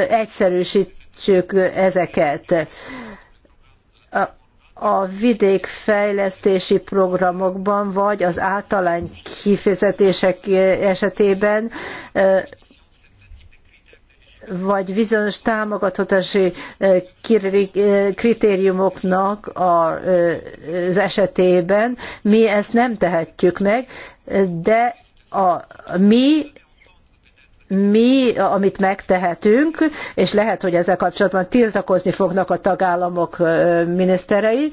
A: egyszerűsítsük ezeket a vidékfejlesztési programokban, vagy az általány kifizetések esetében vagy bizonyos támogatási kritériumoknak az esetében mi ezt nem tehetjük meg, de a, mi mi, amit megtehetünk, és lehet, hogy ezzel kapcsolatban tiltakozni fognak a tagállamok miniszterei,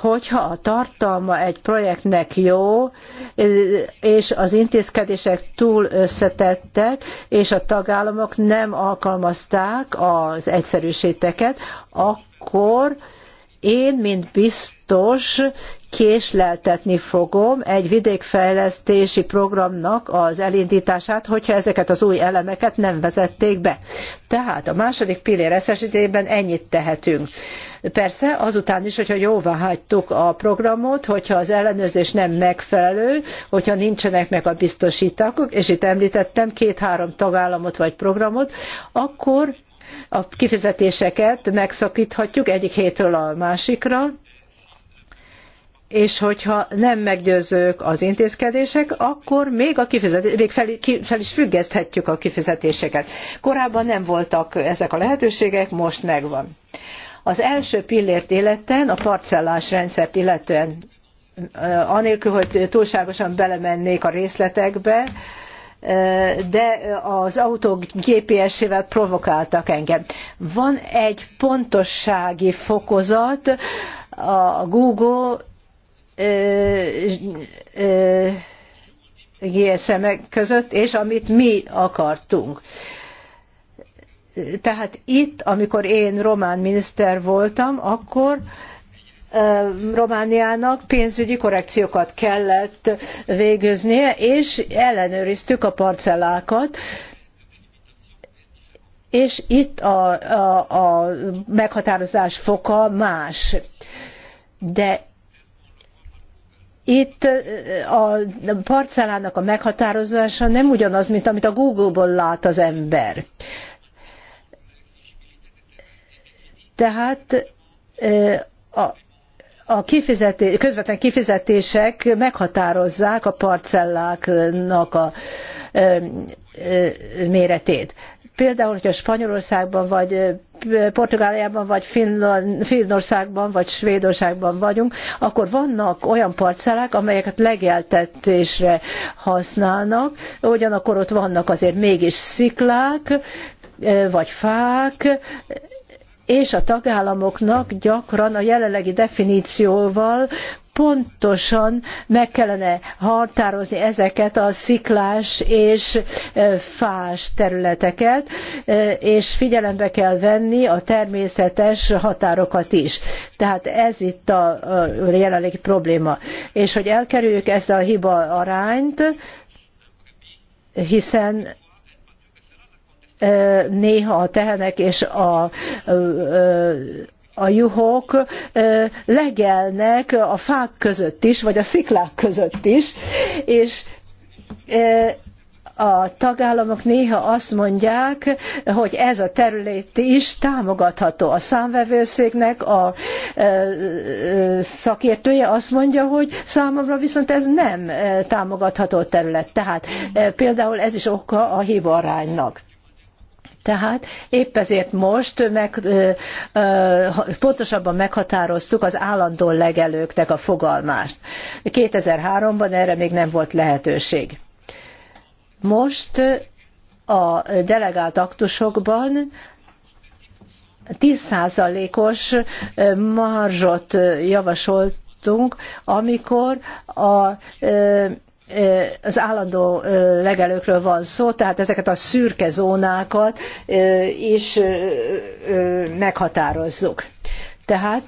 A: hogyha a tartalma egy projektnek jó, és az intézkedések túl összetettek, és a tagállamok nem alkalmazták az egyszerűséteket, akkor én, mint biztos, késleltetni fogom egy vidékfejlesztési programnak az elindítását, hogyha ezeket az új elemeket nem vezették be. Tehát a második pillér esetében ennyit tehetünk. Persze, azután is, hogyha jóvá hagytuk a programot, hogyha az ellenőrzés nem megfelelő, hogyha nincsenek meg a biztosítakok, és itt említettem két-három tagállamot vagy programot, akkor a kifizetéseket megszakíthatjuk egyik hétről a másikra, és hogyha nem meggyőzők az intézkedések, akkor még, a kifizetés, még fel, ki, fel is függeszthetjük a kifizetéseket. Korábban nem voltak ezek a lehetőségek, most megvan. Az első pillért életen, a parcellás rendszert illetően, anélkül, hogy túlságosan belemennék a részletekbe, de az autók GPS-ével provokáltak engem. Van egy pontossági fokozat, a Google gsm -ek között, és amit mi akartunk. Tehát itt, amikor én román miniszter voltam, akkor Romániának pénzügyi korrekciókat kellett végeznie, és ellenőriztük a parcellákat, és itt a, a, a meghatározás foka más. De itt a parcellának a meghatározása nem ugyanaz, mint amit a Google-ból lát az ember. Tehát a, a kifizeté, közvetlen kifizetések meghatározzák a parcelláknak a méretét. Például, hogyha Spanyolországban, vagy Portugáliában, vagy Finnországban, vagy Svédországban vagyunk, akkor vannak olyan parcellák, amelyeket legeltetésre használnak, ugyanakkor ott vannak azért mégis sziklák, vagy fák, és a tagállamoknak gyakran a jelenlegi definícióval pontosan meg kellene határozni ezeket a sziklás és e, fás területeket, e, és figyelembe kell venni a természetes határokat is. Tehát ez itt a jelenlegi probléma. És hogy elkerüljük ezt a hiba arányt, hiszen néha a tehenek és a a juhok legelnek a fák között is, vagy a sziklák között is, és a tagállamok néha azt mondják, hogy ez a terület is támogatható. A számvevőszéknek a szakértője azt mondja, hogy számomra viszont ez nem támogatható terület. Tehát például ez is oka a hibaránynak tehát épp ezért most meg, pontosabban meghatároztuk az állandó legelőknek a fogalmát. 2003-ban erre még nem volt lehetőség. Most a delegált aktusokban 10%-os marzsot javasoltunk, amikor a az állandó legelőkről van szó, tehát ezeket a szürke zónákat is meghatározzuk. Tehát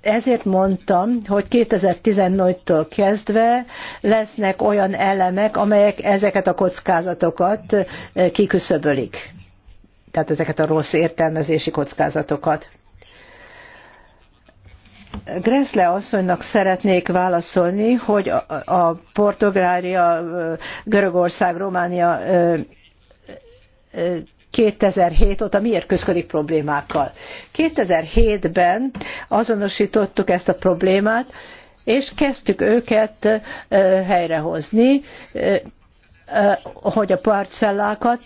A: ezért mondtam, hogy 2014-től kezdve lesznek olyan elemek, amelyek ezeket a kockázatokat kiküszöbölik. Tehát ezeket a rossz értelmezési kockázatokat. Gressle asszonynak szeretnék válaszolni, hogy a Portugália, Görögország, Románia 2007 óta miért küzdik problémákkal. 2007-ben azonosítottuk ezt a problémát, és kezdtük őket helyrehozni, hogy a parcellákat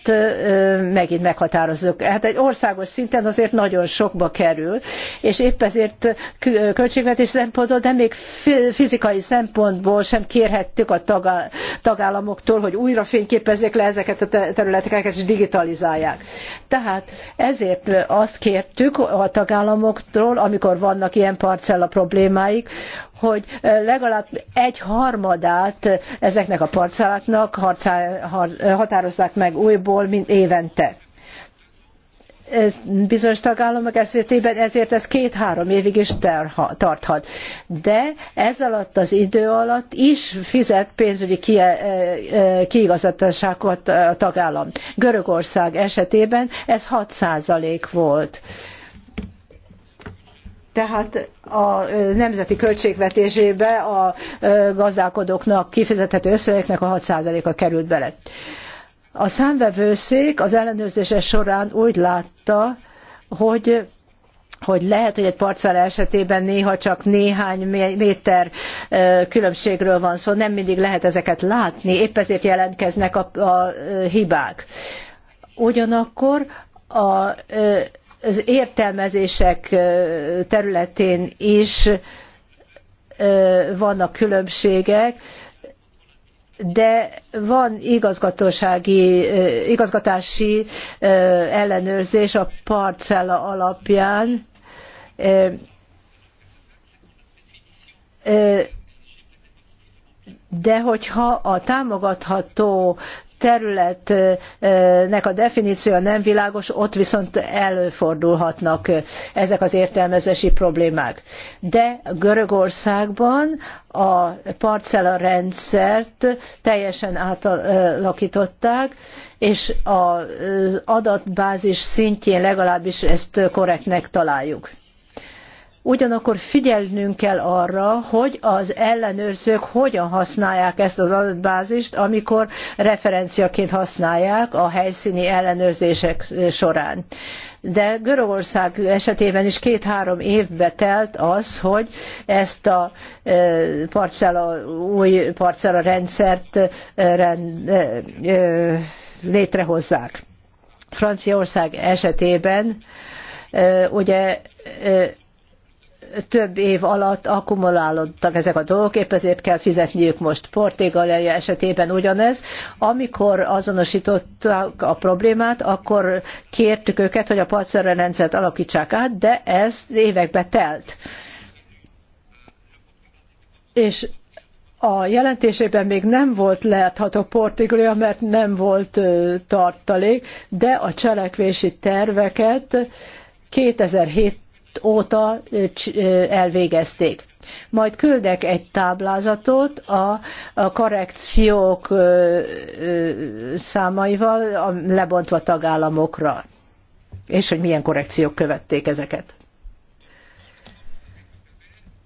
A: megint meghatározzuk. Hát egy országos szinten azért nagyon sokba kerül, és épp ezért költségvetés szempontból, de még fizikai szempontból sem kérhettük a tagállamoktól, hogy újra fényképezzék le ezeket a területeket és digitalizálják. Tehát ezért azt kértük a tagállamoktól, amikor vannak ilyen parcella problémáik, hogy legalább egy harmadát ezeknek a parcelláknak határozzák meg újból, mint évente bizonyos tagállamok esetében ezért ez két-három évig is tarthat. De ez alatt az idő alatt is fizet pénzügyi kiigazításokat a tagállam. Görögország esetében ez 6 volt tehát a nemzeti költségvetésébe a gazdálkodóknak kifizethető összegeknek a 6%-a került bele. A számvevőszék az ellenőrzése során úgy látta, hogy hogy lehet, hogy egy parcella esetében néha csak néhány méter különbségről van szó, nem mindig lehet ezeket látni, épp ezért jelentkeznek a, a hibák. Ugyanakkor a, az értelmezések területén is vannak különbségek, de van igazgatósági, igazgatási ellenőrzés a parcella alapján. De hogyha a támogatható területnek a definíciója nem világos, ott viszont előfordulhatnak ezek az értelmezési problémák. De Görögországban a parcella rendszert teljesen átalakították, és az adatbázis szintjén legalábbis ezt korrektnek találjuk Ugyanakkor figyelnünk kell arra, hogy az ellenőrzők hogyan használják ezt az adatbázist, amikor referenciaként használják a helyszíni ellenőrzések során. De Görögország esetében is két-három évbe telt az, hogy ezt a e, parcella, új parcella rendszert e, e, létrehozzák. Franciaország esetében ugye több év alatt akkumulálódtak ezek a dolgok, épp ezért kell fizetniük most Portugália esetében ugyanez. Amikor azonosították a problémát, akkor kértük őket, hogy a rendszert alakítsák át, de ez évekbe telt. És a jelentésében még nem volt látható Portugália, mert nem volt tartalék, de a cselekvési terveket 2007 óta elvégezték. Majd küldek egy táblázatot a, a korrekciók számaival, a, lebontva tagállamokra, és hogy milyen korrekciók követték ezeket.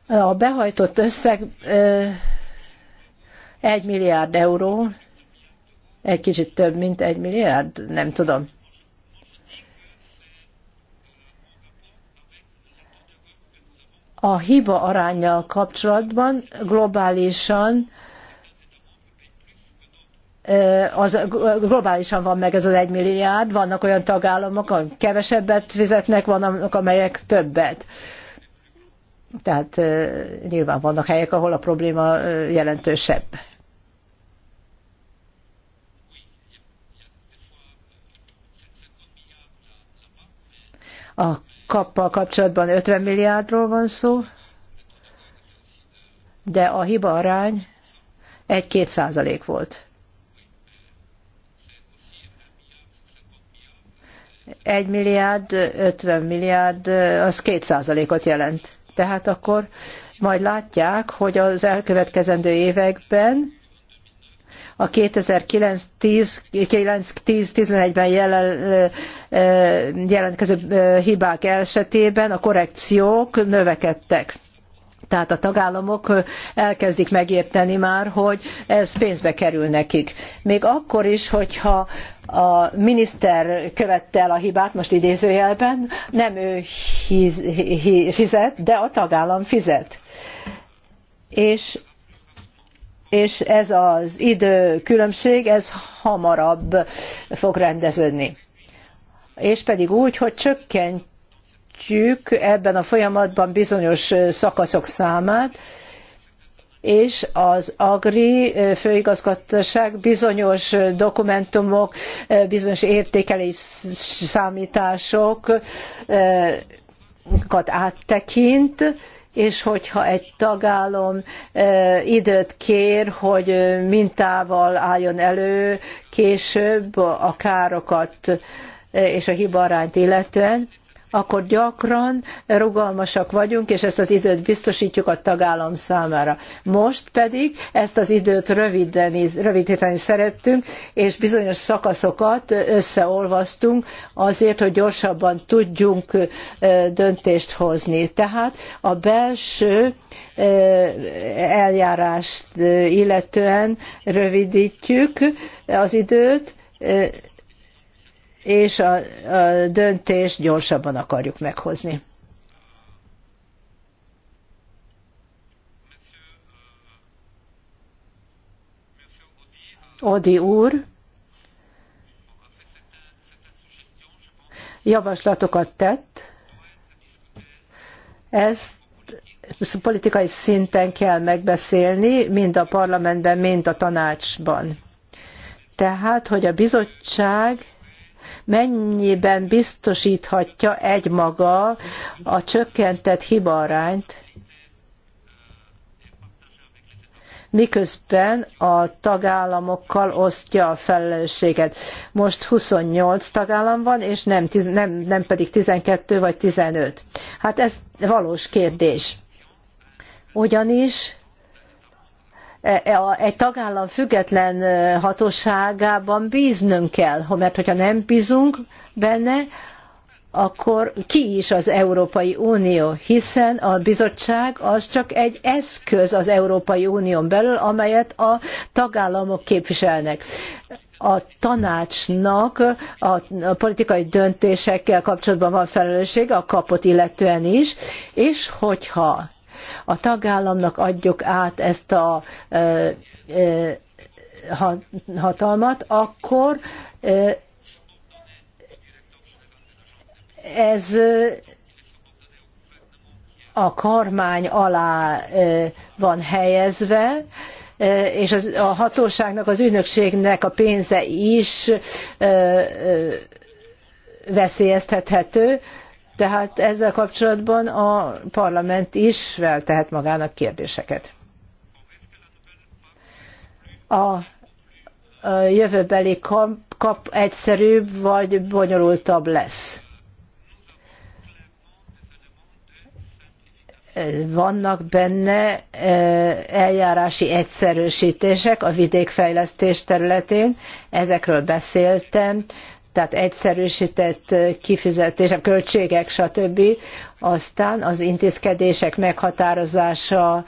A: A behajtott összeg 1 milliárd euró, egy kicsit több, mint 1 milliárd, nem tudom. a hiba arányjal kapcsolatban globálisan az globálisan van meg ez az egy milliárd, vannak olyan tagállamok, amelyek kevesebbet fizetnek, vannak amelyek többet. Tehát nyilván vannak helyek, ahol a probléma jelentősebb. A kappal kapcsolatban 50 milliárdról van szó, de a hiba arány 1-2 százalék volt. 1 milliárd, 50 milliárd, az 2 százalékot jelent. Tehát akkor majd látják, hogy az elkövetkezendő években a 2009-10-11-ben jelentkező hibák esetében a korrekciók növekedtek. Tehát a tagállamok elkezdik megérteni már, hogy ez pénzbe kerül nekik. Még akkor is, hogyha a miniszter követte el a hibát, most idézőjelben, nem ő fizet, de a tagállam fizet. És és ez az időkülönbség, ez hamarabb fog rendeződni. És pedig úgy, hogy csökkentjük ebben a folyamatban bizonyos szakaszok számát, és az Agri főigazgatóság bizonyos dokumentumok, bizonyos értékelés számításokat eh, áttekint, és hogyha egy tagállam időt kér, hogy mintával álljon elő később a károkat és a hibarányt illetően, akkor gyakran rugalmasak vagyunk, és ezt az időt biztosítjuk a tagállam számára. Most pedig ezt az időt rövideni, rövidíteni szerettünk, és bizonyos szakaszokat összeolvasztunk azért, hogy gyorsabban tudjunk döntést hozni. Tehát a belső eljárást illetően rövidítjük az időt, és a, a döntést gyorsabban akarjuk meghozni. Odi úr javaslatokat tett, ezt politikai szinten kell megbeszélni, mind a parlamentben, mind a tanácsban. Tehát, hogy a bizottság mennyiben biztosíthatja egymaga a csökkentett hibarányt, miközben a tagállamokkal osztja a felelősséget. Most 28 tagállam van, és nem, nem, nem pedig 12 vagy 15. Hát ez valós kérdés. Ugyanis E, e, egy tagállam független e, hatóságában bíznünk kell, mert hogyha nem bízunk benne, akkor ki is az Európai Unió, hiszen a bizottság az csak egy eszköz az Európai Unión belül, amelyet a tagállamok képviselnek. A tanácsnak a politikai döntésekkel kapcsolatban van felelőssége, a kapot illetően is, és hogyha a tagállamnak adjuk át ezt a hatalmat, akkor ez a kormány alá van helyezve, és a hatóságnak, az ügynökségnek a pénze is veszélyeztethető, tehát ezzel kapcsolatban a parlament is feltehet magának kérdéseket. A jövőbeli kap, kap egyszerűbb vagy bonyolultabb lesz. vannak benne e, eljárási egyszerűsítések a vidékfejlesztés területén, ezekről beszéltem, tehát egyszerűsített kifizetések, költségek, stb. Aztán az intézkedések meghatározása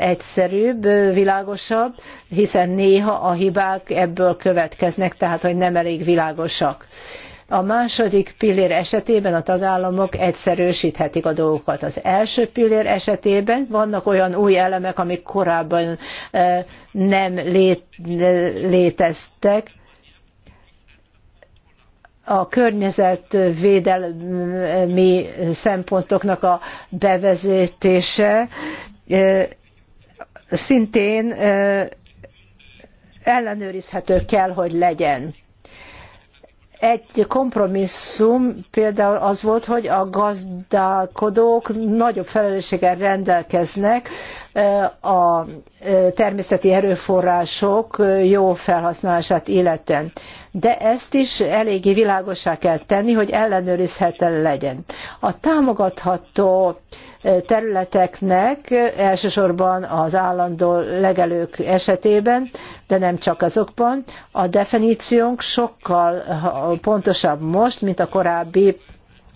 A: egyszerűbb, világosabb, hiszen néha a hibák ebből következnek, tehát hogy nem elég világosak. A második pillér esetében a tagállamok egyszerűsíthetik a dolgokat. Az első pillér esetében vannak olyan új elemek, amik korábban nem léteztek, a környezetvédelmi szempontoknak a bevezetése szintén ellenőrizhető kell, hogy legyen. Egy kompromisszum például az volt, hogy a gazdálkodók nagyobb felelősséggel rendelkeznek a természeti erőforrások jó felhasználását illetően. De ezt is eléggé világosá kell tenni, hogy ellenőrizhető legyen. A támogatható területeknek, elsősorban az állandó legelők esetében, de nem csak azokban, a definíciónk sokkal pontosabb most, mint a korábbi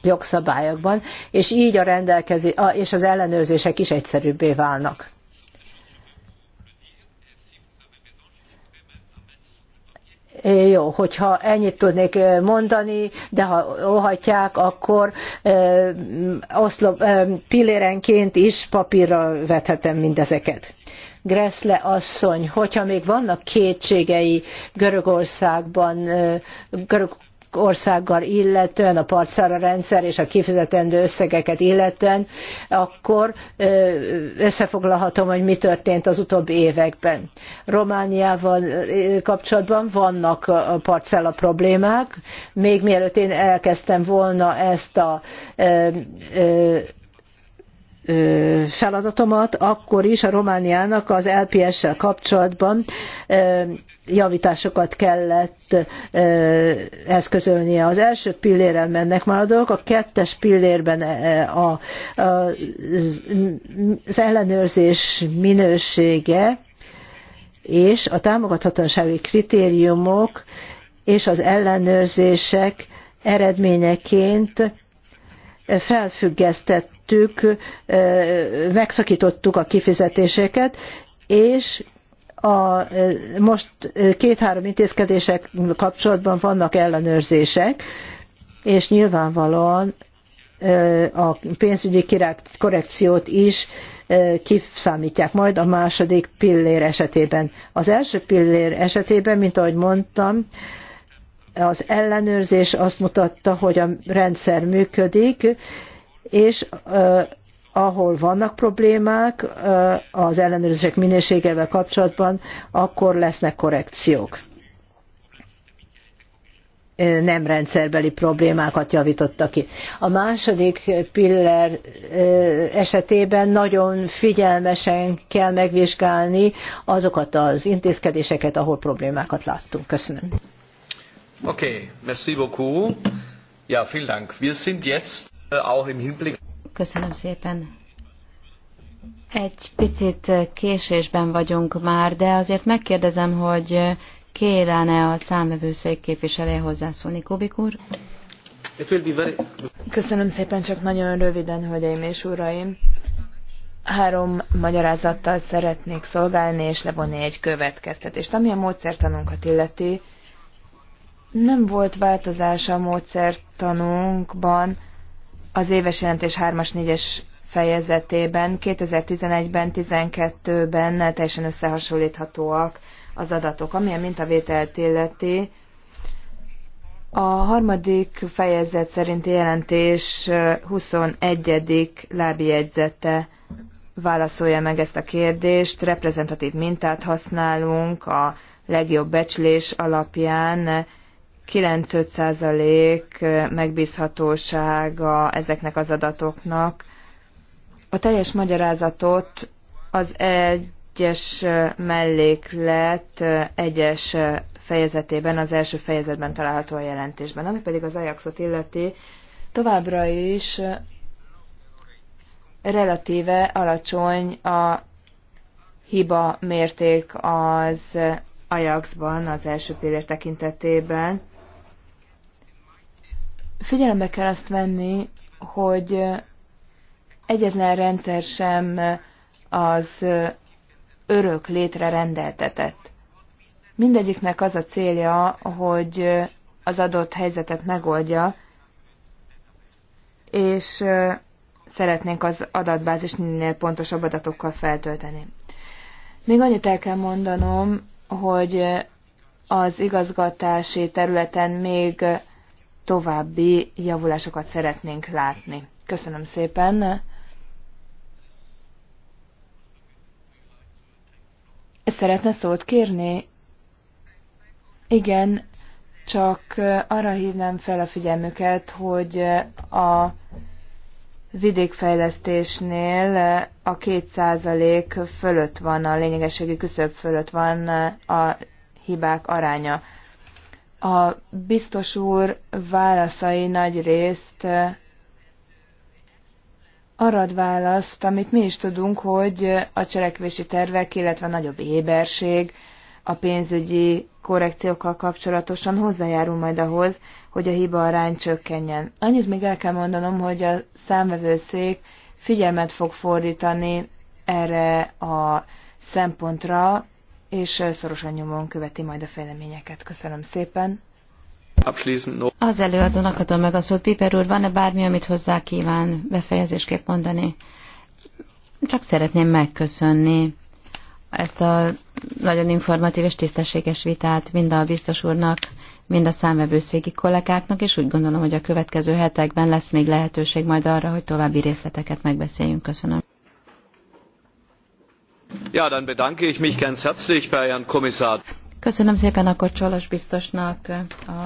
A: jogszabályokban, és így a rendelkezés, és az ellenőrzések is egyszerűbbé válnak. Jó, hogyha ennyit tudnék mondani, de ha óhatják, akkor oszlop, pillérenként is papírra vethetem mindezeket. Greszle asszony, hogyha még vannak kétségei Görögországban, görög országgal illetően, a partszára rendszer és a kifizetendő összegeket illetően, akkor összefoglalhatom, hogy mi történt az utóbbi években. Romániával kapcsolatban vannak a parcella problémák, még mielőtt én elkezdtem volna ezt a feladatomat, akkor is a Romániának az LPS-sel kapcsolatban javításokat kellett eszközölnie. Az első pilléren mennek már a dolgok, a kettes pillérben a, az ellenőrzés minősége és a támogathatósági kritériumok és az ellenőrzések eredményeként felfüggesztettük, megszakítottuk a kifizetéseket, és a, most két-három intézkedések kapcsolatban vannak ellenőrzések, és nyilvánvalóan a pénzügyi korrekciót is kiszámítják majd a második pillér esetében. Az első pillér esetében, mint ahogy mondtam, az ellenőrzés azt mutatta, hogy a rendszer működik, és ahol vannak problémák az ellenőrzések minőségevel kapcsolatban, akkor lesznek korrekciók. Nem rendszerbeli problémákat javítottak ki. A második pillér esetében nagyon figyelmesen kell megvizsgálni azokat az intézkedéseket, ahol problémákat láttunk. Köszönöm. Okay,
C: merci beaucoup. Ja, vielen Dank. Wir sind jetzt äh, auch im Hinblick.
A: Köszönöm
B: szépen. Egy picit äh, késésben vagyunk már, de azért megkérdezem, hogy äh, kérene a számvevőszék képviselője hozzászólni,
C: Kubik úr? Köszönöm szépen, csak nagyon röviden, hölgyeim és uraim. Három magyarázattal szeretnék szolgálni és levonni egy következtetést. Ami a módszertanunkat illeti, nem volt változás a módszertanunkban az éves jelentés 3-as, 4-es fejezetében. 2011-ben, 12-ben teljesen összehasonlíthatóak az adatok, ami a mintavételt illeti. A harmadik fejezet szerinti jelentés 21. lábjegyzete válaszolja meg ezt a kérdést. Reprezentatív mintát használunk a legjobb becslés alapján 95% megbízhatósága ezeknek az adatoknak. A teljes magyarázatot az egyes melléklet egyes fejezetében, az első fejezetben található a jelentésben. Ami pedig az Ajaxot illeti, továbbra is relatíve alacsony a hiba mérték az Ajaxban, az első pillér tekintetében. Figyelembe kell azt venni, hogy egyetlen rendszer sem az örök létre rendeltetett. Mindegyiknek az a célja, hogy az adott helyzetet megoldja, és szeretnénk az adatbázis minél pontosabb adatokkal feltölteni. Még annyit el kell mondanom, hogy az igazgatási területen még további javulásokat szeretnénk látni. Köszönöm szépen! Szeretne szót kérni? Igen, csak arra hívnám fel a figyelmüket, hogy a vidékfejlesztésnél a két százalék fölött van, a lényegességi küszöb fölött van a hibák aránya. A biztos úr válaszai nagy részt eh, arad választ, amit mi is tudunk, hogy a cselekvési tervek, illetve a nagyobb éberség a pénzügyi korrekciókkal kapcsolatosan hozzájárul majd ahhoz, hogy a hiba arány csökkenjen. Annyit még el kell mondanom, hogy a számvevőszék figyelmet fog fordítani erre a szempontra, és szorosan nyomon követi majd a fejleményeket. Köszönöm szépen. Az előadónak
B: adom meg a szót. Piper úr, van-e bármi, amit hozzá kíván befejezésképp mondani? Csak szeretném megköszönni ezt a nagyon informatív és tisztességes vitát mind a biztos úrnak, mind a számvevőszégi kollégáknak, és úgy gondolom, hogy a következő hetekben lesz még lehetőség majd arra, hogy további részleteket megbeszéljünk. Köszönöm. Ja, dann bedanke ich mich ganz herzlich bei Herrn Kommissar. Köszönöm szépen akkor Csolos biztosnak a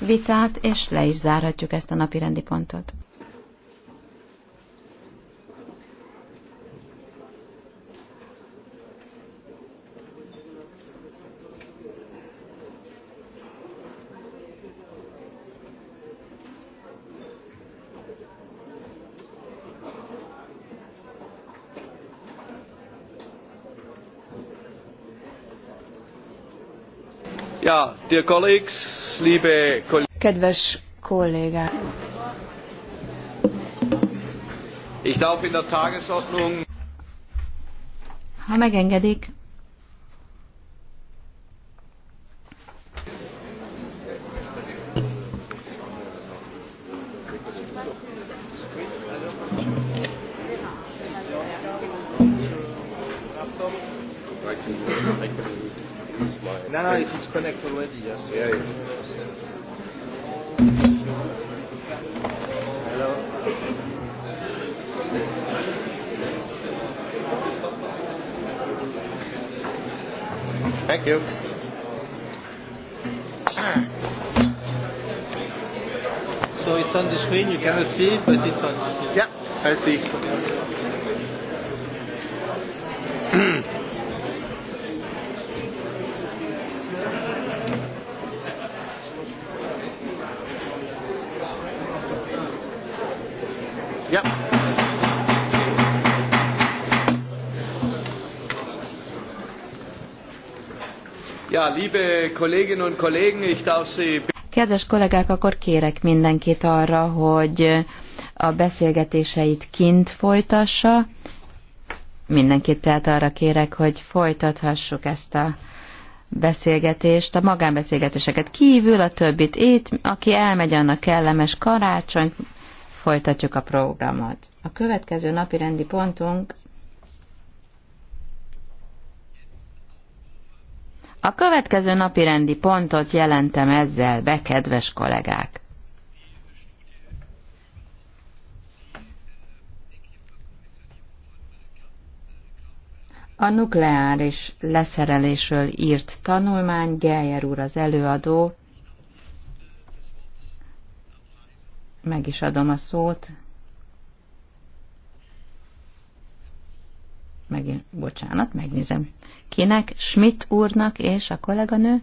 B: vitát, és le is zárhatjuk ezt a napi rendi pontot. Ja, dear colleagues, liebe
C: Kedves kollégák!
B: Ich darf in der Tagesordnung ha megengedik,
C: No, no, if it's connected already, yes. Yeah, yeah. Hello. Thank you. So it's on the screen, you cannot see it, but it's on. Yeah, I see.
B: Kedves kollégák, akkor kérek mindenkit arra, hogy a beszélgetéseit kint folytassa. Mindenkit tehát arra kérek, hogy folytathassuk ezt a beszélgetést, a magánbeszélgetéseket kívül, a többit itt, aki elmegy, annak kellemes karácsony. folytatjuk a programot. A következő napi rendi pontunk A következő napi rendi pontot jelentem ezzel be, kedves kollégák. A nukleáris leszerelésről írt tanulmány Geyer úr az előadó. Meg is adom a szót. Megint, bocsánat, megnézem. Kinek? Schmidt úrnak és a kolléganő?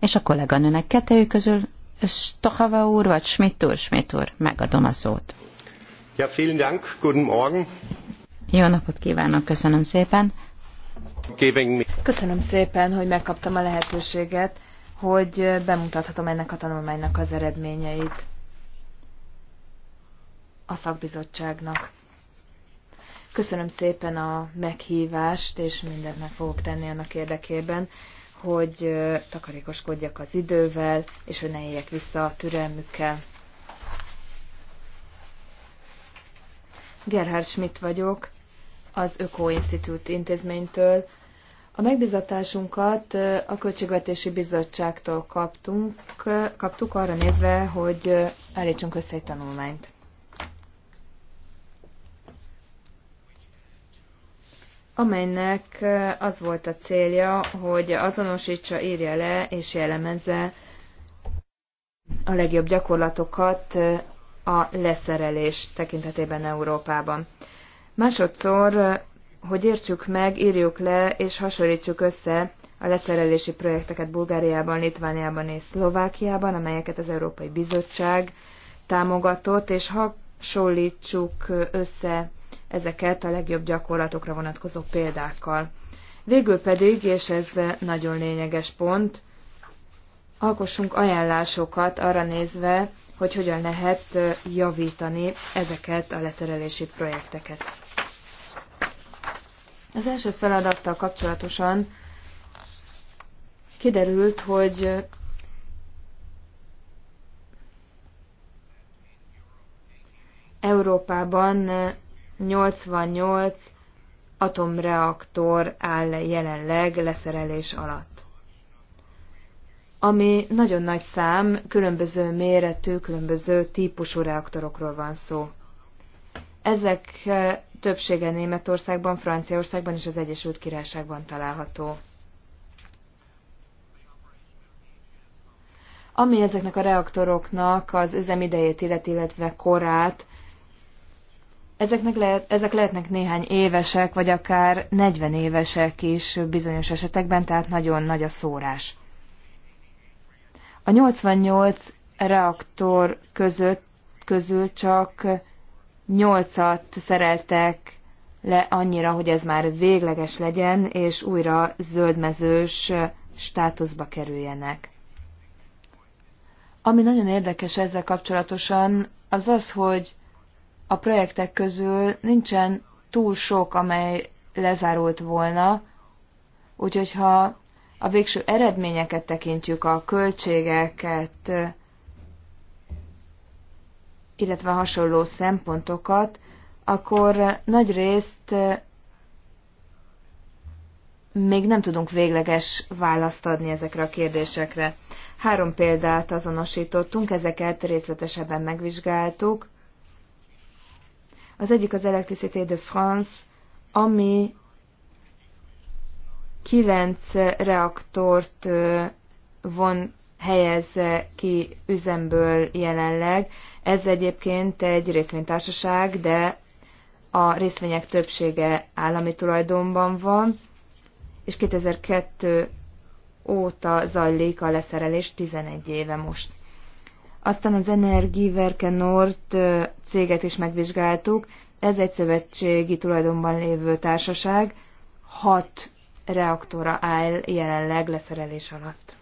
B: És a kolléganőnek kettőjük közül Stochava úr vagy Schmidt úr? Schmidt úr, megadom a szót.
A: Ja, vielen Dank. Guten Morgen.
B: Jó napot kívánok, köszönöm szépen.
C: Köszönöm szépen, hogy megkaptam a lehetőséget, hogy bemutathatom ennek a tanulmánynak az eredményeit a szakbizottságnak. Köszönöm szépen a meghívást, és mindent meg fogok tenni annak érdekében, hogy takarékoskodjak az idővel, és hogy ne éljek vissza a türelmükkel. Gerhard Schmidt vagyok, az Öko Institute intézménytől. A megbizatásunkat a Költségvetési Bizottságtól kaptunk, kaptuk arra nézve, hogy állítsunk össze egy tanulmányt. amelynek az volt a célja, hogy azonosítsa, írja le és jellemezze a legjobb gyakorlatokat a leszerelés tekintetében Európában. Másodszor, hogy értsük meg, írjuk le és hasonlítsuk össze a leszerelési projekteket Bulgáriában, Litvániában és Szlovákiában, amelyeket az Európai Bizottság támogatott, és hasonlítsuk össze ezeket a legjobb gyakorlatokra vonatkozó példákkal. Végül pedig, és ez nagyon lényeges pont, alkossunk ajánlásokat arra nézve, hogy hogyan lehet javítani ezeket a leszerelési projekteket. Az első feladattal kapcsolatosan kiderült, hogy Európában 88 atomreaktor áll jelenleg leszerelés alatt. Ami nagyon nagy szám, különböző méretű, különböző típusú reaktorokról van szó. Ezek e, többsége Németországban, Franciaországban és az Egyesült Királyságban található. Ami ezeknek a reaktoroknak az üzemidejét illet, illetve korát, Ezeknek lehet, ezek lehetnek néhány évesek, vagy akár 40 évesek is bizonyos esetekben, tehát nagyon nagy a szórás. A 88 reaktor között, közül csak 8-at szereltek le annyira, hogy ez már végleges legyen, és újra zöldmezős státuszba kerüljenek. Ami nagyon érdekes ezzel kapcsolatosan, az az, hogy a projektek közül nincsen túl sok, amely lezárult volna, úgyhogy ha a végső eredményeket tekintjük, a költségeket, illetve hasonló szempontokat, akkor nagy részt eh, még nem tudunk végleges választ adni ezekre a kérdésekre. Három példát azonosítottunk, ezeket részletesebben megvizsgáltuk, az egyik az Electricité de France, ami kilenc reaktort von helyez ki üzemből jelenleg. Ez egyébként egy részvénytársaság, de a részvények többsége állami tulajdonban van, és 2002 óta zajlik a leszerelés 11 éve most. Aztán az Energieverke Nord céget is megvizsgáltuk. Ez egy szövetségi tulajdonban lévő társaság. Hat reaktora áll jelenleg leszerelés alatt.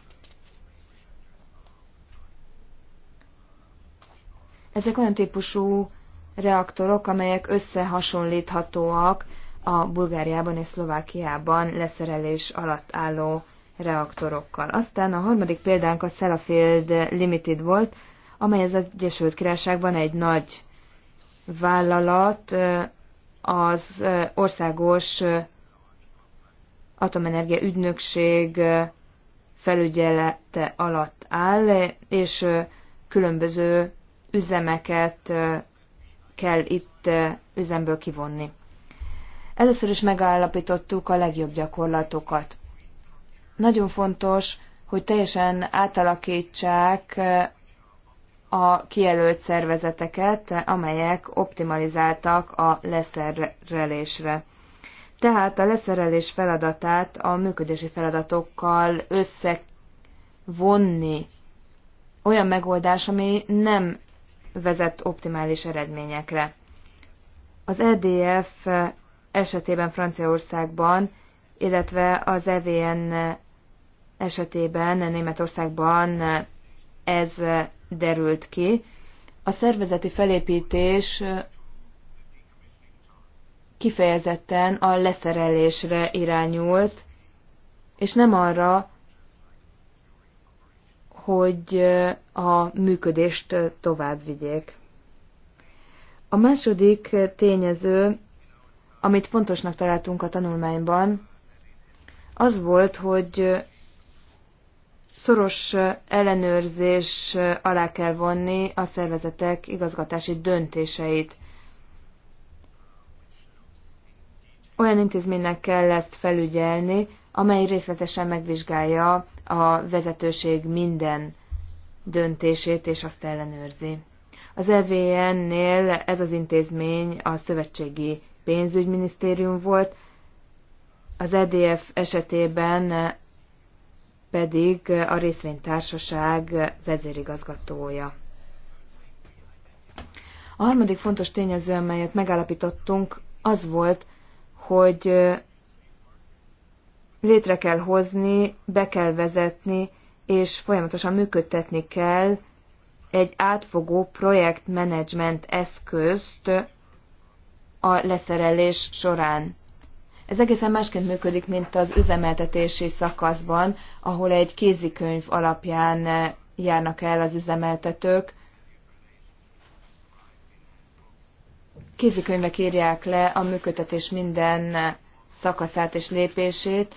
C: Ezek olyan típusú reaktorok, amelyek összehasonlíthatóak a Bulgáriában és Szlovákiában leszerelés alatt álló reaktorokkal. Aztán a harmadik példánk a Sellafield Limited volt, amely az Egyesült Királyságban egy nagy vállalat az országos atomenergia ügynökség felügyelete alatt áll, és különböző üzemeket kell itt üzemből kivonni. Először is megállapítottuk a legjobb gyakorlatokat. Nagyon fontos, hogy teljesen átalakítsák a kijelölt szervezeteket, amelyek optimalizáltak a leszerelésre. Tehát a leszerelés feladatát a működési feladatokkal összevonni olyan megoldás, ami nem vezet optimális eredményekre. Az EDF esetében Franciaországban, illetve az EVN esetében Németországban ez derült ki. A szervezeti felépítés kifejezetten a leszerelésre irányult, és nem arra, hogy a működést tovább vigyék. A második tényező, amit fontosnak találtunk a tanulmányban, az volt, hogy szoros ellenőrzés alá kell vonni a szervezetek igazgatási döntéseit. Olyan intézménynek kell ezt felügyelni, amely részletesen megvizsgálja a vezetőség minden döntését és azt ellenőrzi. Az EVN-nél ez az intézmény a Szövetségi Pénzügyminisztérium volt, az EDF esetében pedig a részvénytársaság vezérigazgatója. A harmadik fontos tényező, amelyet megállapítottunk, az volt, hogy létre kell hozni, be kell vezetni, és folyamatosan működtetni kell egy átfogó projektmenedzsment eszközt a leszerelés során. Ez egészen másként működik, mint az üzemeltetési szakaszban, ahol egy kézikönyv alapján eh, járnak el az üzemeltetők. Kézikönyvek írják le a működtetés minden eh, szakaszát és lépését,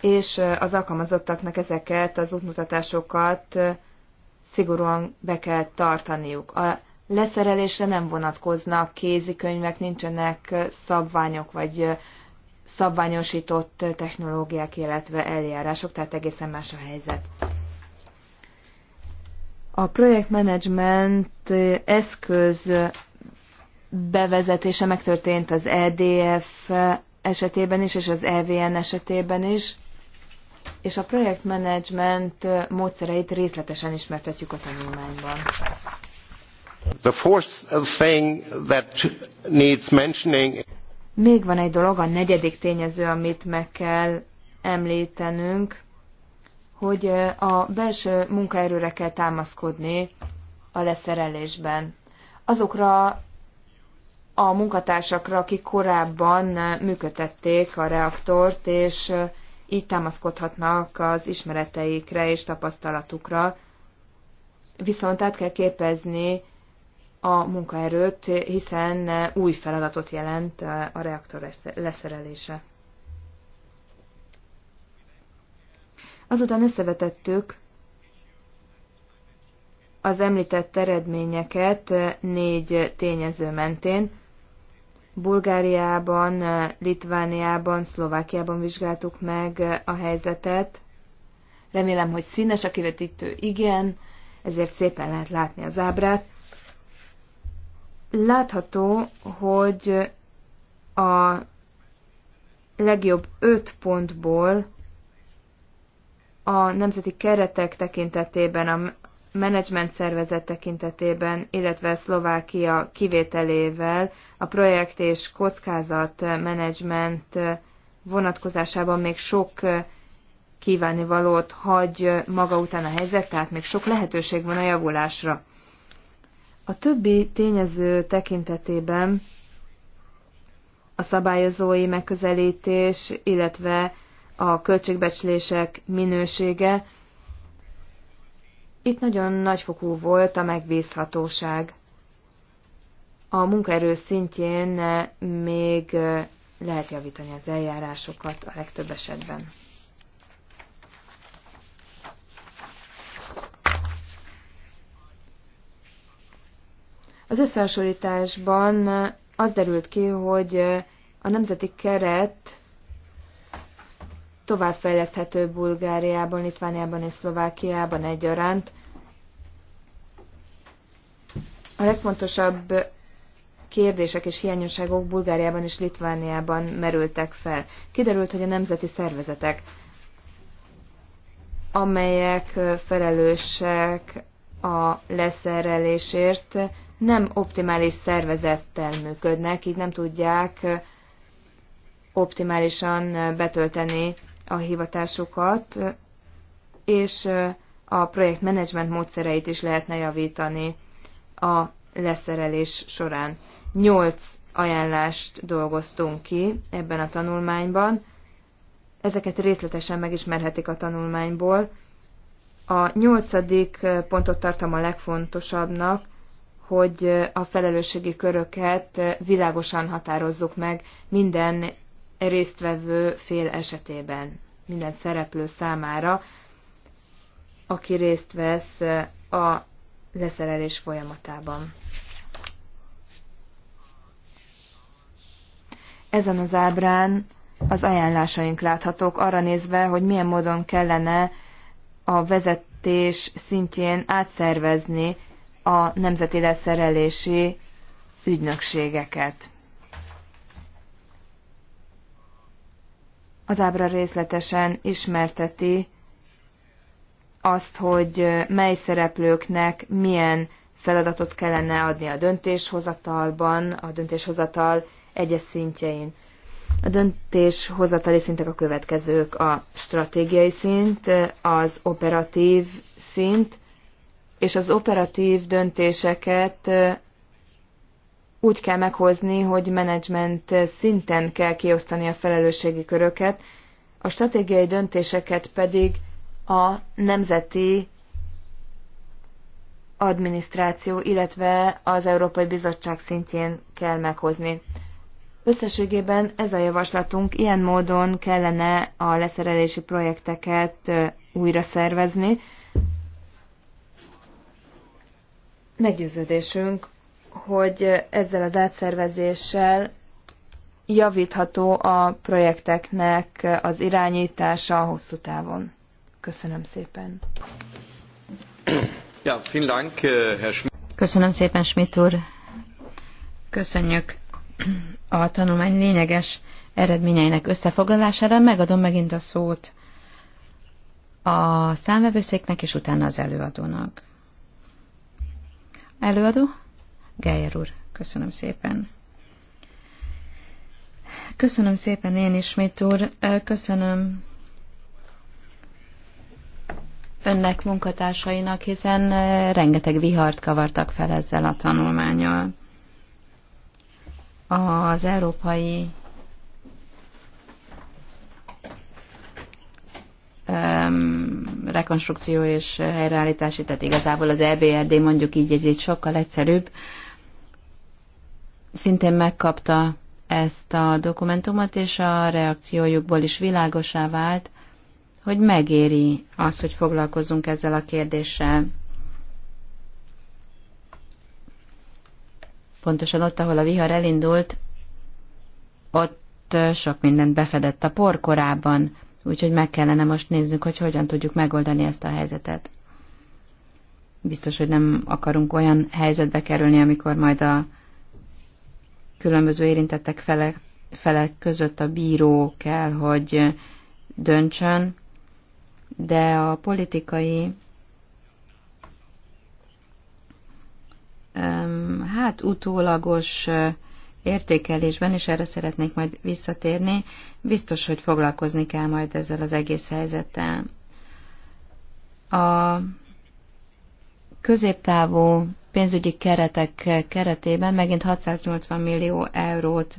C: és eh, az alkalmazottaknak ezeket az útmutatásokat szigorúan be kell tartaniuk. A leszerelésre nem vonatkoznak kézikönyvek, nincsenek szabványok vagy szabványosított technológiák, illetve eljárások, tehát egészen más a helyzet. A projektmenedzsment eszköz bevezetése megtörtént az EDF esetében is, és az EVN esetében is, és a projektmenedzsment módszereit részletesen ismertetjük a tanulmányban. The fourth thing that needs mentioning még van egy dolog, a negyedik tényező, amit meg kell említenünk, hogy a belső munkaerőre kell támaszkodni a leszerelésben. Azokra a munkatársakra, akik korábban működtették a reaktort, és így támaszkodhatnak az ismereteikre és tapasztalatukra. Viszont át kell képezni a munkaerőt, hiszen új feladatot jelent a reaktor leszerelése. Azután összevetettük az említett eredményeket négy tényező mentén. Bulgáriában, Litvániában, Szlovákiában vizsgáltuk meg a helyzetet. Remélem, hogy színes a kivetítő, igen, ezért szépen lehet látni az ábrát. Látható, hogy a legjobb öt pontból a nemzeti keretek tekintetében, a menedzsment szervezet tekintetében, illetve Szlovákia kivételével a projekt és kockázat menedzsment vonatkozásában még sok kívánivalót hagy maga után a helyzet, tehát még sok lehetőség van a javulásra. A többi tényező tekintetében a szabályozói megközelítés, illetve a költségbecslések minősége, itt nagyon nagyfokú volt a megbízhatóság. A munkaerő szintjén még lehet javítani az eljárásokat a legtöbb esetben. Az összehasonlításban az derült ki, hogy a nemzeti keret továbbfejleszthető Bulgáriában, Litvániában és Szlovákiában egyaránt. A legfontosabb kérdések és hiányosságok Bulgáriában és Litvániában merültek fel. Kiderült, hogy a nemzeti szervezetek, amelyek felelősek a leszerelésért, nem optimális szervezettel működnek, így nem tudják optimálisan betölteni a hivatásukat, és a projektmenedzsment módszereit is lehetne javítani a leszerelés során. Nyolc ajánlást dolgoztunk ki ebben a tanulmányban. Ezeket részletesen megismerhetik a tanulmányból. A nyolcadik pontot tartom a legfontosabbnak, hogy a felelősségi köröket világosan határozzuk meg minden résztvevő fél esetében, minden szereplő számára, aki részt vesz a leszerelés folyamatában. Ezen az ábrán az ajánlásaink láthatók arra nézve, hogy milyen módon kellene a vezetés szintjén átszervezni a nemzeti leszerelési ügynökségeket. Az ábra részletesen ismerteti azt, hogy mely szereplőknek milyen feladatot kellene adni a döntéshozatalban, a döntéshozatal egyes szintjein. A döntéshozatali szintek a következők a stratégiai szint, az operatív szint, és az operatív döntéseket úgy kell meghozni, hogy menedzsment szinten kell kiosztani a felelősségi köröket, a stratégiai döntéseket pedig a nemzeti adminisztráció, illetve az Európai Bizottság szintjén kell meghozni. Összességében ez a javaslatunk ilyen módon kellene a leszerelési projekteket újra szervezni, Meggyőződésünk, hogy ezzel az átszervezéssel javítható a projekteknek az irányítása a hosszú távon. Köszönöm szépen.
B: Ja, vielen Dank, äh, Herr Köszönöm szépen, Schmidt úr. Köszönjük a tanulmány lényeges eredményeinek összefoglalására. Megadom megint a szót a számvevőszéknek, és utána az előadónak. Előadó? Geyer úr, köszönöm szépen. Köszönöm szépen én ismét úr, köszönöm önnek, munkatársainak, hiszen rengeteg vihart kavartak fel ezzel a tanulmányal. Az európai um, rekonstrukció és helyreállítási, tehát igazából az EBRD mondjuk így egy, sokkal egyszerűbb. Szintén megkapta ezt a dokumentumot, és a reakciójukból is világosá vált, hogy megéri az, hogy foglalkozzunk ezzel a kérdéssel. Pontosan ott, ahol a vihar elindult, ott sok mindent befedett a por Úgyhogy meg kellene most néznünk, hogy hogyan tudjuk megoldani ezt a helyzetet. Biztos, hogy nem akarunk olyan helyzetbe kerülni, amikor majd a különböző érintettek fele, felek között a bíró kell, hogy döntsön, de a politikai hát utólagos értékelésben, és erre szeretnék majd visszatérni, biztos, hogy foglalkozni kell majd ezzel az egész helyzettel. A középtávú pénzügyi keretek keretében megint 680 millió eurót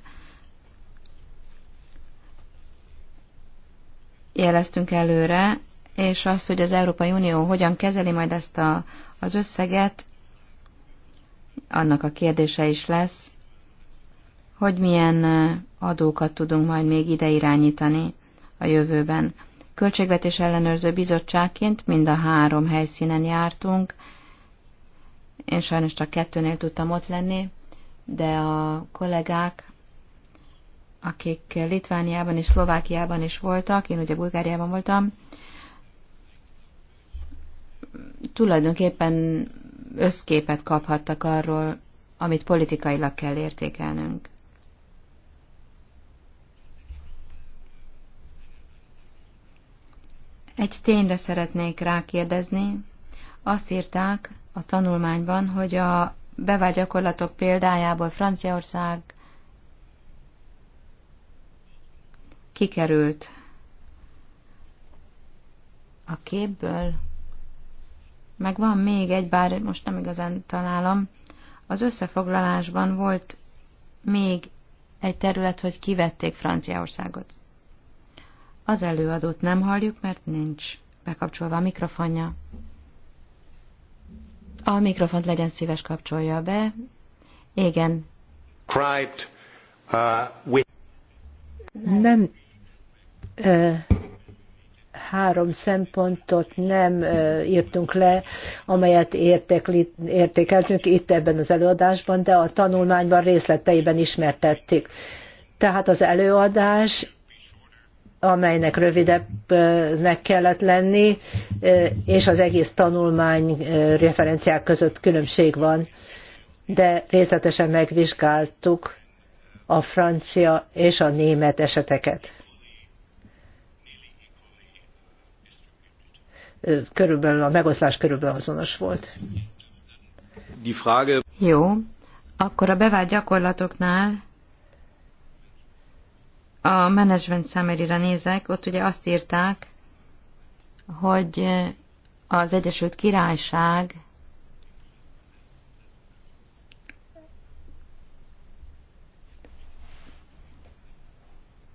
B: jeleztünk előre, és az, hogy az Európai Unió hogyan kezeli majd ezt a, az összeget, annak a kérdése is lesz, hogy milyen adókat tudunk majd még ide irányítani a jövőben. Költségvetés ellenőrző bizottságként mind a három helyszínen jártunk. Én sajnos csak kettőnél tudtam ott lenni, de a kollégák, akik Litvániában és Szlovákiában is voltak, én ugye Bulgáriában voltam, tulajdonképpen összképet kaphattak arról, amit politikailag kell értékelnünk. Egy tényre szeretnék rákérdezni. Azt írták a tanulmányban, hogy a bevált gyakorlatok példájából Franciaország kikerült a képből. Meg van még egy, bár most nem igazán találom. Az összefoglalásban volt még egy terület, hogy kivették Franciaországot. Az előadót nem halljuk, mert nincs bekapcsolva a mikrofonja. A mikrofont legyen szíves kapcsolja be.
A: Igen.
C: Uh,
A: nem három szempontot nem írtunk le, amelyet értékeltünk itt ebben az előadásban, de a tanulmányban részleteiben ismertettük. Tehát az előadás amelynek rövidebbnek kellett lenni, és az egész tanulmány referenciák között különbség van, de részletesen megvizsgáltuk a francia és a német eseteket. Körülbelül a megoszlás körülbelül azonos volt. Jó,
B: akkor a bevált gyakorlatoknál a management summary nézek, ott ugye azt írták, hogy az Egyesült Királyság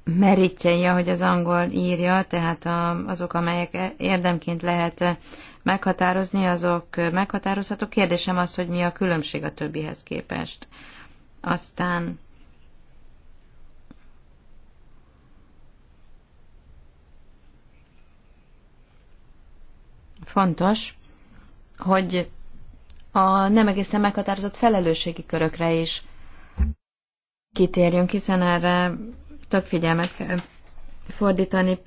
B: merítjei, ahogy az angol írja, tehát azok, amelyek érdemként lehet meghatározni, azok meghatározhatók. Kérdésem az, hogy mi a különbség a többihez képest. Aztán fontos, hogy a nem egészen meghatározott felelősségi körökre is kitérjünk, hiszen erre több figyelmet kell fordítani.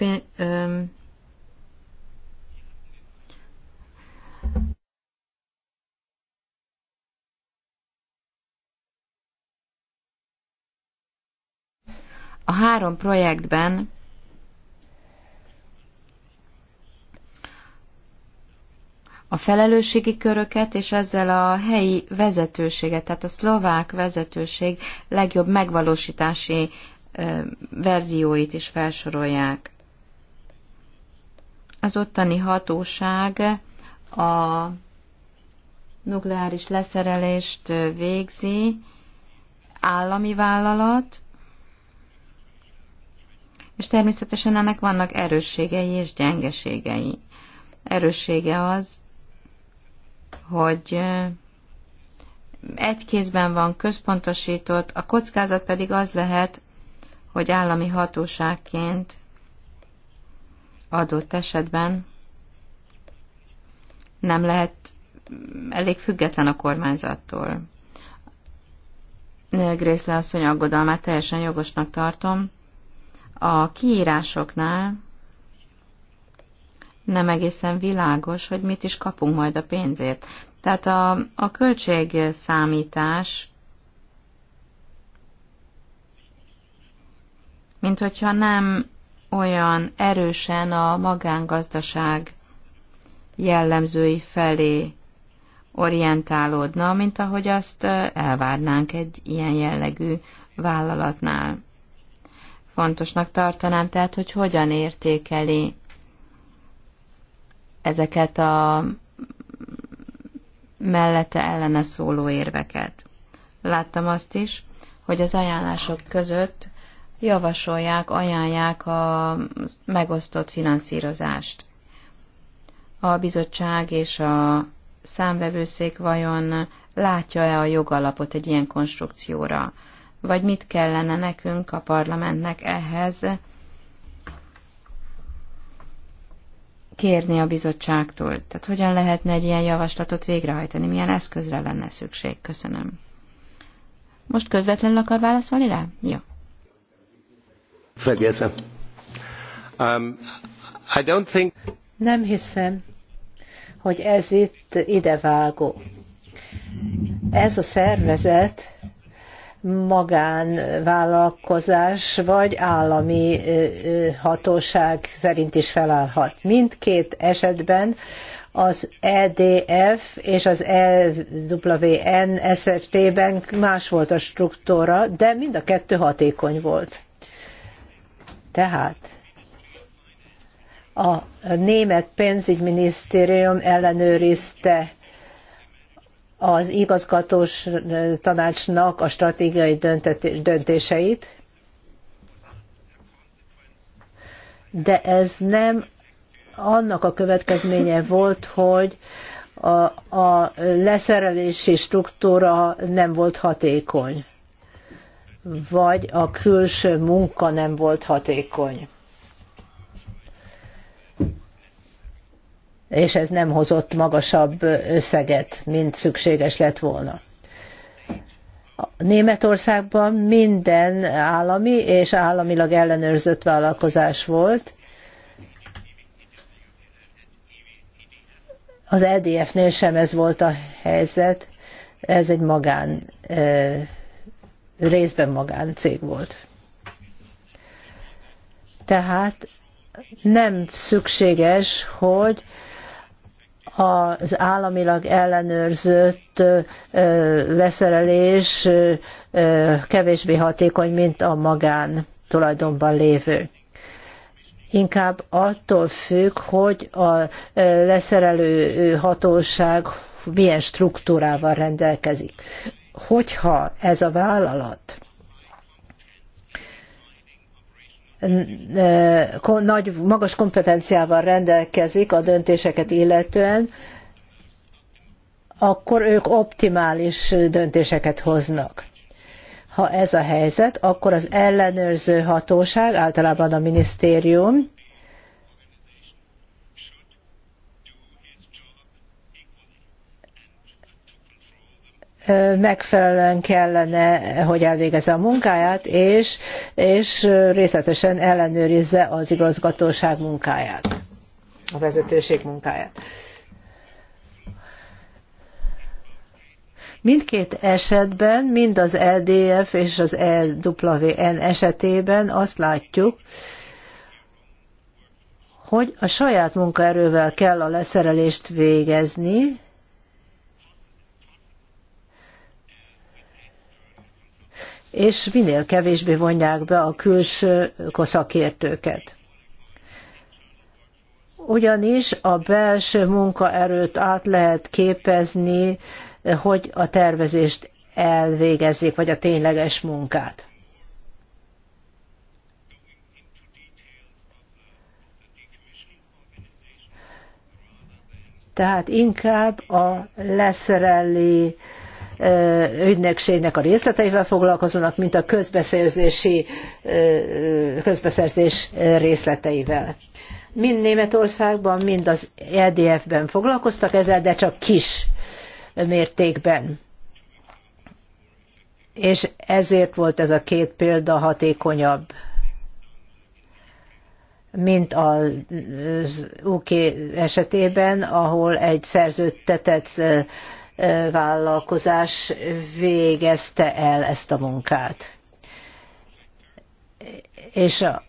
B: A három projektben a felelősségi köröket, és ezzel a helyi vezetőséget, tehát a szlovák vezetőség legjobb megvalósítási verzióit is felsorolják. Az ottani hatóság a nukleáris leszerelést végzi, állami vállalat, és természetesen ennek vannak erősségei és gyengeségei. Erőssége az, hogy egy kézben van központosított, a kockázat pedig az lehet, hogy állami hatóságként adott esetben nem lehet elég független a kormányzattól. Grészle asszony aggodalmát teljesen jogosnak tartom. A kiírásoknál nem egészen világos, hogy mit is kapunk majd a pénzért. Tehát a, a költségszámítás, mint hogyha nem olyan erősen a magángazdaság jellemzői felé orientálódna, mint ahogy azt elvárnánk egy ilyen jellegű vállalatnál. Fontosnak tartanám tehát, hogy hogyan értékeli ezeket a mellette ellene szóló érveket. Láttam azt is, hogy az ajánlások között javasolják, ajánlják a megosztott finanszírozást. A bizottság és a számvevőszék vajon látja-e a jogalapot egy ilyen konstrukcióra? Vagy mit kellene nekünk, a parlamentnek ehhez kérni a bizottságtól? Tehát hogyan lehetne egy ilyen javaslatot végrehajtani? Milyen eszközre lenne szükség? Köszönöm. Most közvetlenül akar válaszolni rá? Jó.
A: Vergessen. Um, I don't think... Nem hiszem, hogy ez itt idevágó. Ez a szervezet magánvállalkozás vagy állami hatóság szerint is felállhat. Mindkét esetben az EDF és az EWN SRT-ben más volt a struktúra, de mind a kettő hatékony volt. Tehát a német pénzügyminisztérium ellenőrizte az igazgatós tanácsnak a stratégiai döntéseit, de ez nem annak a következménye volt, hogy a, a leszerelési struktúra nem volt hatékony, vagy a külső munka nem volt hatékony. és ez nem hozott magasabb összeget, mint szükséges lett volna. Németországban minden állami és államilag ellenőrzött vállalkozás volt. Az EDF-nél sem ez volt a helyzet, ez egy magán, részben magán cég volt. Tehát nem szükséges, hogy az államilag ellenőrzött leszerelés kevésbé hatékony, mint a magán tulajdonban lévő inkább attól függ, hogy a leszerelő hatóság milyen struktúrával rendelkezik. Hogyha ez a vállalat nagy, magas kompetenciával rendelkezik a döntéseket illetően, akkor ők optimális döntéseket hoznak. Ha ez a helyzet, akkor az ellenőrző hatóság, általában a minisztérium, megfelelően kellene, hogy elvégezze a munkáját, és, és részletesen ellenőrizze az igazgatóság munkáját, a vezetőség munkáját. Mindkét esetben, mind az EDF és az EWN esetében azt látjuk, hogy a saját munkaerővel kell a leszerelést végezni, és minél kevésbé vonják be a külső szakértőket. Ugyanis a belső munkaerőt át lehet képezni, hogy a tervezést elvégezzék, vagy a tényleges munkát. Tehát inkább a leszereli ügynökségnek a részleteivel foglalkoznak, mint a közbeszerzési, közbeszerzés részleteivel. Mind Németországban, mind az EDF-ben foglalkoztak ezzel, de csak kis mértékben. És ezért volt ez a két példa hatékonyabb mint az UK esetében, ahol egy szerződtetett vállalkozás végezte el ezt a munkát. És a,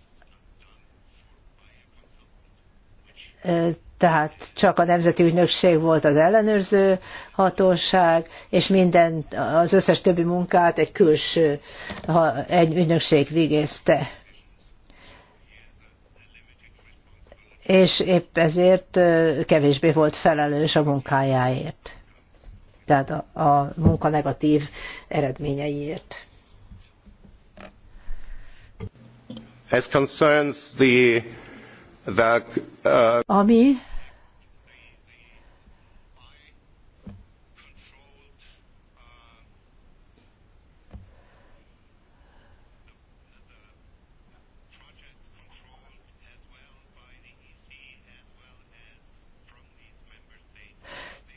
A: tehát csak a Nemzeti Ügynökség volt az ellenőrző hatóság, és minden, az összes többi munkát egy külső egy ügynökség végezte. És épp ezért kevésbé volt felelős a munkájáért tehát a, a munka negatív eredményeiért. As concerns the, the, uh... Ami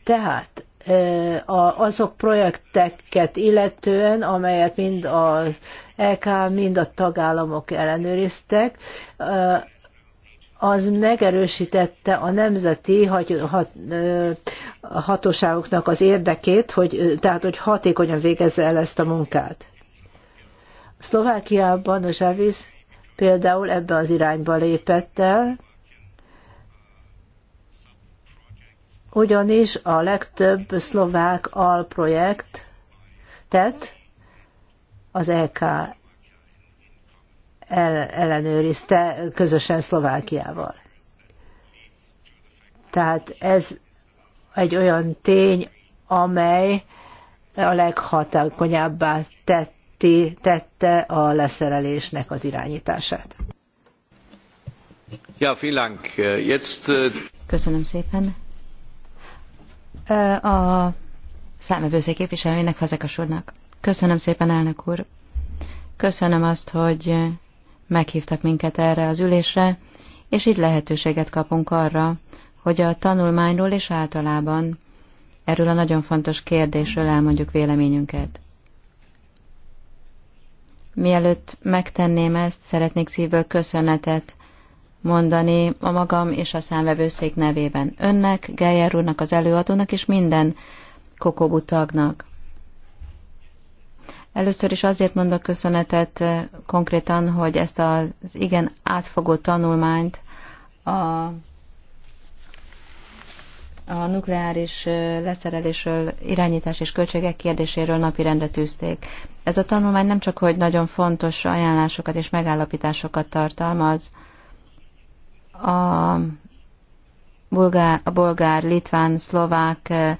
A: Tehát azok projekteket illetően, amelyet mind a LK, mind a tagállamok ellenőriztek, az megerősítette a nemzeti hatóságoknak az érdekét, hogy, tehát hogy hatékonyan végezze el ezt a munkát. Szlovákiában a Zsavisz például ebbe az irányba lépett el, ugyanis a legtöbb szlovák alprojekt tett az EK ellenőrizte közösen Szlovákiával. Tehát ez egy olyan tény, amely a leghatékonyabbá tetti, tette a leszerelésnek az irányítását. Ja, vielen Dank. Jetzt... Äh, Köszönöm szépen
B: a számövőszék képviselőjének fazekasurnak. Köszönöm szépen, elnök úr. Köszönöm azt, hogy meghívtak minket erre az ülésre, és így lehetőséget kapunk arra, hogy a tanulmányról és általában erről a nagyon fontos kérdésről elmondjuk véleményünket. Mielőtt megtenném ezt, szeretnék szívből köszönetet mondani a magam és a számvevőszék nevében. Önnek, Geyer úrnak, az előadónak és minden kokobutagnak. tagnak. Először is azért mondok köszönetet eh, konkrétan, hogy ezt az igen átfogó tanulmányt a, a nukleáris eh, leszerelésről, irányítás és költségek kérdéséről napirendre tűzték. Ez a tanulmány nem csak, hogy nagyon fontos ajánlásokat és megállapításokat tartalmaz, a bulgár, a bolgár, litván, szlovák eh,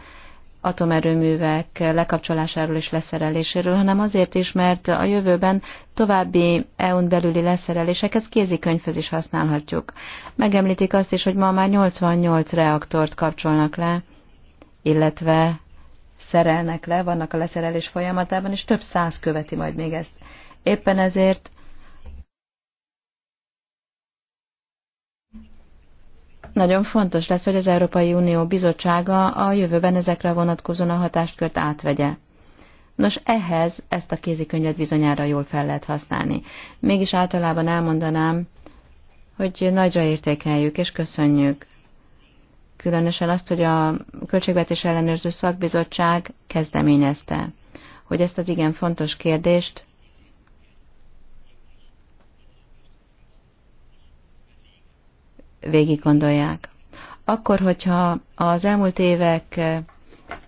B: atomerőművek lekapcsolásáról és leszereléséről, hanem azért is, mert a jövőben további EU-n belüli leszerelésekhez kézikönyvhöz is használhatjuk. Megemlítik azt is, hogy ma már 88 reaktort kapcsolnak le, illetve szerelnek le, vannak a leszerelés folyamatában, és több száz követi majd még ezt. Éppen ezért Nagyon fontos lesz, hogy az Európai Unió bizottsága a jövőben ezekre vonatkozóan a hatáskört átvegye. Nos, ehhez ezt a kézikönyvet bizonyára jól fel lehet használni. Mégis általában elmondanám, hogy nagyra értékeljük és köszönjük. Különösen azt, hogy a Költségvetés Ellenőrző Szakbizottság kezdeményezte, hogy ezt az igen fontos kérdést végig gondolják. Akkor, hogyha az elmúlt évek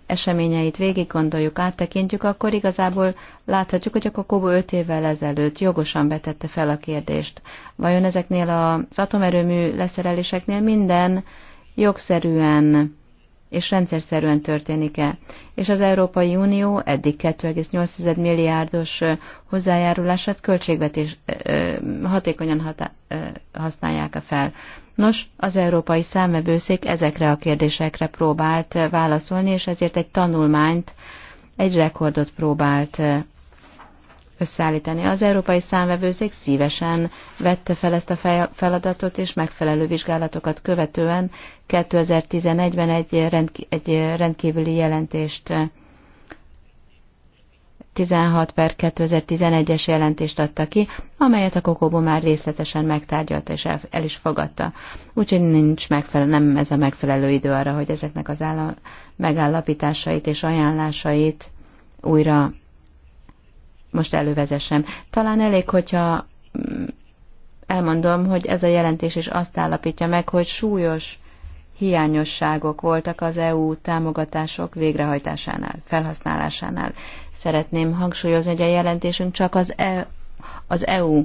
B: eseményeit végig gondoljuk, áttekintjük, akkor igazából láthatjuk, hogy akkor Kobo 5 évvel ezelőtt jogosan betette fel a kérdést. Vajon ezeknél az atomerőmű leszereléseknél minden jogszerűen és rendszerszerűen történik-e. És az Európai Unió eddig 2,8 milliárdos hozzájárulását költségvetés hatékonyan hatá, használják -e fel. Nos, az Európai Számebőszék ezekre a kérdésekre próbált válaszolni, és ezért egy tanulmányt, egy rekordot próbált összeállítani. Az Európai Számvevőzék szívesen vette fel ezt a feladatot, és megfelelő vizsgálatokat követően 2011-ben egy, rendk- egy rendkívüli jelentést 16 per 2011-es jelentést adta ki, amelyet a Kokobo már részletesen megtárgyalta és el is fogadta. Úgyhogy nincs megfelel, nem ez a megfelelő idő arra, hogy ezeknek az állam, megállapításait és ajánlásait újra most elővezessem. Talán elég, hogyha mm, elmondom, hogy ez a jelentés is azt állapítja meg, hogy súlyos hiányosságok voltak az EU támogatások végrehajtásánál, felhasználásánál. Szeretném hangsúlyozni, hogy a jelentésünk csak az, e, az EU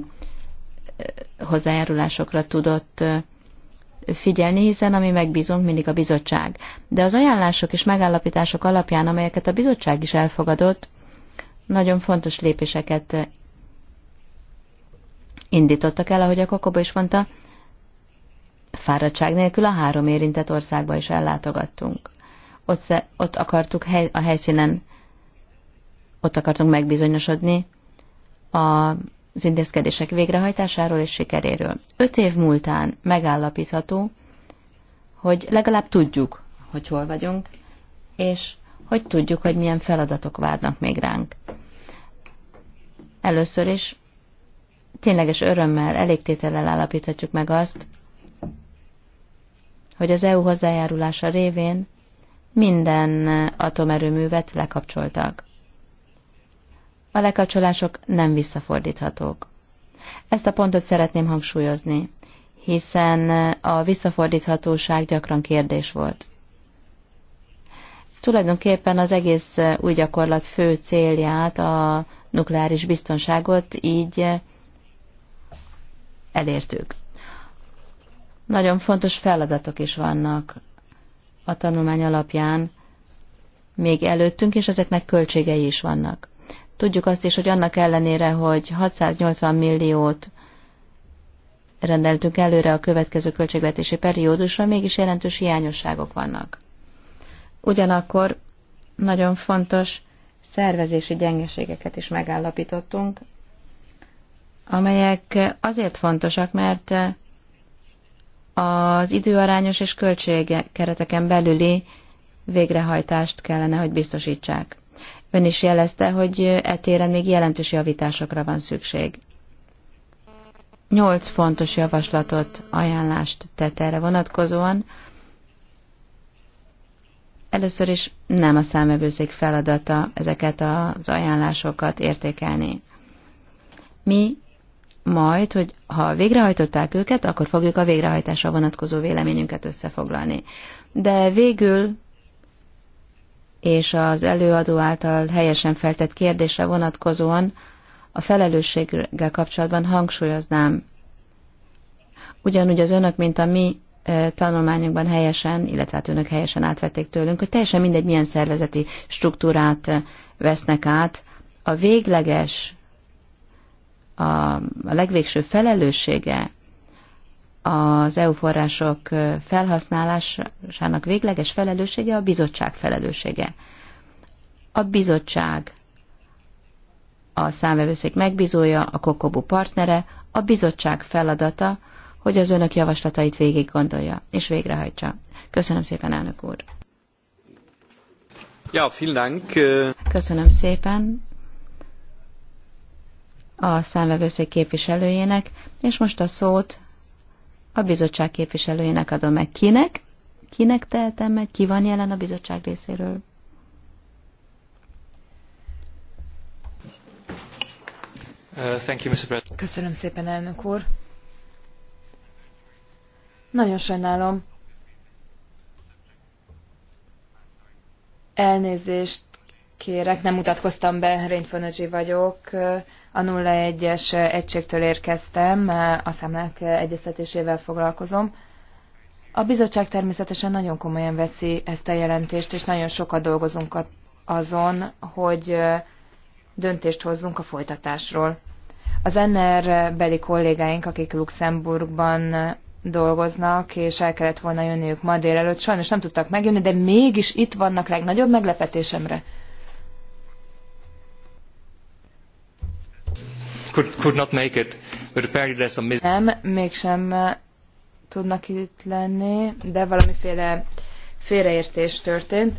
B: hozzájárulásokra tudott figyelni, hiszen ami megbízunk mindig a bizottság. De az ajánlások és megállapítások alapján, amelyeket a bizottság is elfogadott, nagyon fontos lépéseket indítottak el, ahogy a Kokoba is mondta, fáradtság nélkül a három érintett országba is ellátogattunk. Ott, ott akartuk hely, a helyszínen ott akartunk megbizonyosodni az intézkedések végrehajtásáról és sikeréről. Öt év múltán megállapítható, hogy legalább tudjuk, hogy hol vagyunk, és hogy tudjuk, hogy milyen feladatok várnak még ránk. Először is tényleges örömmel, elégtétellel állapíthatjuk meg azt, hogy az EU hozzájárulása révén minden atomerőművet lekapcsoltak a lekapcsolások nem visszafordíthatók. Ezt a pontot szeretném hangsúlyozni, hiszen a visszafordíthatóság gyakran kérdés volt. Tulajdonképpen az egész új gyakorlat fő célját, a nukleáris biztonságot így elértük. Nagyon fontos feladatok is vannak a tanulmány alapján, még előttünk, és ezeknek költségei is vannak. Tudjuk azt is, hogy annak ellenére, hogy 680 milliót rendeltünk előre a következő költségvetési periódusra, mégis jelentős hiányosságok vannak. Ugyanakkor nagyon fontos szervezési gyengeségeket is megállapítottunk, amelyek azért fontosak, mert az időarányos és költségkereteken belüli végrehajtást kellene, hogy biztosítsák. Ön is jelezte, hogy etéren még jelentős javításokra van szükség. Nyolc fontos javaslatot, ajánlást tett erre vonatkozóan. Először is nem a számövőszék feladata ezeket az ajánlásokat értékelni. Mi majd, hogy ha végrehajtották őket, akkor fogjuk a végrehajtásra vonatkozó véleményünket összefoglalni. De végül és az előadó által helyesen feltett kérdésre vonatkozóan a felelősséggel kapcsolatban hangsúlyoznám. Ugyanúgy az önök, mint a mi tanulmányunkban helyesen, illetve hát önök helyesen átvették tőlünk, hogy teljesen mindegy, milyen szervezeti struktúrát vesznek át. A végleges, a, a legvégső felelőssége az EU források felhasználásának végleges felelőssége a bizottság felelőssége. A bizottság a számvevőszék megbízója, a Kokobu partnere, a bizottság feladata, hogy az önök javaslatait végig gondolja és végrehajtsa. Köszönöm szépen, elnök úr! Ja, vielen Dank. Köszönöm szépen a számvevőszék képviselőjének, és most a szót a bizottság képviselőjének adom meg. Kinek? Kinek tehetem meg? Ki van jelen a
C: bizottság részéről?
A: Uh,
C: Köszönöm szépen, elnök úr. Nagyon sajnálom. Elnézést kérek, nem mutatkoztam be, Rényfönöcsi vagyok a 01-es egységtől érkeztem, a számlák egyeztetésével foglalkozom. A bizottság természetesen nagyon komolyan veszi ezt a jelentést, és nagyon sokat dolgozunk azon, hogy döntést hozzunk a folytatásról. Az NR beli kollégáink, akik Luxemburgban dolgoznak, és el kellett volna jönniük ma délelőtt, sajnos nem tudtak megjönni, de mégis itt vannak legnagyobb meglepetésemre. could, could not make it, but apparently there's some mis- Nem, mégsem uh, tudnak itt lenni, de valamiféle félreértés történt.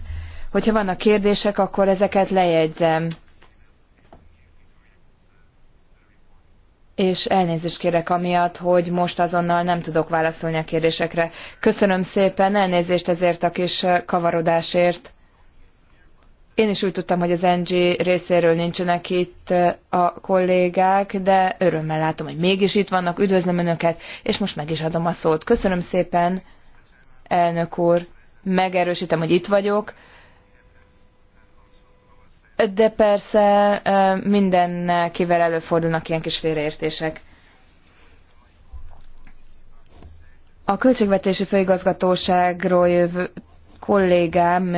C: Hogyha vannak kérdések, akkor ezeket lejegyzem. és elnézést kérek amiatt, hogy most azonnal nem tudok válaszolni a kérdésekre. Köszönöm szépen, elnézést ezért a kis uh, kavarodásért. Én is úgy tudtam, hogy az NG részéről nincsenek itt a kollégák, de örömmel látom, hogy mégis itt vannak. Üdvözlöm Önöket, és most meg is adom a szót. Köszönöm szépen, elnök úr. Megerősítem, hogy itt vagyok. De persze mindenkivel előfordulnak ilyen kis félreértések. A Költségvetési Főigazgatóságról jövő kollégám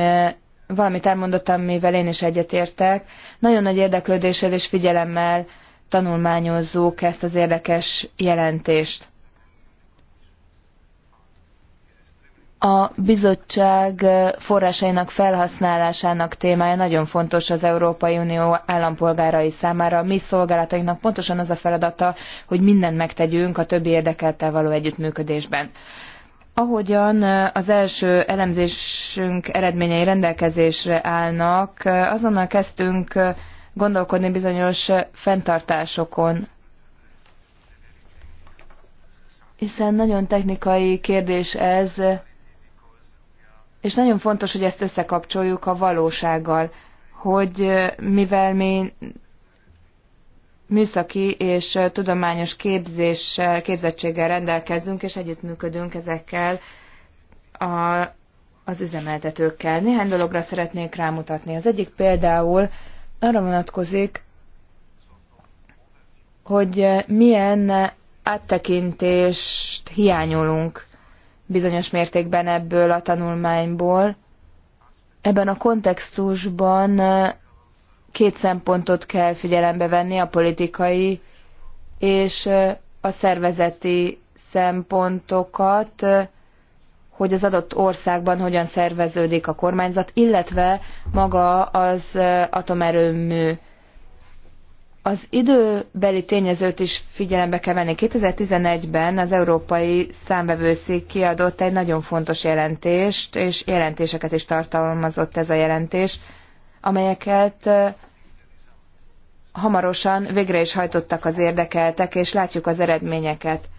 C: valamit elmondott, amivel én is egyetértek. Nagyon nagy érdeklődéssel és figyelemmel tanulmányozzuk ezt az érdekes jelentést. A bizottság forrásainak felhasználásának témája nagyon fontos az Európai Unió állampolgárai számára. mi szolgálatainknak pontosan az a feladata, hogy mindent megtegyünk a többi érdekeltel való együttműködésben. Ahogyan az első elemzésünk eredményei rendelkezésre állnak, azonnal kezdtünk gondolkodni bizonyos fenntartásokon. Hiszen nagyon technikai kérdés ez, és nagyon fontos, hogy ezt összekapcsoljuk a valósággal, hogy mivel mi műszaki és tudományos képzés képzettséggel rendelkezünk, és együttműködünk ezekkel a, az üzemeltetőkkel. Néhány dologra szeretnék rámutatni. Az egyik például arra vonatkozik, hogy milyen áttekintést hiányolunk bizonyos mértékben ebből a tanulmányból. Ebben a kontextusban két szempontot kell figyelembe venni, a politikai és a szervezeti szempontokat, hogy az adott országban hogyan szerveződik a kormányzat, illetve maga az atomerőmű. Az időbeli tényezőt is figyelembe kell venni. 2011-ben az Európai Számbevőszék kiadott egy nagyon fontos jelentést, és jelentéseket is tartalmazott ez a jelentés, amelyeket hamarosan végre is hajtottak az érdekeltek, és látjuk az eredményeket.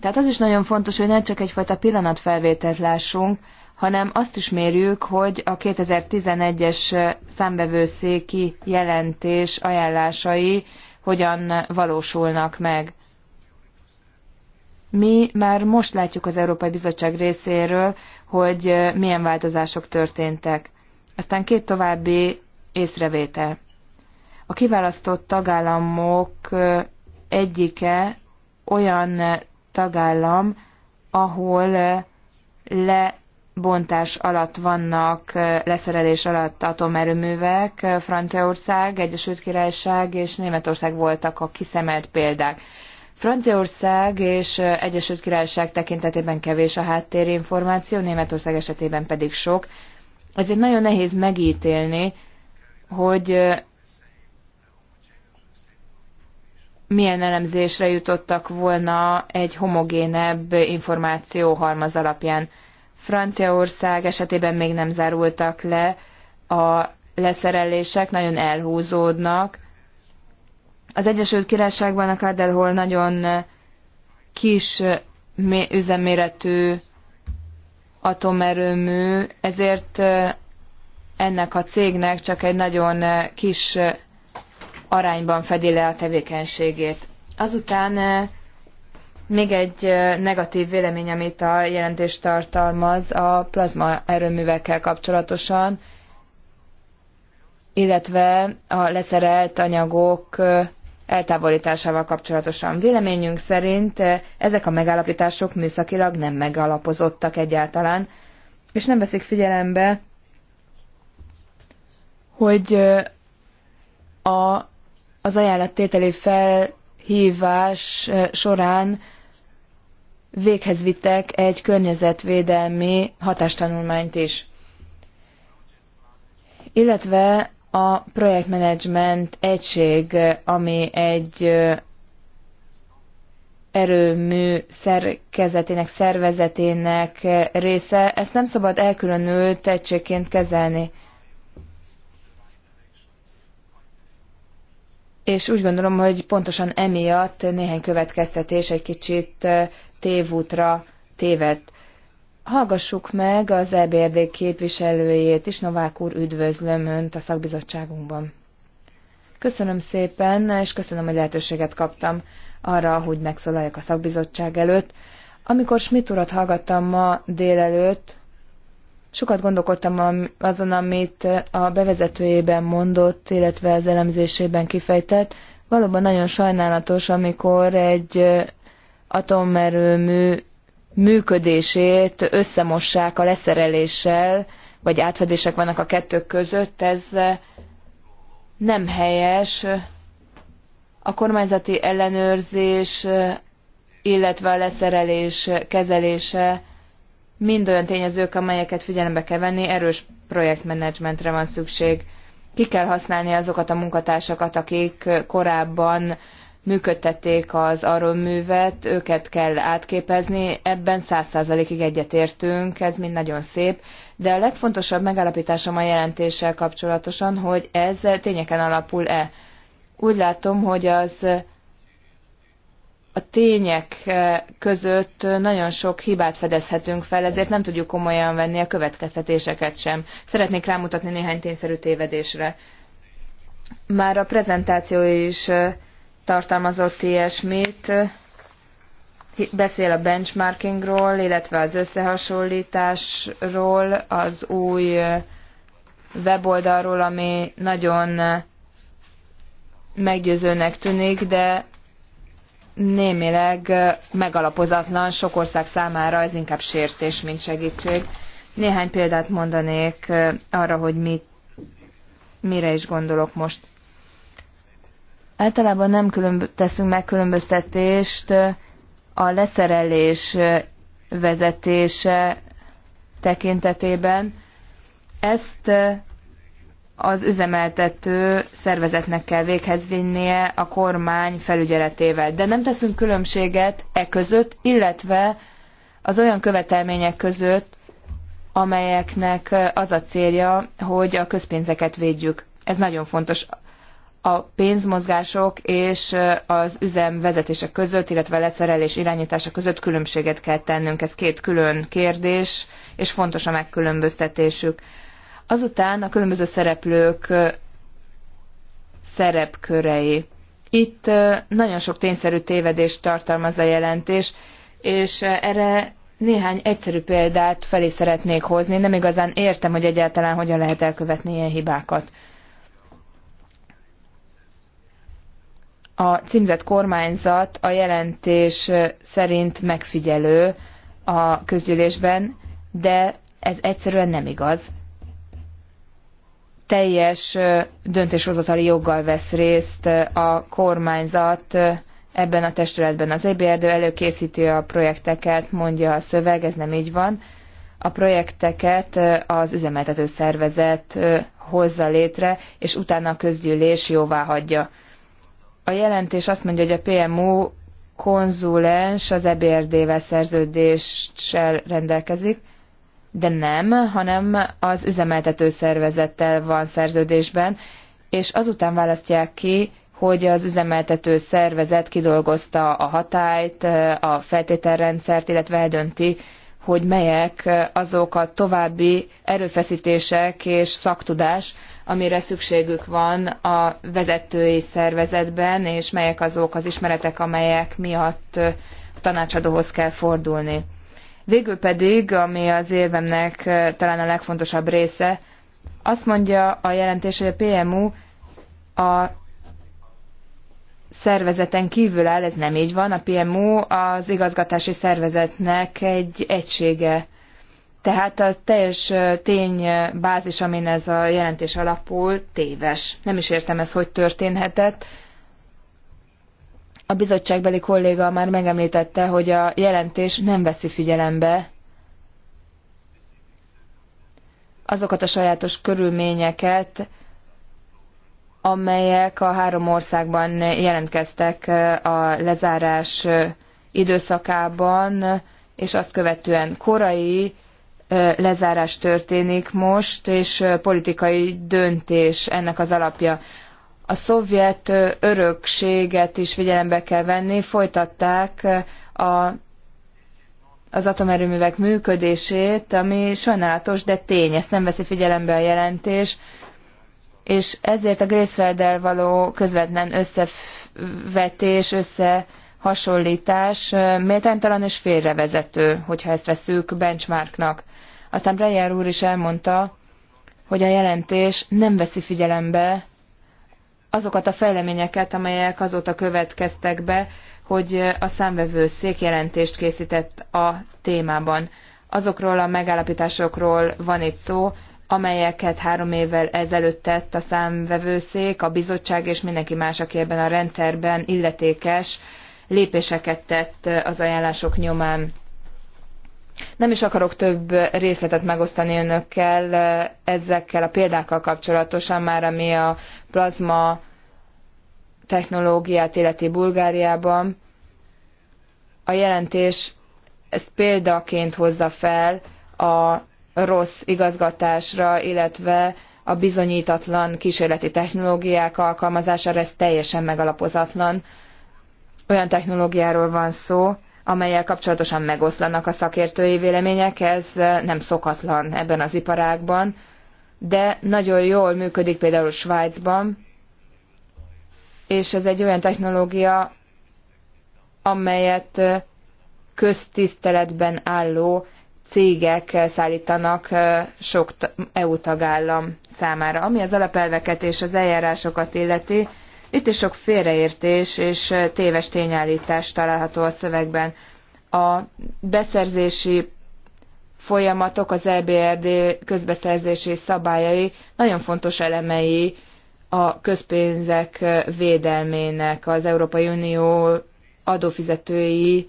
C: Tehát az is nagyon fontos, hogy ne csak egyfajta pillanatfelvételt lássunk, hanem azt is mérjük, hogy a 2011-es számbevőszéki jelentés ajánlásai hogyan valósulnak meg. Mi már most látjuk az Európai Bizottság részéről, hogy milyen változások történtek. Aztán két további észrevétel. A kiválasztott tagállamok egyike olyan tagállam, ahol lebontás alatt vannak, leszerelés alatt atomerőművek, Franciaország, Egyesült Királyság és Németország voltak a kiszemelt példák. Franciaország és Egyesült Királyság tekintetében kevés a háttérinformáció, Németország esetében pedig sok, ezért nagyon nehéz megítélni, hogy milyen elemzésre jutottak volna egy homogénebb információhalmaz alapján. Franciaország esetében még nem zárultak le a leszerelések, nagyon elhúzódnak. Az Egyesült Királyságban a Cardelhol nagyon kis üzemméretű atomerőmű, ezért ennek a cégnek csak egy nagyon kis arányban fedi le a tevékenységét. Azután még egy negatív vélemény, amit a jelentés tartalmaz a plazma erőművekkel kapcsolatosan, illetve a leszerelt anyagok eltávolításával kapcsolatosan. Véleményünk szerint eh, ezek a megállapítások műszakilag nem megalapozottak egyáltalán, és nem veszik figyelembe, hogy eh, a, az ajánlattételi felhívás eh, során véghez vittek egy környezetvédelmi hatástanulmányt is. Illetve a projektmenedzsment egység, ami egy erőmű szerkezetének, szervezetének része, ezt nem szabad elkülönült egységként kezelni. És úgy gondolom, hogy pontosan emiatt néhány következtetés egy kicsit tévútra tévedt. Hallgassuk meg az EBRD képviselőjét is, Novák úr, üdvözlöm Önt a szakbizottságunkban. Köszönöm szépen, és köszönöm, hogy lehetőséget kaptam arra, hogy megszólaljak a szakbizottság előtt. Amikor Schmidt urat hallgattam ma délelőtt, sokat gondolkodtam azon, amit a bevezetőjében mondott, illetve az elemzésében kifejtett. Valóban nagyon sajnálatos, amikor egy atomerőmű működését összemossák a leszereléssel, vagy átfedések vannak a kettők között, ez nem helyes. A kormányzati ellenőrzés, illetve a leszerelés kezelése mind olyan tényezők, amelyeket figyelembe kell venni, erős projektmenedzsmentre van szükség. Ki kell használni azokat a munkatársakat, akik korábban működtették az arról művet, őket kell átképezni, ebben száz százalékig egyetértünk, ez mind nagyon szép, de a legfontosabb megállapításom a jelentéssel kapcsolatosan, hogy ez tényeken alapul-e. Úgy látom, hogy az a tények között nagyon sok hibát fedezhetünk fel, ezért nem tudjuk komolyan venni a következtetéseket sem. Szeretnék rámutatni néhány tényszerű tévedésre. Már a prezentáció is tartalmazott ilyesmit, beszél a benchmarkingról, illetve az összehasonlításról, az új weboldalról, ami nagyon meggyőzőnek tűnik, de némileg megalapozatlan sok ország számára ez inkább sértés, mint segítség. Néhány példát mondanék arra, hogy mit, mire is gondolok most. Általában nem különb- teszünk megkülönböztetést a leszerelés vezetése tekintetében. Ezt az üzemeltető szervezetnek kell véghez vinnie a kormány felügyeletével. De nem teszünk különbséget e között, illetve az olyan követelmények között, amelyeknek az a célja, hogy a közpénzeket védjük. Ez nagyon fontos a pénzmozgások és az üzem vezetése között, illetve leszerelés irányítása között különbséget kell tennünk. Ez két külön kérdés, és fontos a megkülönböztetésük. Azután a különböző szereplők szerepkörei. Itt nagyon sok tényszerű tévedést tartalmaz a jelentés, és erre néhány egyszerű példát felé szeretnék hozni. Nem igazán értem, hogy egyáltalán hogyan lehet elkövetni ilyen hibákat. A címzett kormányzat a jelentés szerint megfigyelő a közgyűlésben, de ez egyszerűen nem igaz. Teljes döntéshozatali joggal vesz részt a kormányzat ebben a testületben. Az EBRD előkészíti a projekteket, mondja a szöveg, ez nem így van. A projekteket az üzemeltető szervezet hozza létre, és utána a közgyűlés jóvá hagyja. A jelentés azt mondja, hogy a PMU konzulens az EBRD-vel szerződéssel rendelkezik, de nem, hanem az üzemeltető szervezettel van szerződésben, és azután választják ki, hogy az üzemeltető szervezet kidolgozta a hatályt, a feltételrendszert, illetve eldönti, hogy melyek azok a további erőfeszítések és szaktudás, amire szükségük van a vezetői szervezetben, és melyek azok az ismeretek, amelyek miatt a tanácsadóhoz kell fordulni. Végül pedig, ami az érvemnek eh, talán a legfontosabb része, azt mondja a jelentés, hogy a PMU a szervezeten kívül áll, ez nem így van. A PMU az igazgatási szervezetnek egy egysége. Tehát a teljes ténybázis, amin ez a jelentés alapul, téves. Nem is értem ez, hogy történhetett. A bizottságbeli kolléga már megemlítette, hogy a jelentés nem veszi figyelembe azokat a sajátos körülményeket, amelyek a három országban jelentkeztek a lezárás időszakában, és azt követően korai lezárás történik most, és politikai döntés ennek az alapja. A szovjet örökséget is figyelembe kell venni, folytatták a, az atomerőművek működését, ami sajnálatos, de tény, ezt nem veszi figyelembe a jelentés, és ezért a Grészfelddel való közvetlen összevetés, össze hasonlítás méltánytalan és félrevezető, hogyha ezt veszük benchmarknak. Aztán Breyer úr is elmondta, hogy a jelentés nem veszi figyelembe azokat a fejleményeket, amelyek azóta következtek be, hogy a számvevőszék jelentést készített a témában. Azokról a megállapításokról van itt szó, amelyeket három évvel ezelőtt tett a számvevőszék, a bizottság és mindenki más, aki ebben a rendszerben illetékes lépéseket tett az ajánlások nyomán. Nem is akarok több részletet megosztani önökkel ezekkel a példákkal kapcsolatosan, már ami a plazma technológiát életi Bulgáriában. A jelentés ezt példaként hozza fel a rossz igazgatásra, illetve a bizonyítatlan kísérleti technológiák alkalmazására ez teljesen megalapozatlan. Olyan technológiáról van szó, amelyel kapcsolatosan megoszlanak a szakértői vélemények, ez nem szokatlan ebben az iparágban, de nagyon jól működik például Svájcban, és ez egy olyan technológia, amelyet köztiszteletben álló cégek szállítanak sok EU tagállam számára. Ami az alapelveket és az eljárásokat illeti, itt is sok félreértés és téves tényállítás található a szövegben. A beszerzési folyamatok, az EBRD közbeszerzési szabályai nagyon fontos elemei a közpénzek védelmének, az Európai Unió adófizetői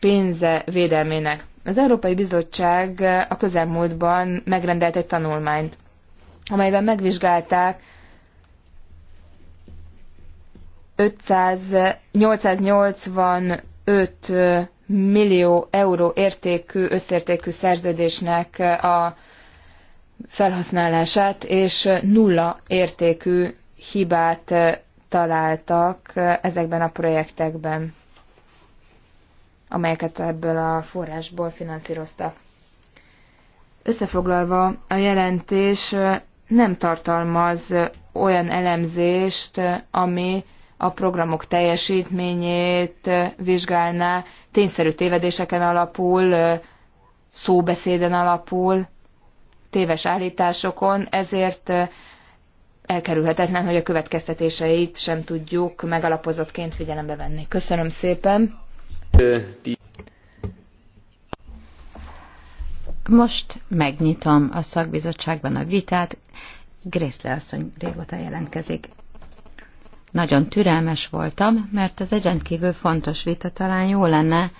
C: pénze védelmének. Az Európai Bizottság a közelmúltban megrendelt egy tanulmányt, amelyben megvizsgálták 885 millió euró értékű, összértékű szerződésnek a felhasználását, és nulla értékű hibát találtak ezekben a projektekben, amelyeket ebből a forrásból finanszíroztak. Összefoglalva, a jelentés nem tartalmaz olyan elemzést, ami a programok teljesítményét vizsgálná, tényszerű tévedéseken alapul, szóbeszéden alapul, téves állításokon, ezért elkerülhetetlen, hogy a következtetéseit sem tudjuk megalapozottként figyelembe venni. Köszönöm szépen!
B: Most megnyitom a szakbizottságban a vitát. Grészle asszony régóta jelentkezik. Nagyon türelmes voltam, mert ez egy rendkívül fontos vita, talán jó lenne,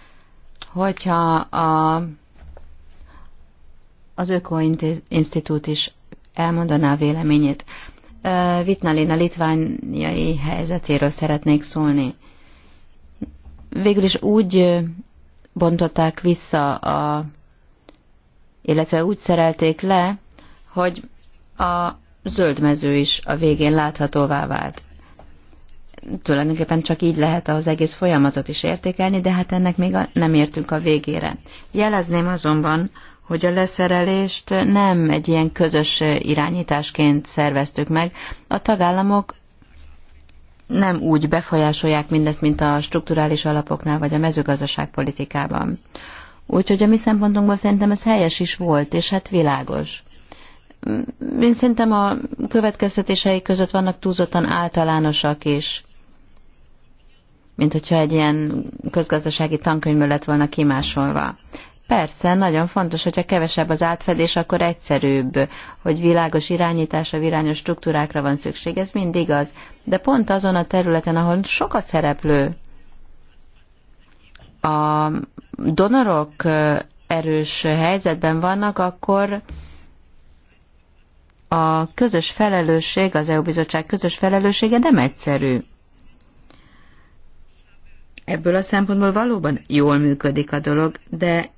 B: hogyha a, az Ökoinstitút is elmondaná a véleményét. Vitnalina litvániai helyzetéről szeretnék szólni. Végül is úgy bontották vissza, a, illetve úgy szerelték le, hogy a zöld mező is a végén láthatóvá vált tulajdonképpen csak így lehet az egész folyamatot is értékelni, de hát ennek még a, nem értünk a végére. Jelezném azonban, hogy a leszerelést nem egy ilyen közös irányításként szerveztük meg. A tagállamok nem úgy befolyásolják mindezt, mint a strukturális alapoknál vagy a mezőgazdaságpolitikában. Úgyhogy a mi szempontunkból szerintem ez helyes is volt, és hát világos. Én szerintem a következtetései között vannak túlzottan általánosak is mint hogyha egy ilyen közgazdasági tankönyvből lett volna kimásolva. Persze, nagyon fontos, hogyha kevesebb az átfedés, akkor egyszerűbb, hogy világos irányításra, világos struktúrákra van szükség, ez mindig az. De pont azon a területen, ahol sok a szereplő, a donorok erős helyzetben vannak, akkor a közös felelősség, az EU bizottság közös felelőssége nem egyszerű. Ebből a szempontból valóban jól működik a dolog, de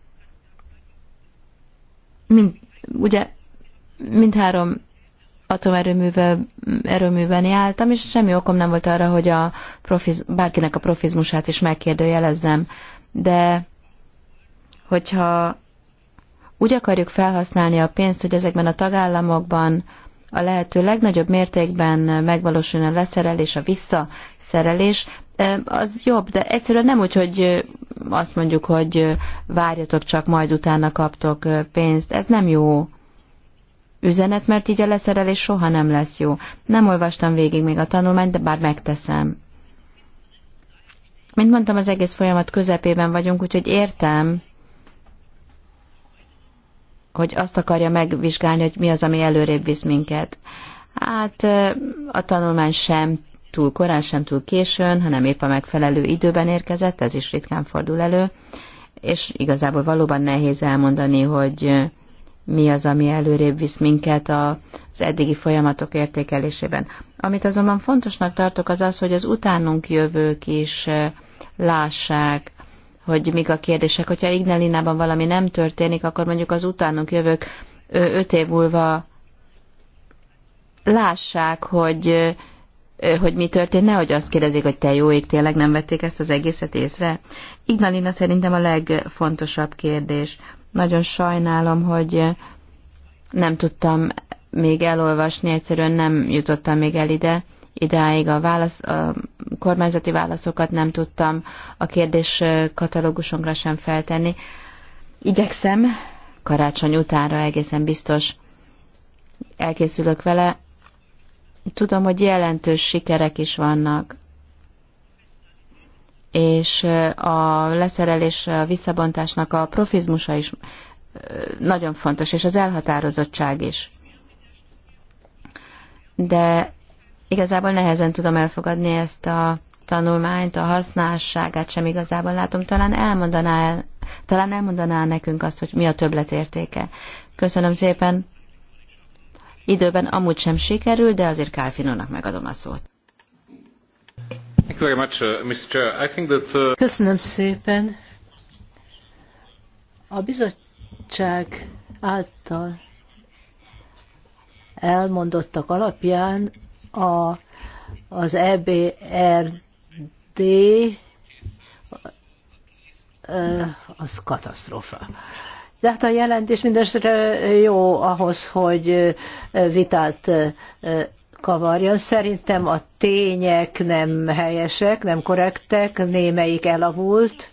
B: mind, ugye mindhárom atomerőművel erőműben jártam, és semmi okom nem volt arra, hogy a profiz, bárkinek a profizmusát is megkérdőjelezzem. De hogyha úgy akarjuk felhasználni a pénzt, hogy ezekben a tagállamokban a lehető legnagyobb mértékben megvalósuljon a leszerelés, a visszaszerelés, az jobb, de egyszerűen nem úgy, hogy azt mondjuk, hogy várjatok csak, majd utána kaptok pénzt. Ez nem jó üzenet, mert így a leszerelés soha nem lesz jó. Nem olvastam végig még a tanulmányt, de bár megteszem. Mint mondtam, az egész folyamat közepében vagyunk, úgyhogy értem, hogy azt akarja megvizsgálni, hogy mi az, ami előrébb visz minket. Hát a tanulmány sem túl korán, sem túl későn, hanem épp a megfelelő időben érkezett, ez is ritkán fordul elő, és igazából valóban nehéz elmondani, hogy mi az, ami előrébb visz minket az eddigi folyamatok értékelésében. Amit azonban fontosnak tartok az az, hogy az utánunk jövők is lássák, hogy mik a kérdések. Hogyha Ignelinában valami nem történik, akkor mondjuk az utánunk jövők öt év múlva lássák, hogy hogy mi történt, nehogy azt kérdezik, hogy te jó ég, tényleg nem vették ezt az egészet észre. Ignalina szerintem a legfontosabb kérdés. Nagyon sajnálom, hogy nem tudtam még elolvasni, egyszerűen nem jutottam még el ide, idáig a, válasz, a kormányzati válaszokat nem tudtam a kérdés katalógusunkra sem feltenni. Igyekszem, karácsony utánra egészen biztos elkészülök vele, Tudom, hogy jelentős sikerek is vannak, és a leszerelés, a visszabontásnak a profizmusa is nagyon fontos, és az elhatározottság is. De igazából nehezen tudom elfogadni ezt a tanulmányt, a használságát sem igazából látom. Talán elmondaná, talán elmondaná nekünk azt, hogy mi a többletértéke. Köszönöm szépen. Időben amúgy sem sikerül, de azért Kálfinónak megadom a szót.
C: Uh, uh, Köszönöm
A: szépen. A bizottság által elmondottak alapján a, az EBRD az katasztrófa. De hát a jelentés mindenesetre jó ahhoz, hogy vitát kavarjon. Szerintem a tények nem helyesek, nem korrektek, némelyik elavult.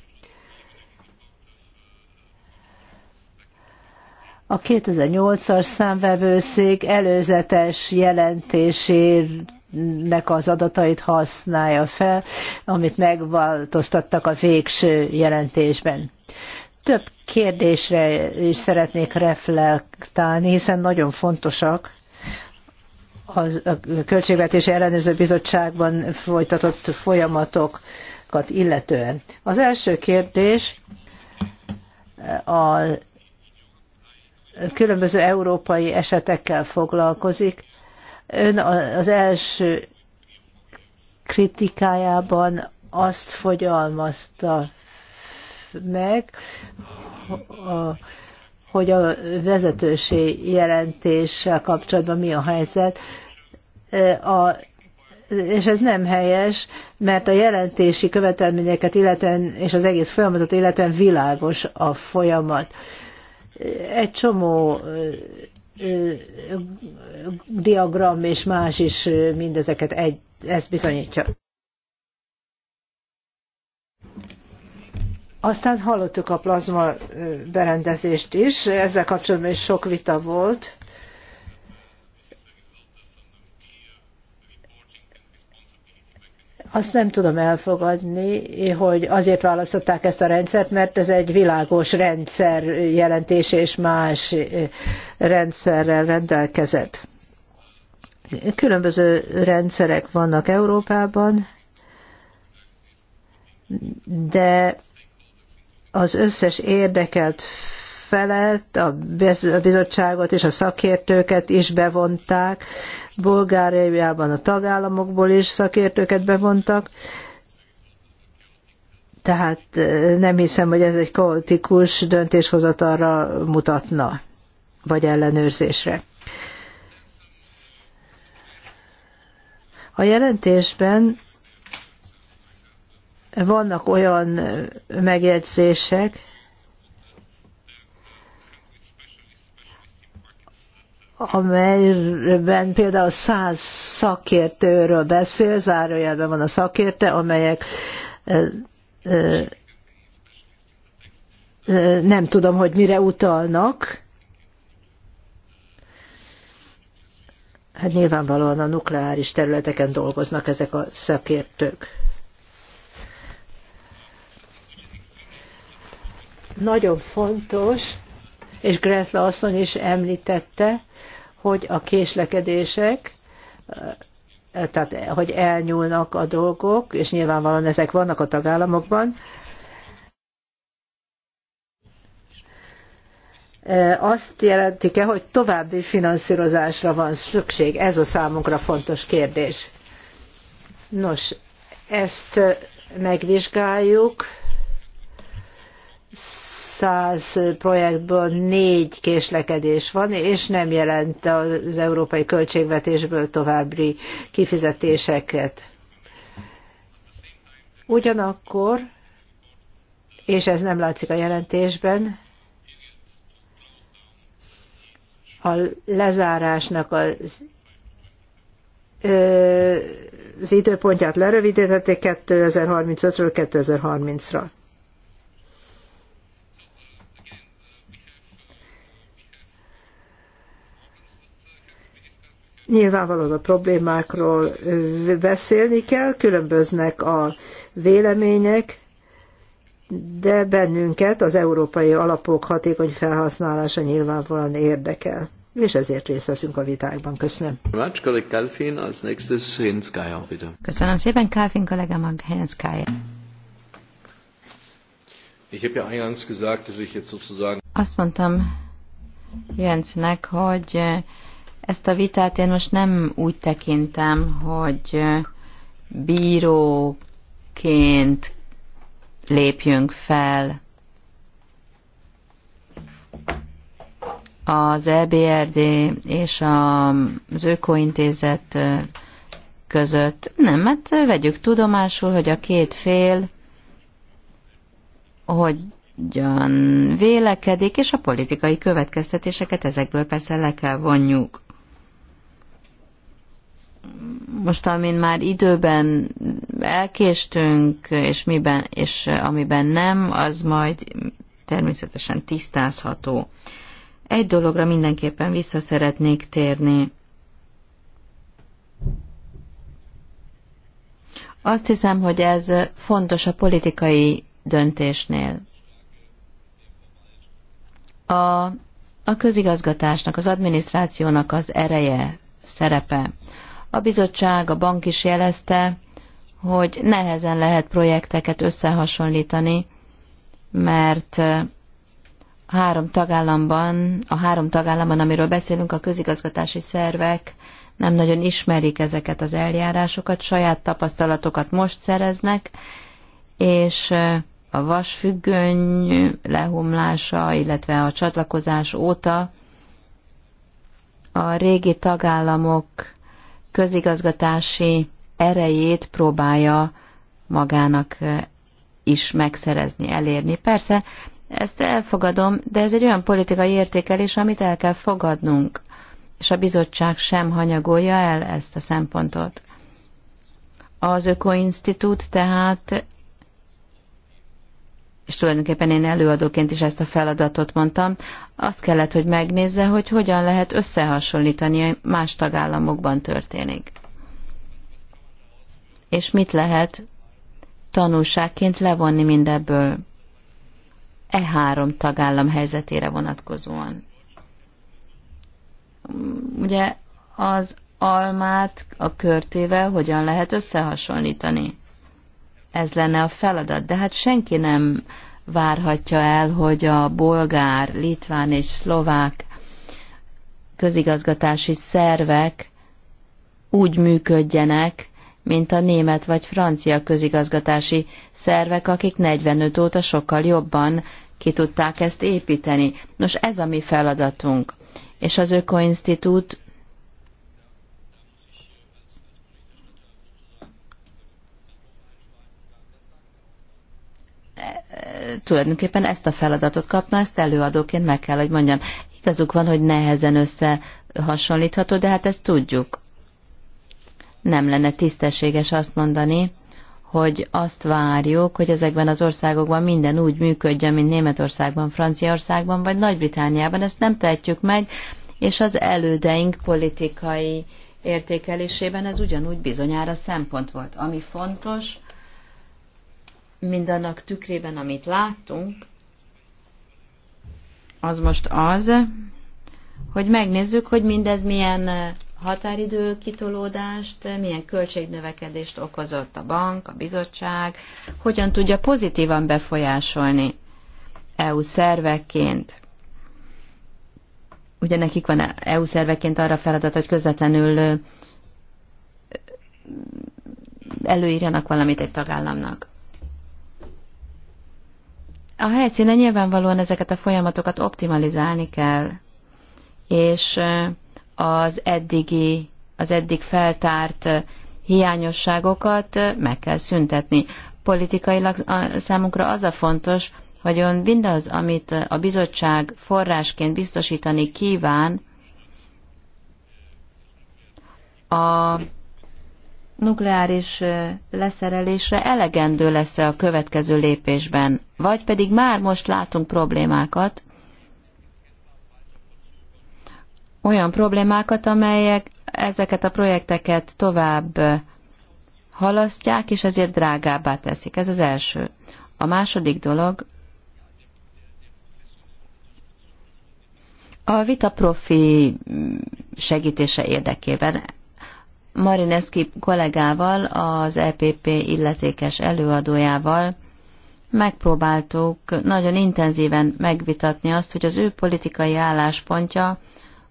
A: A 2008-as számvevőszék előzetes jelentésének az adatait használja fel, amit megváltoztattak a végső jelentésben. Több kérdésre is szeretnék reflektálni, hiszen nagyon fontosak a Költségvetési Ellenőrző Bizottságban folytatott folyamatokat illetően. Az első kérdés a különböző európai esetekkel foglalkozik. Ön az első kritikájában azt fogyalmazta meg, a, hogy a vezetősi jelentéssel kapcsolatban mi a helyzet. E, a, és ez nem helyes, mert a jelentési követelményeket illetően és az egész folyamatot illetően világos a folyamat. Egy csomó e, e, diagram és más is mindezeket egy, ezt bizonyítja. Aztán hallottuk a plazma berendezést is, ezzel kapcsolatban is sok vita volt. Azt nem tudom elfogadni, hogy azért választották ezt a rendszert, mert ez egy világos rendszer jelentés és más rendszerrel rendelkezett. Különböző rendszerek vannak Európában, de az összes érdekelt felett, a bizottságot és a szakértőket is bevonták, Bulgáriában a tagállamokból is szakértőket bevontak, tehát nem hiszem, hogy ez egy kaotikus döntéshozatalra mutatna, vagy ellenőrzésre. A jelentésben vannak olyan megjegyzések, amelyben például száz szakértőről beszél, zárójelben van a szakérte, amelyek nem tudom, hogy mire utalnak. Hát nyilvánvalóan a nukleáris területeken dolgoznak ezek a szakértők. Nagyon fontos, és Gressle asszony is említette, hogy a késlekedések, eh, tehát eh, hogy elnyúlnak a dolgok, és nyilvánvalóan ezek vannak a tagállamokban, eh, azt jelentik-e, hogy további finanszírozásra van szükség? Ez a számunkra fontos kérdés. Nos, ezt megvizsgáljuk száz projektből négy késlekedés van, és nem jelent az európai költségvetésből további kifizetéseket. Ugyanakkor, és ez nem látszik a jelentésben, a lezárásnak az, az időpontját lerövidítették 2035-ről 2030-ra. Nyilvánvalóan a problémákról beszélni kell, különböznek a vélemények, de bennünket az európai alapok hatékony felhasználása nyilvánvalóan érdekel, és ezért részt veszünk a vitákban. Köszönöm. Köszönöm szépen, Kálfin kollégám,
B: a Henszkája. Azt mondtam Jensnek, hogy ezt a vitát én most nem úgy tekintem, hogy bíróként lépjünk fel az EBRD és az Ökointézet között. Nem, mert vegyük tudomásul, hogy a két fél hogyan vélekedik, és a politikai következtetéseket ezekből persze le kell vonjuk most, amin már időben elkéstünk, és, miben, és amiben nem, az majd természetesen tisztázható. Egy dologra mindenképpen vissza szeretnék térni. Azt hiszem, hogy ez fontos a politikai döntésnél. A, a közigazgatásnak, az adminisztrációnak az ereje, szerepe, a bizottság, a bank is jelezte, hogy nehezen lehet projekteket összehasonlítani, mert három tagállamban, a három tagállamban, amiről beszélünk, a közigazgatási szervek nem nagyon ismerik ezeket az eljárásokat, saját tapasztalatokat most szereznek, és a vasfüggöny lehomlása, illetve a csatlakozás óta a régi tagállamok közigazgatási erejét próbálja magának is megszerezni, elérni. Persze, ezt elfogadom, de ez egy olyan politikai értékelés, amit el kell fogadnunk, és a bizottság sem hanyagolja el ezt a szempontot. Az Ökoinstitút tehát és tulajdonképpen én előadóként is ezt a feladatot mondtam, azt kellett, hogy megnézze, hogy hogyan lehet összehasonlítani, más tagállamokban történik. És mit lehet tanulságként levonni mindebből e három tagállam helyzetére vonatkozóan. Ugye az almát a körtével hogyan lehet összehasonlítani? ez lenne a feladat. De hát senki nem várhatja el, hogy a bolgár, litván és szlovák közigazgatási szervek úgy működjenek, mint a német vagy francia közigazgatási szervek, akik 45 óta sokkal jobban ki tudták ezt építeni. Nos, ez a mi feladatunk. És az Ökoinstitút tulajdonképpen ezt a feladatot kapna, ezt előadóként meg kell, hogy mondjam. Igazuk van, hogy nehezen összehasonlítható, de hát ezt tudjuk. Nem lenne tisztességes azt mondani, hogy azt várjuk, hogy ezekben az országokban minden úgy működjön, mint Németországban, Franciaországban vagy Nagy-Britániában. Ezt nem tehetjük meg, és az elődeink politikai értékelésében ez ugyanúgy bizonyára szempont volt. Ami fontos, mindannak tükrében, amit láttunk, az most az, hogy megnézzük, hogy mindez milyen határidő kitolódást, milyen költségnövekedést okozott a bank, a bizottság, hogyan tudja pozitívan befolyásolni EU szervekként. Ugye nekik van EU szerveként arra feladat, hogy közvetlenül előírjanak valamit egy tagállamnak. A helyszínen nyilvánvalóan ezeket a folyamatokat optimalizálni kell, és az eddigi, az eddig feltárt hiányosságokat meg kell szüntetni. Politikailag számunkra az a fontos, hogy ön mindaz, amit a bizottság forrásként biztosítani kíván, a nukleáris leszerelésre elegendő lesz e a következő lépésben, vagy pedig már most látunk problémákat, olyan problémákat, amelyek ezeket a projekteket tovább halasztják, és ezért drágábbá teszik. Ez az első. A második dolog, a vita profi mm, segítése érdekében Marineski kollégával, az EPP illetékes előadójával megpróbáltuk nagyon intenzíven megvitatni azt, hogy az ő politikai álláspontja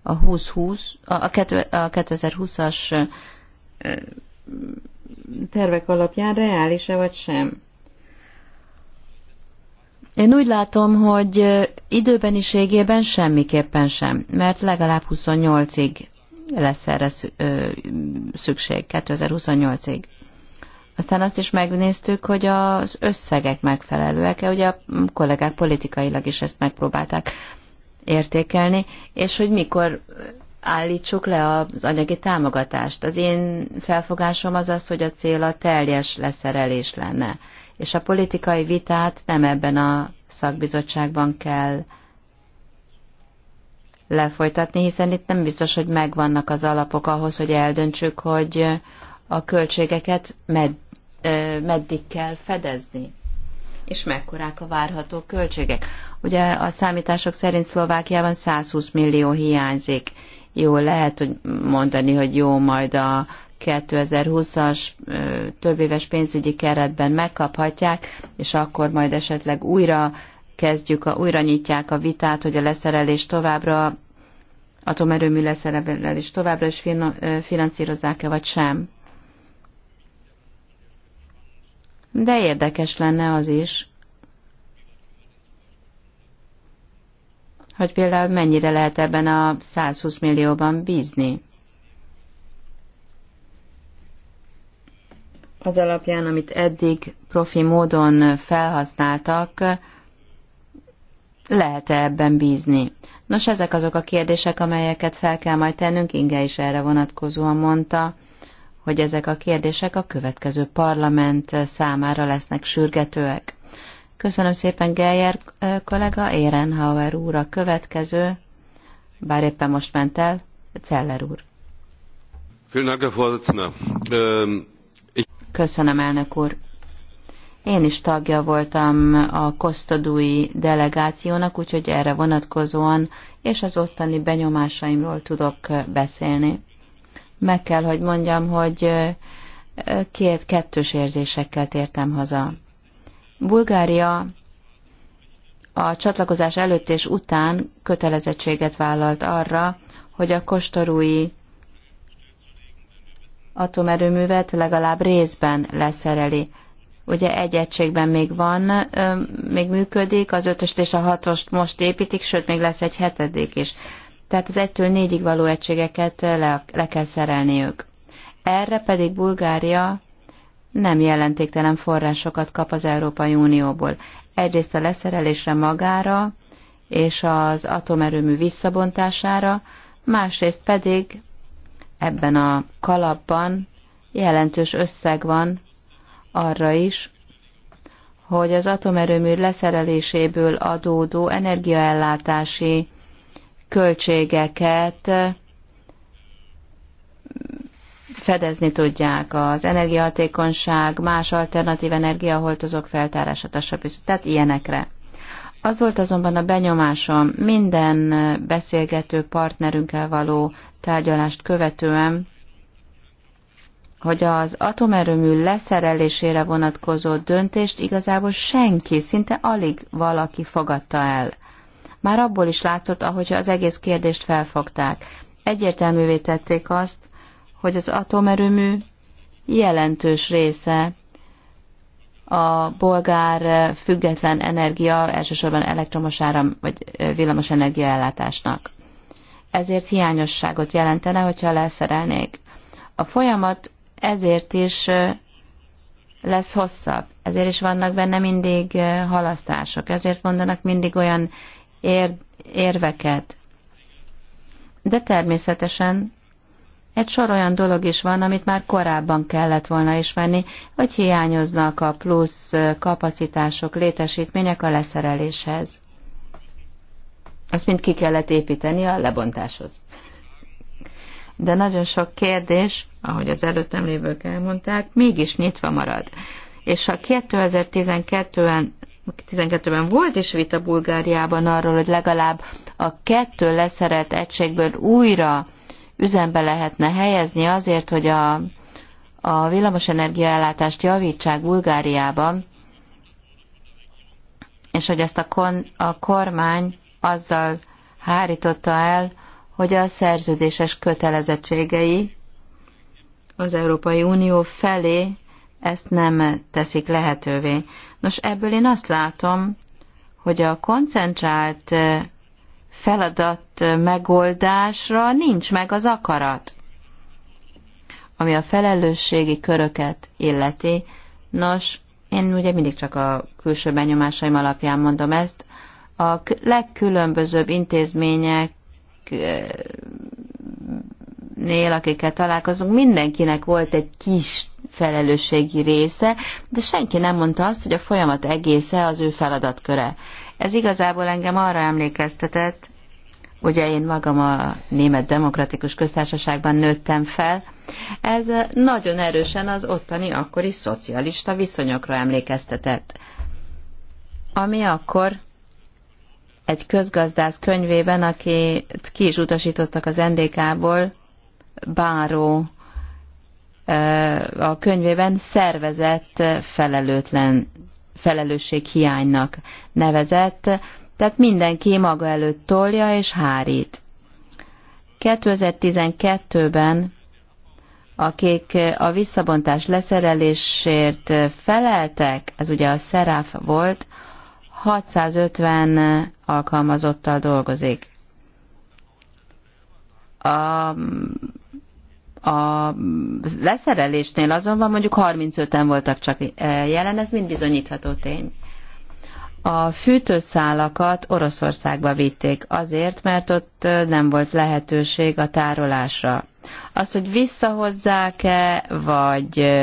B: a, 2020, a 2020-as tervek alapján reális-e vagy sem. Én úgy látom, hogy időbeniségében semmiképpen sem, mert legalább 28-ig lesz erre szükség 2028-ig. Aztán azt is megnéztük, hogy az összegek megfelelőek-e, ugye a kollégák politikailag is ezt megpróbálták értékelni, és hogy mikor állítsuk le az anyagi támogatást. Az én felfogásom az az, hogy a cél a teljes leszerelés lenne, és a politikai vitát nem ebben a szakbizottságban kell lefolytatni, hiszen itt nem biztos, hogy megvannak az alapok ahhoz, hogy eldöntsük, hogy a költségeket med, meddig kell fedezni, és mekkorák a várható költségek. Ugye a számítások szerint Szlovákiában 120 millió hiányzik. Jó, lehet hogy mondani, hogy jó, majd a 2020-as többéves pénzügyi keretben megkaphatják, és akkor majd esetleg újra kezdjük, a, újra nyitják a vitát, hogy a leszerelés továbbra, atomerőmű leszerelés továbbra is finanszírozzák-e vagy sem. De érdekes lenne az is, hogy például mennyire lehet ebben a 120 millióban bízni. Az alapján, amit eddig profi módon felhasználtak, lehet-e ebben bízni? Nos, ezek azok a kérdések, amelyeket fel kell majd tennünk, Inge is erre vonatkozóan mondta, hogy ezek a kérdések a következő parlament számára lesznek sürgetőek. Köszönöm szépen Geyer kollega, Ehrenhauer úr a következő, bár éppen most ment el, Celler úr.
C: Ähm,
B: Köszönöm, elnök úr. Én is tagja voltam a kosztodúi delegációnak, úgyhogy erre vonatkozóan és az ottani benyomásaimról tudok beszélni. Meg kell, hogy mondjam, hogy két kettős érzésekkel tértem haza. Bulgária a csatlakozás előtt és után kötelezettséget vállalt arra, hogy a kostorúi atomerőművet legalább részben leszereli ugye egy egységben még van, még működik, az ötöst és a hatost most építik, sőt, még lesz egy hetedik is. Tehát az egytől négyig való egységeket le, le kell szerelniük. Erre pedig Bulgária nem jelentéktelen forrásokat kap az Európai Unióból. Egyrészt a leszerelésre magára és az atomerőmű visszabontására, másrészt pedig ebben a kalapban jelentős összeg van arra is, hogy az atomerőmű leszereléséből adódó energiaellátási költségeket fedezni tudják az energiahatékonyság, más alternatív energiaholtozók feltárását, stb. Tehát ilyenekre. Az volt azonban a benyomásom minden beszélgető partnerünkkel való tárgyalást követően, hogy az atomerőmű leszerelésére vonatkozó döntést igazából senki, szinte alig valaki fogadta el. Már abból is látszott, ahogyha az egész kérdést felfogták. Egyértelművé tették azt, hogy az atomerőmű jelentős része a bolgár független energia, elsősorban elektromos áram vagy villamos energia ellátásnak. Ezért hiányosságot jelentene, hogyha leszerelnék. A folyamat ezért is lesz hosszabb, ezért is vannak benne mindig halasztások, ezért mondanak mindig olyan ér, érveket. De természetesen egy sor olyan dolog is van, amit már korábban kellett volna ismerni, vagy hiányoznak a plusz kapacitások, létesítmények a leszereléshez. Ezt mind ki kellett építeni a lebontáshoz de nagyon sok kérdés, ahogy az előttem lévők elmondták, mégis nyitva marad. És ha 2012-ben 12-ben volt is vita Bulgáriában arról, hogy legalább a kettő leszerelt egységből újra üzembe lehetne helyezni azért, hogy a, a villamosenergia ellátást javítsák Bulgáriában, és hogy ezt a, kon, a kormány azzal hárította el, hogy a szerződéses kötelezettségei az Európai Unió felé ezt nem teszik lehetővé. Nos, ebből én azt látom, hogy a koncentrált eh, feladat eh, megoldásra nincs meg az akarat, ami a felelősségi köröket illeti. Nos, én ugye mindig csak a külső benyomásaim alapján mondom ezt, a legkülönbözőbb intézmények akiknél, akikkel találkozunk, mindenkinek volt egy kis felelősségi része, de senki nem mondta azt, hogy a folyamat egésze az ő feladatköre. Ez igazából engem arra emlékeztetett, ugye én magam a Német Demokratikus Köztársaságban nőttem fel, ez nagyon erősen az ottani akkori szocialista viszonyokra emlékeztetett, ami akkor egy közgazdász könyvében, akit ki is utasítottak az NDK-ból, Báró a könyvében szervezett felelőtlen felelősség hiánynak nevezett, tehát mindenki maga előtt tolja és hárít. 2012-ben, akik a visszabontás leszerelésért feleltek, ez ugye a szeráf volt, 650 alkalmazottal dolgozik. A, a leszerelésnél azonban mondjuk 35-en voltak csak e, jelen, ez mind bizonyítható tény. A fűtőszálakat Oroszországba vitték azért, mert ott nem volt lehetőség a tárolásra. Az, hogy visszahozzák-e, vagy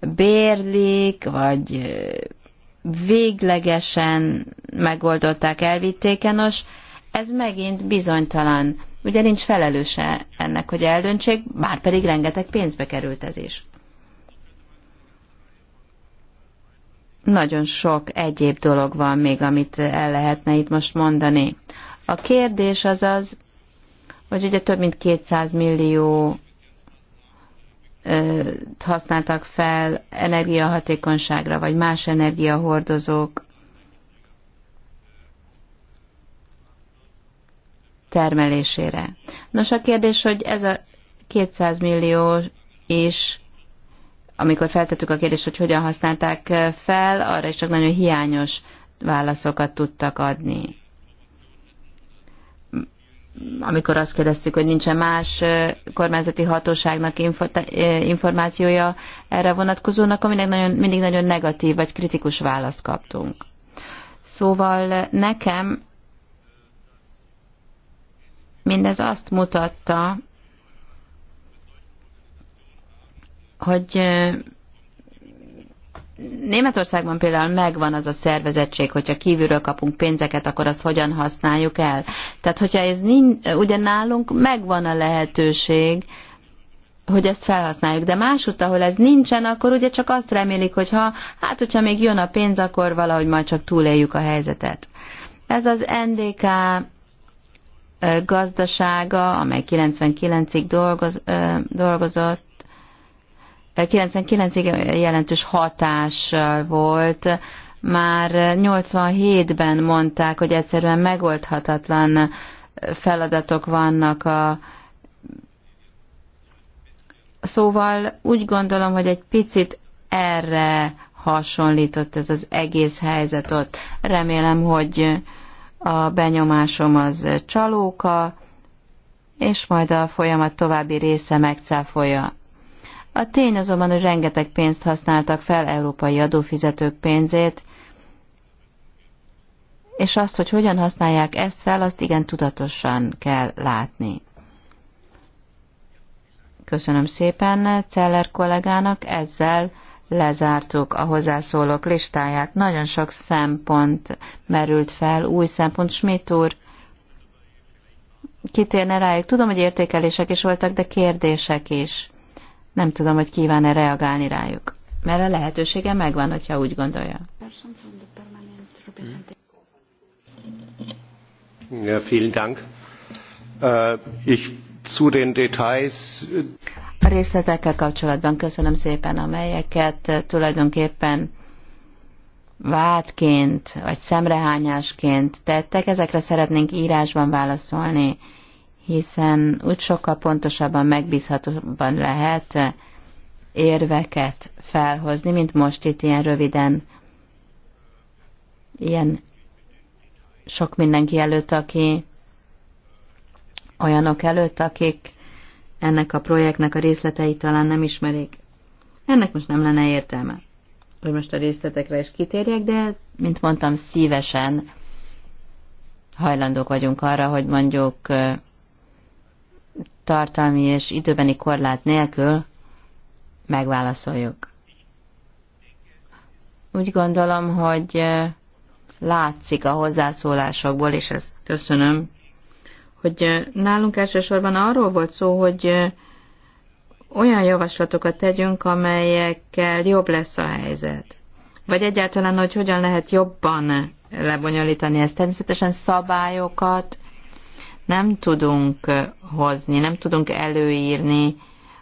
B: bérlik, vagy véglegesen megoldották, elvitték nos, ez megint bizonytalan. Ugye nincs felelőse ennek, hogy eldöntsék, bár pedig rengeteg pénzbe került ez is. Nagyon sok egyéb dolog van még, amit el lehetne itt most mondani. A kérdés az az, hogy ugye több mint 200 millió használtak fel energiahatékonyságra, vagy más energiahordozók termelésére. Nos, a kérdés, hogy ez a 200 millió is, amikor feltettük a kérdést, hogy hogyan használták fel, arra is csak nagyon hiányos válaszokat tudtak adni amikor azt kérdeztük, hogy nincsen más kormányzati hatóságnak információja erre vonatkozónak, aminek nagyon, mindig nagyon negatív vagy kritikus választ kaptunk. Szóval nekem mindez azt mutatta, hogy Németországban például megvan az a szervezettség, hogyha kívülről kapunk pénzeket, akkor azt hogyan használjuk el. Tehát, hogyha ez nincs, ugye nálunk megvan a lehetőség, hogy ezt felhasználjuk, de másutt, ahol ez nincsen, akkor ugye csak azt remélik, hogy ha, hát hogyha még jön a pénz, akkor valahogy majd csak túléljük a helyzetet. Ez az NDK gazdasága, amely 99-ig dolgoz, dolgozott, 99-ig jelentős hatás volt, már 87-ben mondták, hogy egyszerűen megoldhatatlan feladatok vannak a Szóval úgy gondolom, hogy egy picit erre hasonlított ez az egész helyzet ott. Remélem, hogy a benyomásom az csalóka, és majd a folyamat további része megcáfolja a tény azonban, hogy rengeteg pénzt használtak fel, európai adófizetők pénzét, és azt, hogy hogyan használják ezt fel, azt igen tudatosan kell látni. Köszönöm szépen Celler kollégának, ezzel lezártuk a hozzászólók listáját. Nagyon sok szempont merült fel, új szempont. Schmidt úr, kitérne rájuk. Tudom, hogy értékelések is voltak, de kérdések is. Nem tudom, hogy kíván-e reagálni rájuk. Mert a lehetősége megvan, hogyha úgy gondolja.
A: Ja, vielen Dank. Uh, ich zu den Details.
B: A részletekkel kapcsolatban köszönöm szépen, amelyeket tulajdonképpen vádként vagy szemrehányásként tettek. Ezekre szeretnénk írásban válaszolni hiszen úgy sokkal pontosabban, megbízhatóban lehet érveket felhozni, mint most itt ilyen röviden, ilyen sok mindenki előtt, aki olyanok előtt, akik ennek a projektnek a részleteit talán nem ismerik. Ennek most nem lenne értelme, hogy most a részletekre is kitérjek, de, mint mondtam, szívesen hajlandók vagyunk arra, hogy mondjuk tartalmi és időbeni korlát nélkül megválaszoljuk. Úgy gondolom, hogy látszik a hozzászólásokból, és ezt köszönöm, hogy nálunk elsősorban arról volt szó, hogy olyan javaslatokat tegyünk, amelyekkel jobb lesz a helyzet. Vagy egyáltalán, hogy hogyan lehet jobban lebonyolítani ezt. Természetesen szabályokat, nem tudunk eh, hozni, nem tudunk előírni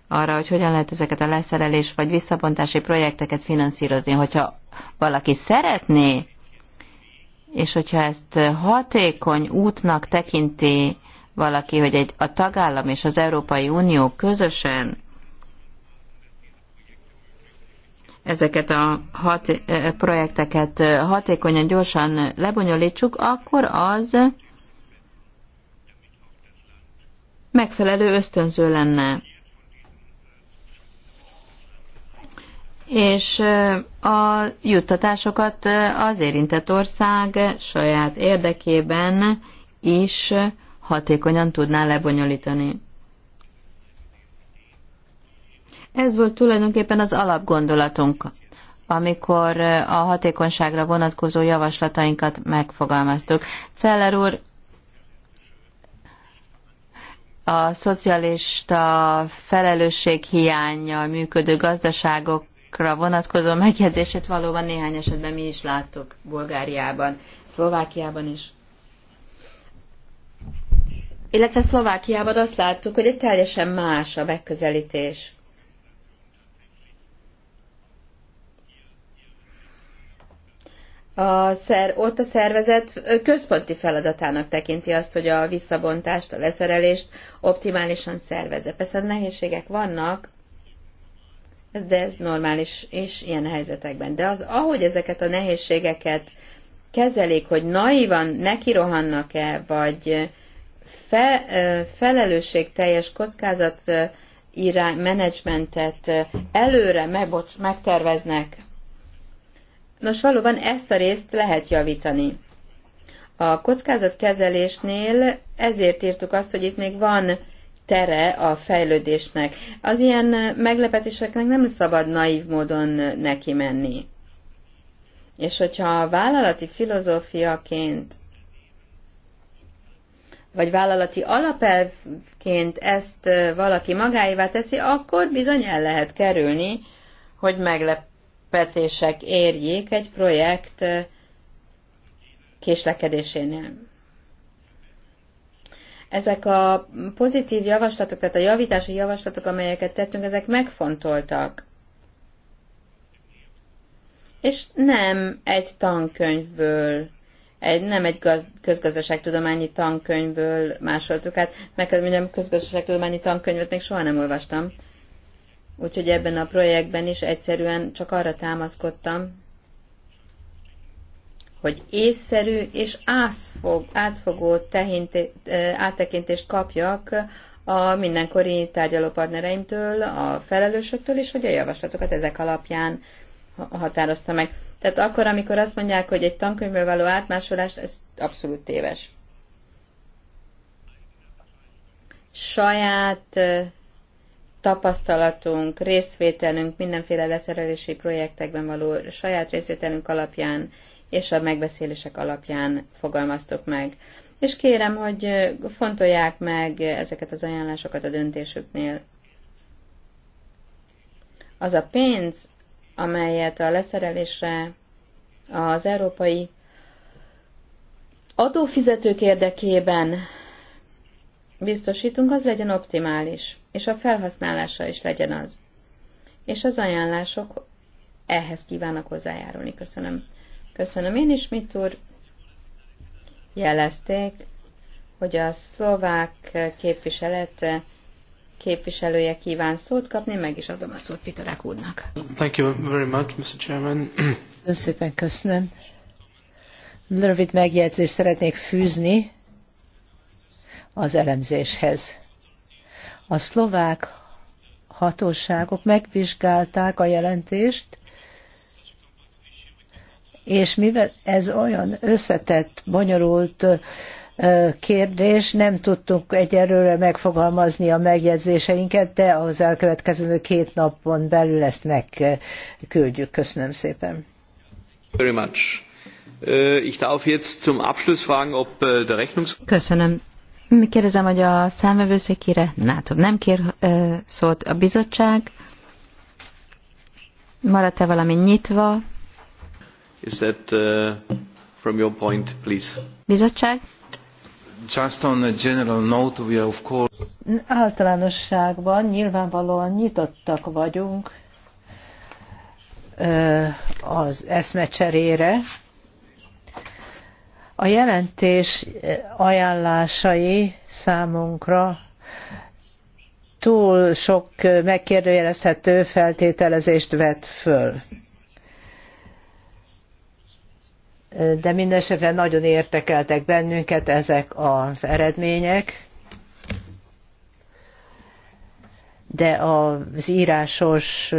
B: arra, hogy hogyan lehet ezeket a leszerelés vagy visszabontási projekteket finanszírozni. Hogyha valaki szeretné, és hogyha ezt hatékony útnak tekinti valaki, hogy egy, a tagállam és az Európai Unió közösen ezeket a hat, eh, projekteket eh, hatékonyan, gyorsan lebonyolítsuk, akkor az megfelelő ösztönző lenne. és a juttatásokat az érintett ország saját érdekében is hatékonyan tudná lebonyolítani. Ez volt tulajdonképpen az alapgondolatunk, amikor a hatékonyságra vonatkozó javaslatainkat megfogalmaztuk. Celler úr a szocialista felelősséghiányjal működő gazdaságokra vonatkozó megjegyzését valóban néhány esetben mi is láttuk Bulgáriában, Szlovákiában is. Illetve Szlovákiában azt láttuk, hogy egy teljesen más a megközelítés. a szer, ott a szervezet központi feladatának tekinti azt, hogy a visszabontást, a leszerelést optimálisan szervezze. Persze nehézségek vannak, de ez normális és ilyen helyzetekben. De az, ahogy ezeket a nehézségeket kezelik, hogy naivan rohannak e vagy fe, felelősségteljes kockázat irány, menedzsmentet előre megbocs, megterveznek Nos, valóban ezt a részt lehet javítani. A kockázatkezelésnél ezért írtuk azt, hogy itt még van tere a fejlődésnek. Az ilyen meglepetéseknek nem szabad naív módon neki menni. És hogyha a vállalati filozófiaként, vagy vállalati alapelvként ezt valaki magáévá teszi, akkor bizony el lehet kerülni, hogy meglep meglepetések érjék egy projekt késlekedésénél. Ezek a pozitív javaslatok, tehát a javítási javaslatok, amelyeket tettünk, ezek megfontoltak. És nem egy tankönyvből, egy, nem egy közgazdaságtudományi tankönyvből másoltuk hát Meg kell mondjam, közgazdaságtudományi tankönyvet még soha nem olvastam. Úgyhogy ebben a projektben is egyszerűen csak arra támaszkodtam, hogy észszerű és ászfog, átfogó tehinte, áttekintést kapjak a mindenkori tárgyalópartnereimtől, a felelősöktől, és hogy a javaslatokat ezek alapján határozta meg. Tehát akkor, amikor azt mondják, hogy egy tankönyvből való átmásolás, ez abszolút téves. Saját tapasztalatunk, részvételünk, mindenféle leszerelési projektekben való saját részvételünk alapján és a megbeszélések alapján fogalmaztuk meg. És kérem, hogy fontolják meg ezeket az ajánlásokat a döntésüknél. Az a pénz, amelyet a leszerelésre az európai adófizetők érdekében biztosítunk, az legyen optimális, és a felhasználása is legyen az. És az ajánlások ehhez kívánok hozzájárulni. Köszönöm. Köszönöm én is, mit úr. Jelezték, hogy a szlovák képviselet képviselője kíván szót kapni, meg is adom a szót Pitorák úrnak.
A: Thank you very much, Mr. Chairman. Nagyon szépen köszönöm. Rövid megjegyzést szeretnék fűzni az elemzéshez. A szlovák hatóságok megvizsgálták a jelentést, és mivel ez olyan összetett, bonyolult kérdés, nem tudtuk egyelőre megfogalmazni a megjegyzéseinket, de az elkövetkező két napon belül ezt megküldjük. Köszönöm szépen.
B: Very much. Ich darf jetzt zum Abschluss fragen, ob äh, der Rechnungs... Köszönöm. Kérdezem, hogy a számvevőszékére, látom, nem kér ö, szót a bizottság. Maradt-e valami nyitva?
C: Is that uh, from your point, please? Bizottság? Just on a general note, we are of course...
A: Általánosságban nyilvánvalóan nyitottak vagyunk az eszmecserére, a jelentés ajánlásai számunkra túl sok megkérdőjelezhető feltételezést vet föl. De mindesetre nagyon értekeltek bennünket ezek az eredmények, de az írásos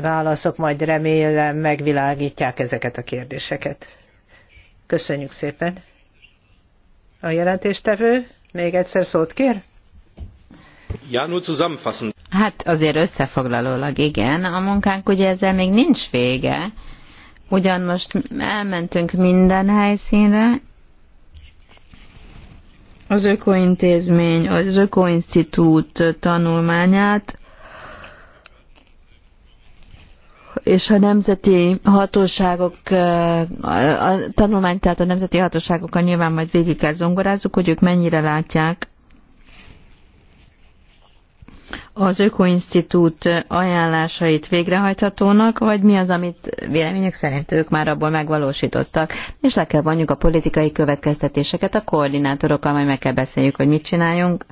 A: válaszok majd remélem megvilágítják ezeket a kérdéseket. Köszönjük szépen. A jelentéstevő még egyszer szót kér?
C: Ja, nur zusammenfassen.
A: Hát
B: azért összefoglalólag igen, a munkánk ugye ezzel még nincs vége. Ugyan most elmentünk minden helyszínre, az ökointézmény, az ökoinstitút tanulmányát és a nemzeti hatóságok, a tanulmány, tehát a nemzeti hatóságokkal nyilván majd végig kell zongorázzuk, hogy ők mennyire látják az Ökoinstitút ajánlásait végrehajthatónak, vagy mi az, amit véleményük szerint ők már abból megvalósítottak, és le kell vonjuk a politikai következtetéseket, a koordinátorokkal majd meg kell beszéljük, hogy mit csináljunk,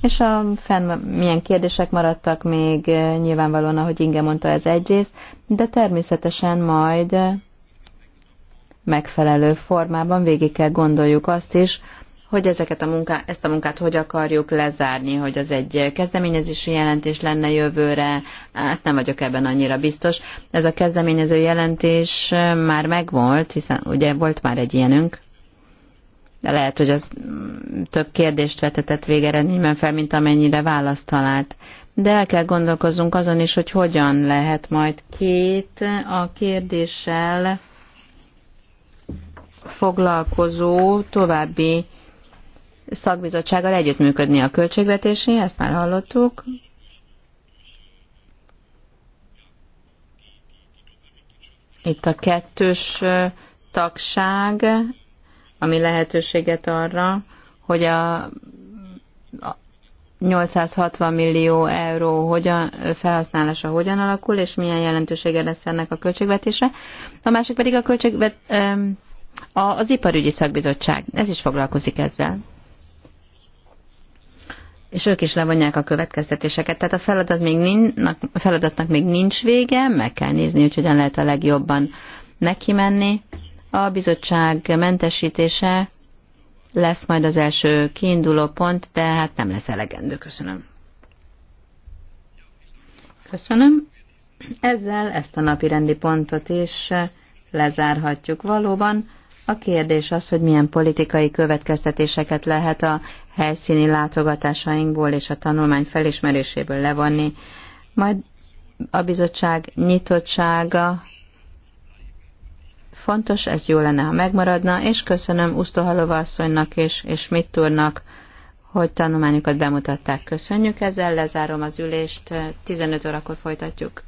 B: és a fenn milyen kérdések maradtak még, eh, nyilvánvalóan, ahogy Inge mondta, ez egyrészt, de természetesen majd megfelelő formában végig kell gondoljuk azt is, hogy ezeket a munká, ezt a munkát hogy akarjuk lezárni, hogy az egy kezdeményezési jelentés lenne jövőre, hát nem vagyok ebben annyira biztos. Ez a kezdeményező jelentés eh, már megvolt, hiszen ugye volt már egy ilyenünk, de lehet, hogy az mm, több kérdést vetetett végeredményben fel, mint amennyire választ talált. De el kell gondolkozzunk azon is, hogy hogyan lehet majd két a kérdéssel foglalkozó további szakbizottsággal együttműködni a költségvetésé, ezt már hallottuk. Itt a kettős tagság ami lehetőséget arra, hogy a 860 millió euró hogyan, felhasználása hogyan alakul, és milyen jelentősége lesz ennek a költségvetésre. A másik pedig a költségvet, az iparügyi szakbizottság. Ez is foglalkozik ezzel. És ők is levonják a következtetéseket. Tehát a, feladat még nincs, a feladatnak még nincs vége, meg kell nézni, hogy hogyan lehet a legjobban neki menni, a bizottság mentesítése lesz majd az első kiinduló pont, de hát nem lesz elegendő. Köszönöm. Köszönöm. Ezzel ezt a napi rendi pontot is lezárhatjuk valóban. A kérdés az, hogy milyen politikai következtetéseket lehet a helyszíni látogatásainkból és a tanulmány felismeréséből levonni. Majd a bizottság nyitottsága fontos, ez jó lenne, ha megmaradna, és köszönöm Usztohalova asszonynak és, és Mittúrnak, hogy tanulmányukat bemutatták. Köszönjük, ezzel lezárom az ülést, 15 órakor folytatjuk.